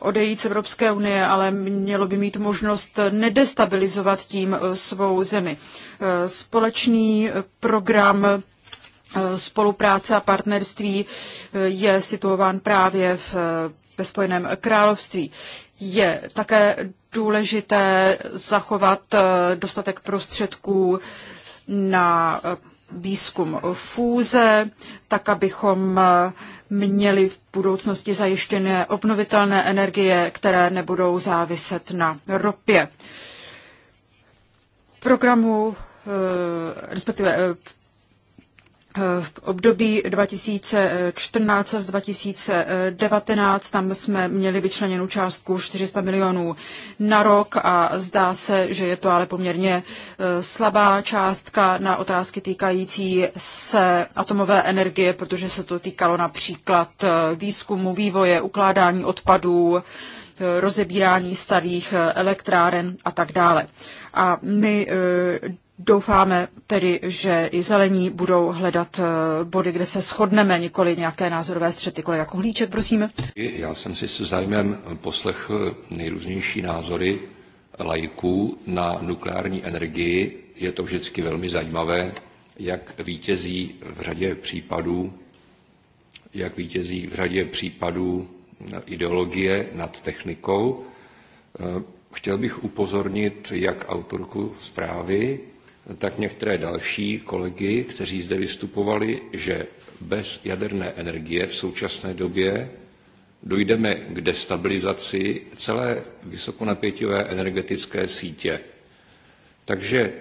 odejít z Evropské unie, ale mělo by mít možnost nedestabilizovat tím eh, svou zemi. Eh, společný eh, program spolupráce a partnerství je situován právě v, ve Spojeném království. Je také důležité zachovat dostatek prostředků na výzkum fůze, tak abychom měli v budoucnosti zajištěné obnovitelné energie, které nebudou záviset na ropě. Programu eh, respektive eh, Eh, v období 2014 až 2019 tam jsme měli vyčleněnou částku 400 milionů na rok a zdá se, že je to ale poměrně eh, slabá částka na otázky týkající se atomové energie, protože se to týkalo například eh, výzkumu, vývoje, ukládání odpadů, rozebírání starých elektráren a tak dále. A my Doufáme tedy, že i zelení budou hledat eh, body, kde se shodneme, nikoli nějaké názorové střety. Kolega Kohlíček, prosím. Já jsem si se zájmem poslechl nejrůznější názory lajků na nukleární energii. Je to vždycky velmi zajímavé, jak vítězí v řadě případů, jak vítězí v řadě případů ideologie nad technikou. Eh, Chtěl bych upozornit jak autorku zprávy, tak některé další kolegy, kteří zde vystupovali, že bez jaderné energie v současné době dojdeme k destabilizaci celé vysokonapěťové energetické sítě. Takže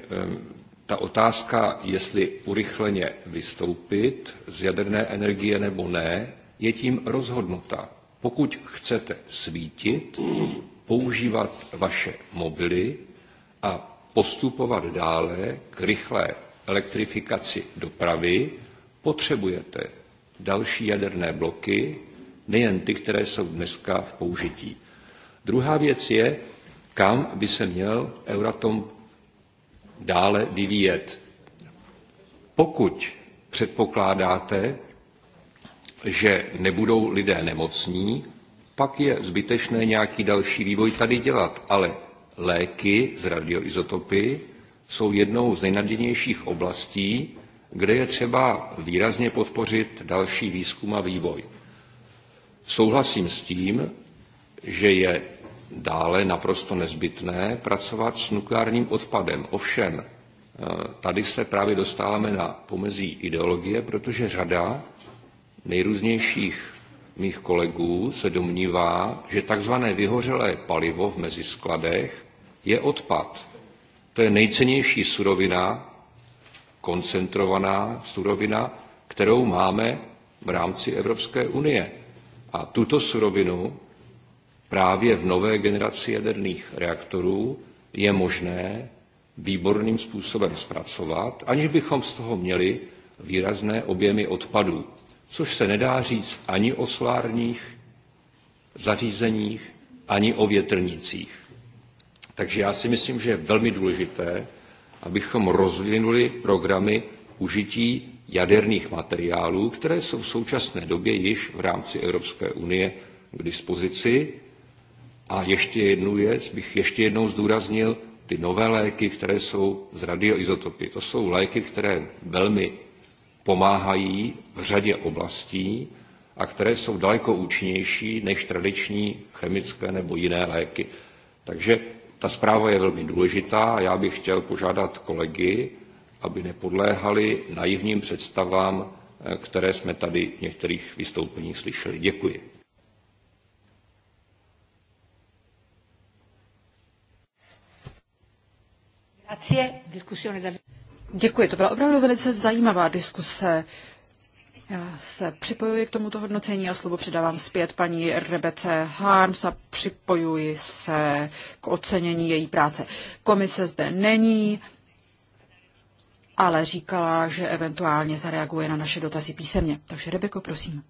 ta otázka, jestli urychleně vystoupit z jaderné energie nebo ne, je tím rozhodnuta. Pokud chcete svítit, používat vaše mobily a postupovat dále k rychlé elektrifikaci dopravy, potřebujete další jaderné bloky, nejen ty, které jsou dneska v použití. Druhá věc je, kam by se měl Euratom dále vyvíjet. Pokud předpokládáte, že nebudou lidé nemocní, pak je zbytečné nějaký další vývoj tady dělat, ale léky z radioizotopy jsou jednou z nejnadějnějších oblastí, kde je třeba výrazně podpořit další výzkum a vývoj. Souhlasím s tím, že je dále naprosto nezbytné pracovat s nukleárním odpadem. Ovšem, eh, tady se právě dostáváme na pomezí ideologie, protože řada nejrůznějších mých kolegů se domnívá, že takzvané vyhořelé palivo v meziskladech je odpad. To je nejcennější surovina, koncentrovaná surovina, kterou máme v rámci Evropské unie. A tuto surovinu právě v nové generaci jaderných reaktorů je možné výborným způsobem zpracovat, aniž bychom z toho měli výrazné objemy odpadů, což se nedá říct ani o solárních zařízeních, ani o větrnicích. Takže já si myslím, že je velmi důležité, abychom rozvinuli programy užití jaderných materiálů, které jsou v současné době již v rámci Evropské unie k dispozici. A ještě jednu věc bych ještě jednou zdůraznil, ty nové léky, které jsou z radioizotopy. To jsou léky, které velmi pomáhají v řadě oblastí a které jsou daleko účinnější než tradiční chemické nebo jiné léky. Takže ta zpráva je velmi důležitá a já bych chtěl požádat kolegy, aby nepodléhali naivním představám, eh, které jsme tady v některých vystoupeních slyšeli. Děkuji. Děkuji, to byla opravdu velice zajímavá diskuse. Já se připojuji k tomuto hodnocení a slovo předávám zpět paní Rebece Harms a připojuji se k ocenění její práce. Komise zde není, ale říkala, že eventuálně zareaguje na naše dotazy písemně. Takže Rebeko, prosím.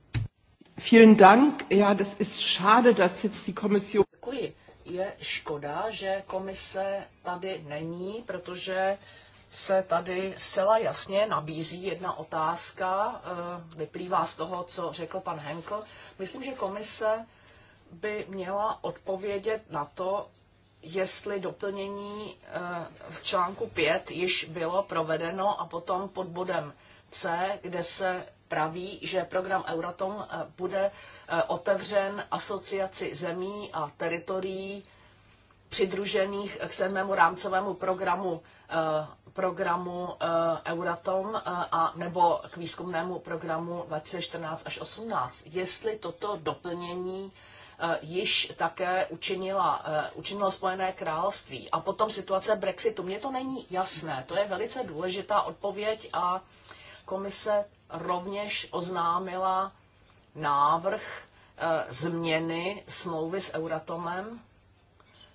Vielen Dank. Ja, das ist schade, dass jetzt die Kommission... Děkuji. Je škoda, že komise tady není, protože se tady zcela jasně nabízí jedna otázka, eh, vyplývá z toho, co řekl pan Henkel. Myslím, že komise by měla odpovědět na to, jestli doplnění eh, v článku 5 již bylo provedeno a potom pod bodem C, kde se praví, že program Euratom eh, bude otevřen asociaci zemí a teritorií přidružených k sedmému rámcovému programu Eh, programu eh, Euratom eh, a nebo k výzkumnému programu 2014 až 18. Jestli toto doplnění již také učinila, učinilo Spojené království. A potom situace Brexitu. Mně to není jasné. To je velice důležitá odpověď a komise rovněž oznámila návrh změny smlouvy s Euratomem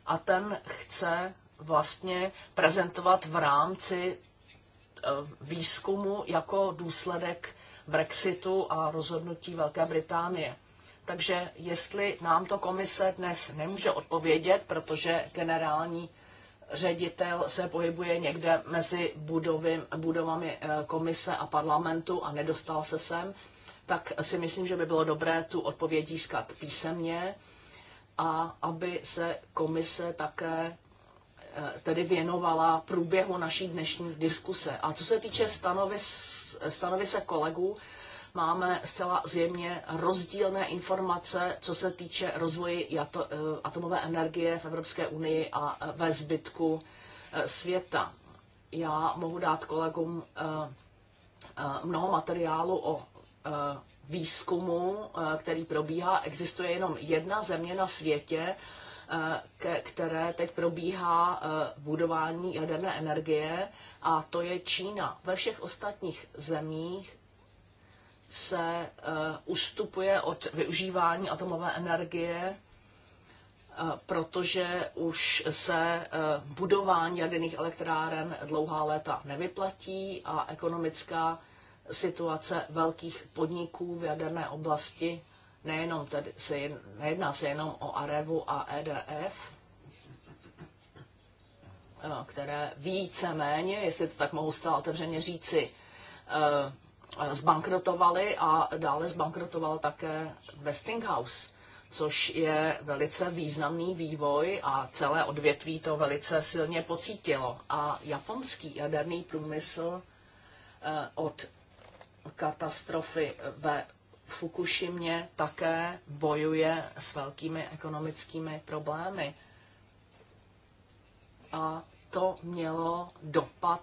a ten chce vlastně prezentovat v rámci eh, výzkumu jako důsledek Brexitu a rozhodnutí Velké Británie. Takže jestli nám to komise dnes nemůže odpovědět, protože generální ředitel se pohybuje někde mezi budovy, budovami eh, komise a parlamentu a nedostal se sem, tak si myslím, že by bylo dobré tu odpověď získat písemně a aby se komise také Eh, tedy věnovala průběhu naší dnešní diskuse. A co se týče stanovis, stanovise kolegů, máme zcela zjemně rozdílné informace, co se týče rozvoji eh, atomové energie v Evropské unii a eh, ve zbytku světa. Já mohu dát kolegům mnoho materiálu o výzkumu, který probíhá. Existuje jenom jedna země na světě, Eh, které teď probíhá eh, budování jaderné energie, a to je Čína. Ve všech ostatních zemích se eh, ustupuje od využívání atomové energie, protože už se budování jaderných elektráren dlouhá léta nevyplatí a ekonomická situace velkých podniků v jaderné oblasti Nejenom tedy se jedná, nejedná se jenom o Arevu a EDF, eh, které víceméně, jestli to tak mohu stále otevřeně říci, eh, eh, zbankrotovali a dále zbankrotoval také Westinghouse, což je velice významný vývoj a celé odvětví to velice silně pocítilo. A japonský jaderný průmysl od katastrofy ve Fukushimě také bojuje s velkými ekonomickými problémy. A to mělo dopad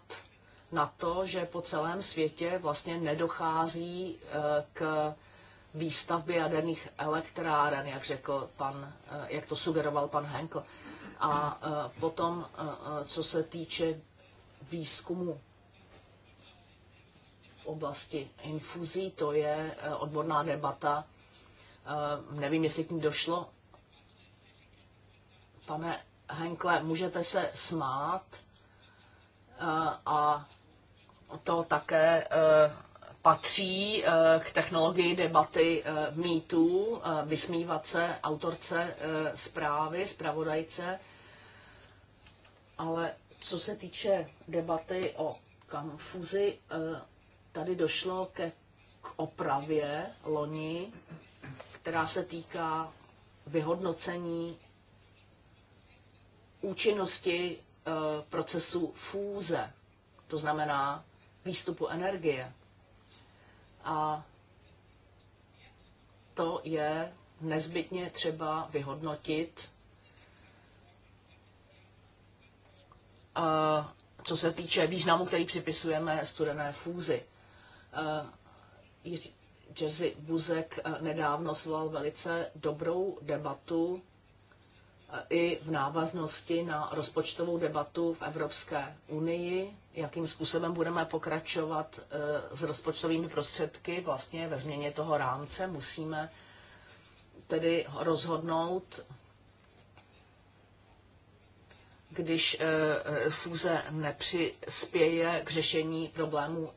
na to, že po celém světě vlastně nedochází eh, k výstavbě jaderných elektráren, jak řekl pan, eh, jak to sugeroval pan Henkel. A eh, potom, co se týče výzkumu oblasti infuzí, to je eh, odborná debata. Eh, nevím, jestli k ní došlo. Pane Henkle, můžete se smát eh, a to také patří k technologii debaty mýtů, vysmívat se autorce zprávy, zpravodajce, ale co se týče debaty o kamfuzi, Tady došlo ke, k opravě loni, která se týká vyhodnocení účinnosti e, procesu fúze, to znamená výstupu energie. A to je nezbytně třeba vyhodnotit, e, co se týče významu, který připisujeme studené fúzi. Eh, Jerzy Buzek eh, nedávno svolal velice dobrou debatu eh, i v návaznosti na rozpočtovou debatu v Evropské unii, jakým způsobem budeme pokračovat s rozpočtovými prostředky vlastně ve změně toho rámce. Musíme tedy rozhodnout když eh, eh, fúze nepřispěje k řešení problémů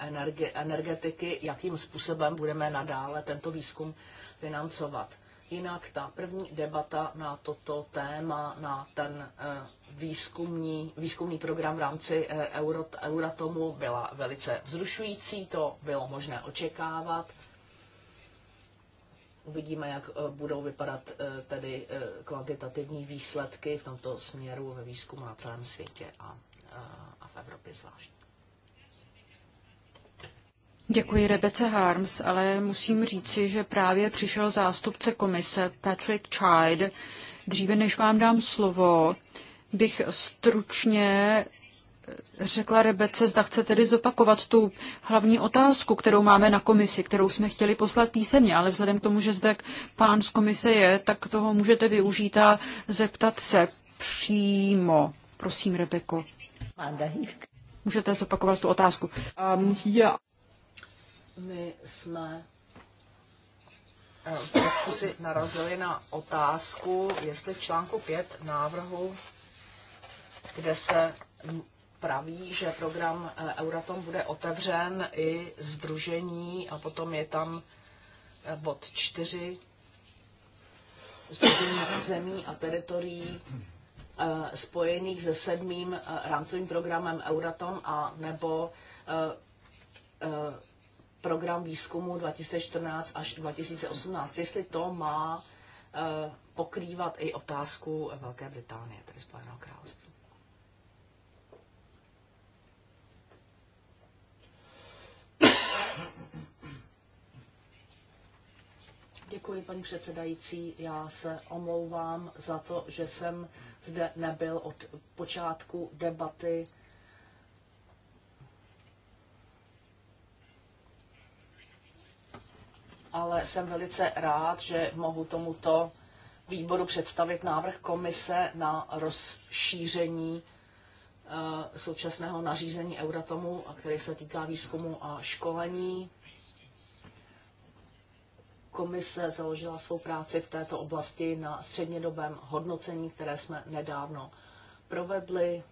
energetiky, jakým způsobem budeme nadále tento výzkum financovat. Jinak ta první debata na toto téma, na ten eh, výzkumní, výzkumný program v rámci Euratomu byla velice vzrušující, to bylo možné očekávat. Uvidíme, jak eh, budou vypadat eh, tedy eh, kvantitativní výsledky v tomto směru ve výzkumu na celém světě a, a v Evropě zvlášť. Děkuji Rebece Harms, ale musím říci, že právě přišel zástupce komise Patrick Child. Dříve než vám dám slovo, bych stručně řekla Rebece, zda chce tedy zopakovat tu hlavní otázku, kterou máme na komisi, kterou jsme chtěli poslat písemně, ale vzhledem k tomu, že zde pán z komise je, tak toho můžete využít a zeptat se přímo. Prosím, Rebeko. Můžete zopakovat tu otázku. Um, yeah. My jsme eh, v diskusi narazili na otázku, jestli v článku 5 návrhu, kde se praví, že program eh, Euratom bude otevřen i združení a potom je tam eh, bod čtyři združení zemí a teritorií eh, spojených se sedmým rámcovým programem Euratom a nebo program výzkumu 2014 až 2018, jestli to má pokrývat i otázku Velké Británie, tedy Spojeného království. Děkuji, paní předsedající. Já se omlouvám za to, že jsem zde nebyl od počátku debaty. Ale jsem velice rád, že mohu tomuto výboru představit návrh komise na rozšíření eh, současného nařízení Euratomu, který se týká výzkumu a školení. Komise založila svou práci v této oblasti na střednědobém hodnocení, které jsme nedávno provedli.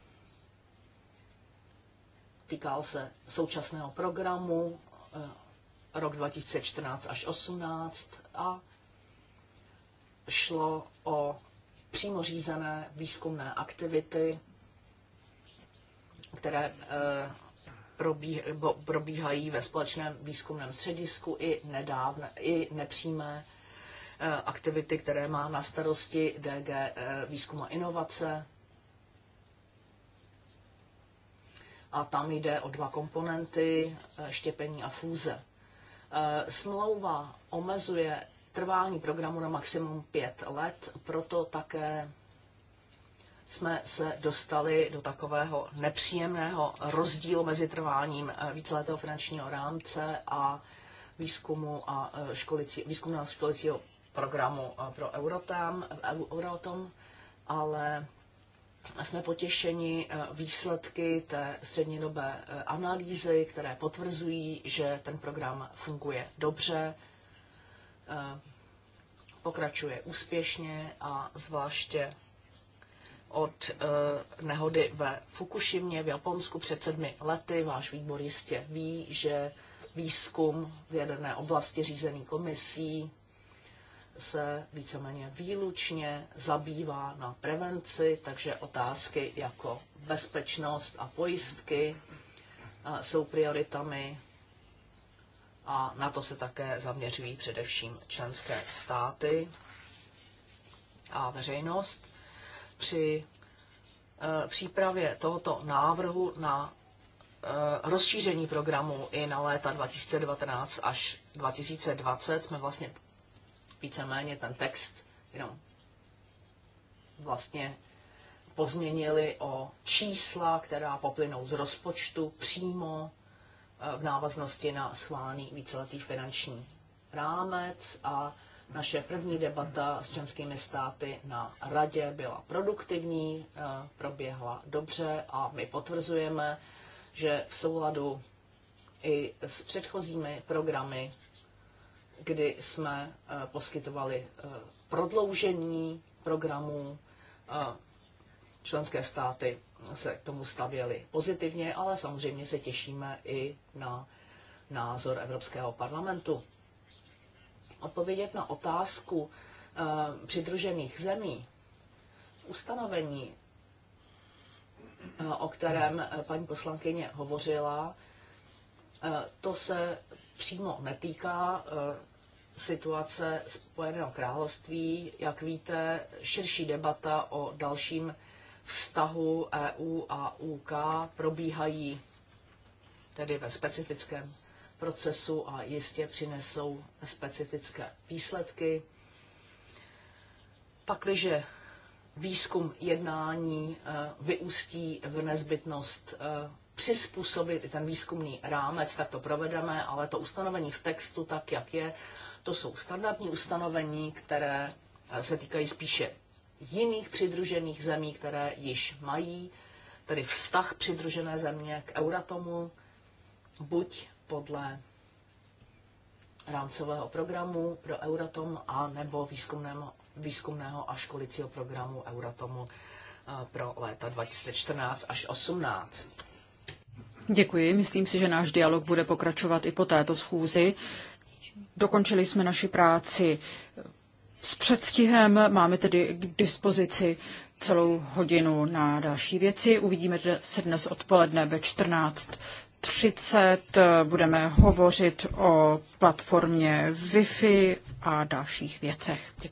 Týkal se současného programu eh, rok 2014 až 18 a šlo o přímo řízené výzkumné aktivity, které eh, probíhají ve společném výzkumném středisku i, nedávne, i nepřímé eh, aktivity, které má na starosti DG eh, výzkum a inovace. A tam jde o dva komponenty, eh, štěpení a fůze. Smlouva omezuje trvání programu na maximum pět let, proto také jsme se dostali do takového nepříjemného rozdílu mezi trváním eh, víceletého finančního rámce a výzkumu a eh, školicí, výzkumného školicího programu eh, pro Eurotom, Eurotom, ale jsme potěšeni výsledky té střednědobé analýzy, které potvrzují, že ten program funguje dobře, pokračuje úspěšně a zvláště od eh, nehody ve Fukušimě v Japonsku před sedmi lety. Váš výbor jistě ví, že výzkum v jedné oblasti řízený komisí se víceméně výlučně zabývá na prevenci, takže otázky jako bezpečnost a pojistky eh, jsou prioritami a na to se také zaměřují především členské státy a veřejnost při eh, přípravě tohoto návrhu na eh, rozšíření programu i na léta 2019 až 2020 jsme vlastně víceméně ten text jenom vlastně pozměnili o čísla, která poplynou z rozpočtu přímo eh, v návaznosti na schválený víceletý finanční rámec a naše první debata s členskými státy na radě byla produktivní, eh, proběhla dobře a my potvrzujeme, že v souladu i s předchozími programy, kdy jsme eh, poskytovali eh, prodloužení programů, členské státy se k tomu stavěly pozitivně, ale samozřejmě se těšíme i na názor Evropského parlamentu odpovědět na otázku e, přidružených zemí, ustanovení, e, o kterém eh, paní poslankyně hovořila, e, to se přímo netýká situace Spojeného království. Jak víte, širší debata o dalším vztahu EU a UK probíhají tedy ve specifickém procesu a jistě přinesou specifické výsledky. Pakliže výzkum jednání eh, vyústí v nezbytnost eh, přizpůsobit ten výzkumný rámec, tak to provedeme, ale to ustanovení v textu, tak jak je, to jsou standardní ustanovení, které eh, se týkají spíše jiných přidružených zemí, které již mají, tedy vztah přidružené země k Euratomu, buď podle rámcového programu pro Euratom a nebo výzkumného, výzkumného a školicího programu Euratomu eh, pro léta 2014 až 2018. Děkuji. Myslím si, že náš dialog bude pokračovat i po této schůzi. Dokončili jsme naši práci s předstihem. Máme tedy k dispozici celou hodinu na další věci. Uvidíme se dnes odpoledne ve 14. 30 eh, budeme hovořit o platformě Wi-Fi a dalších věcech. Děkuji.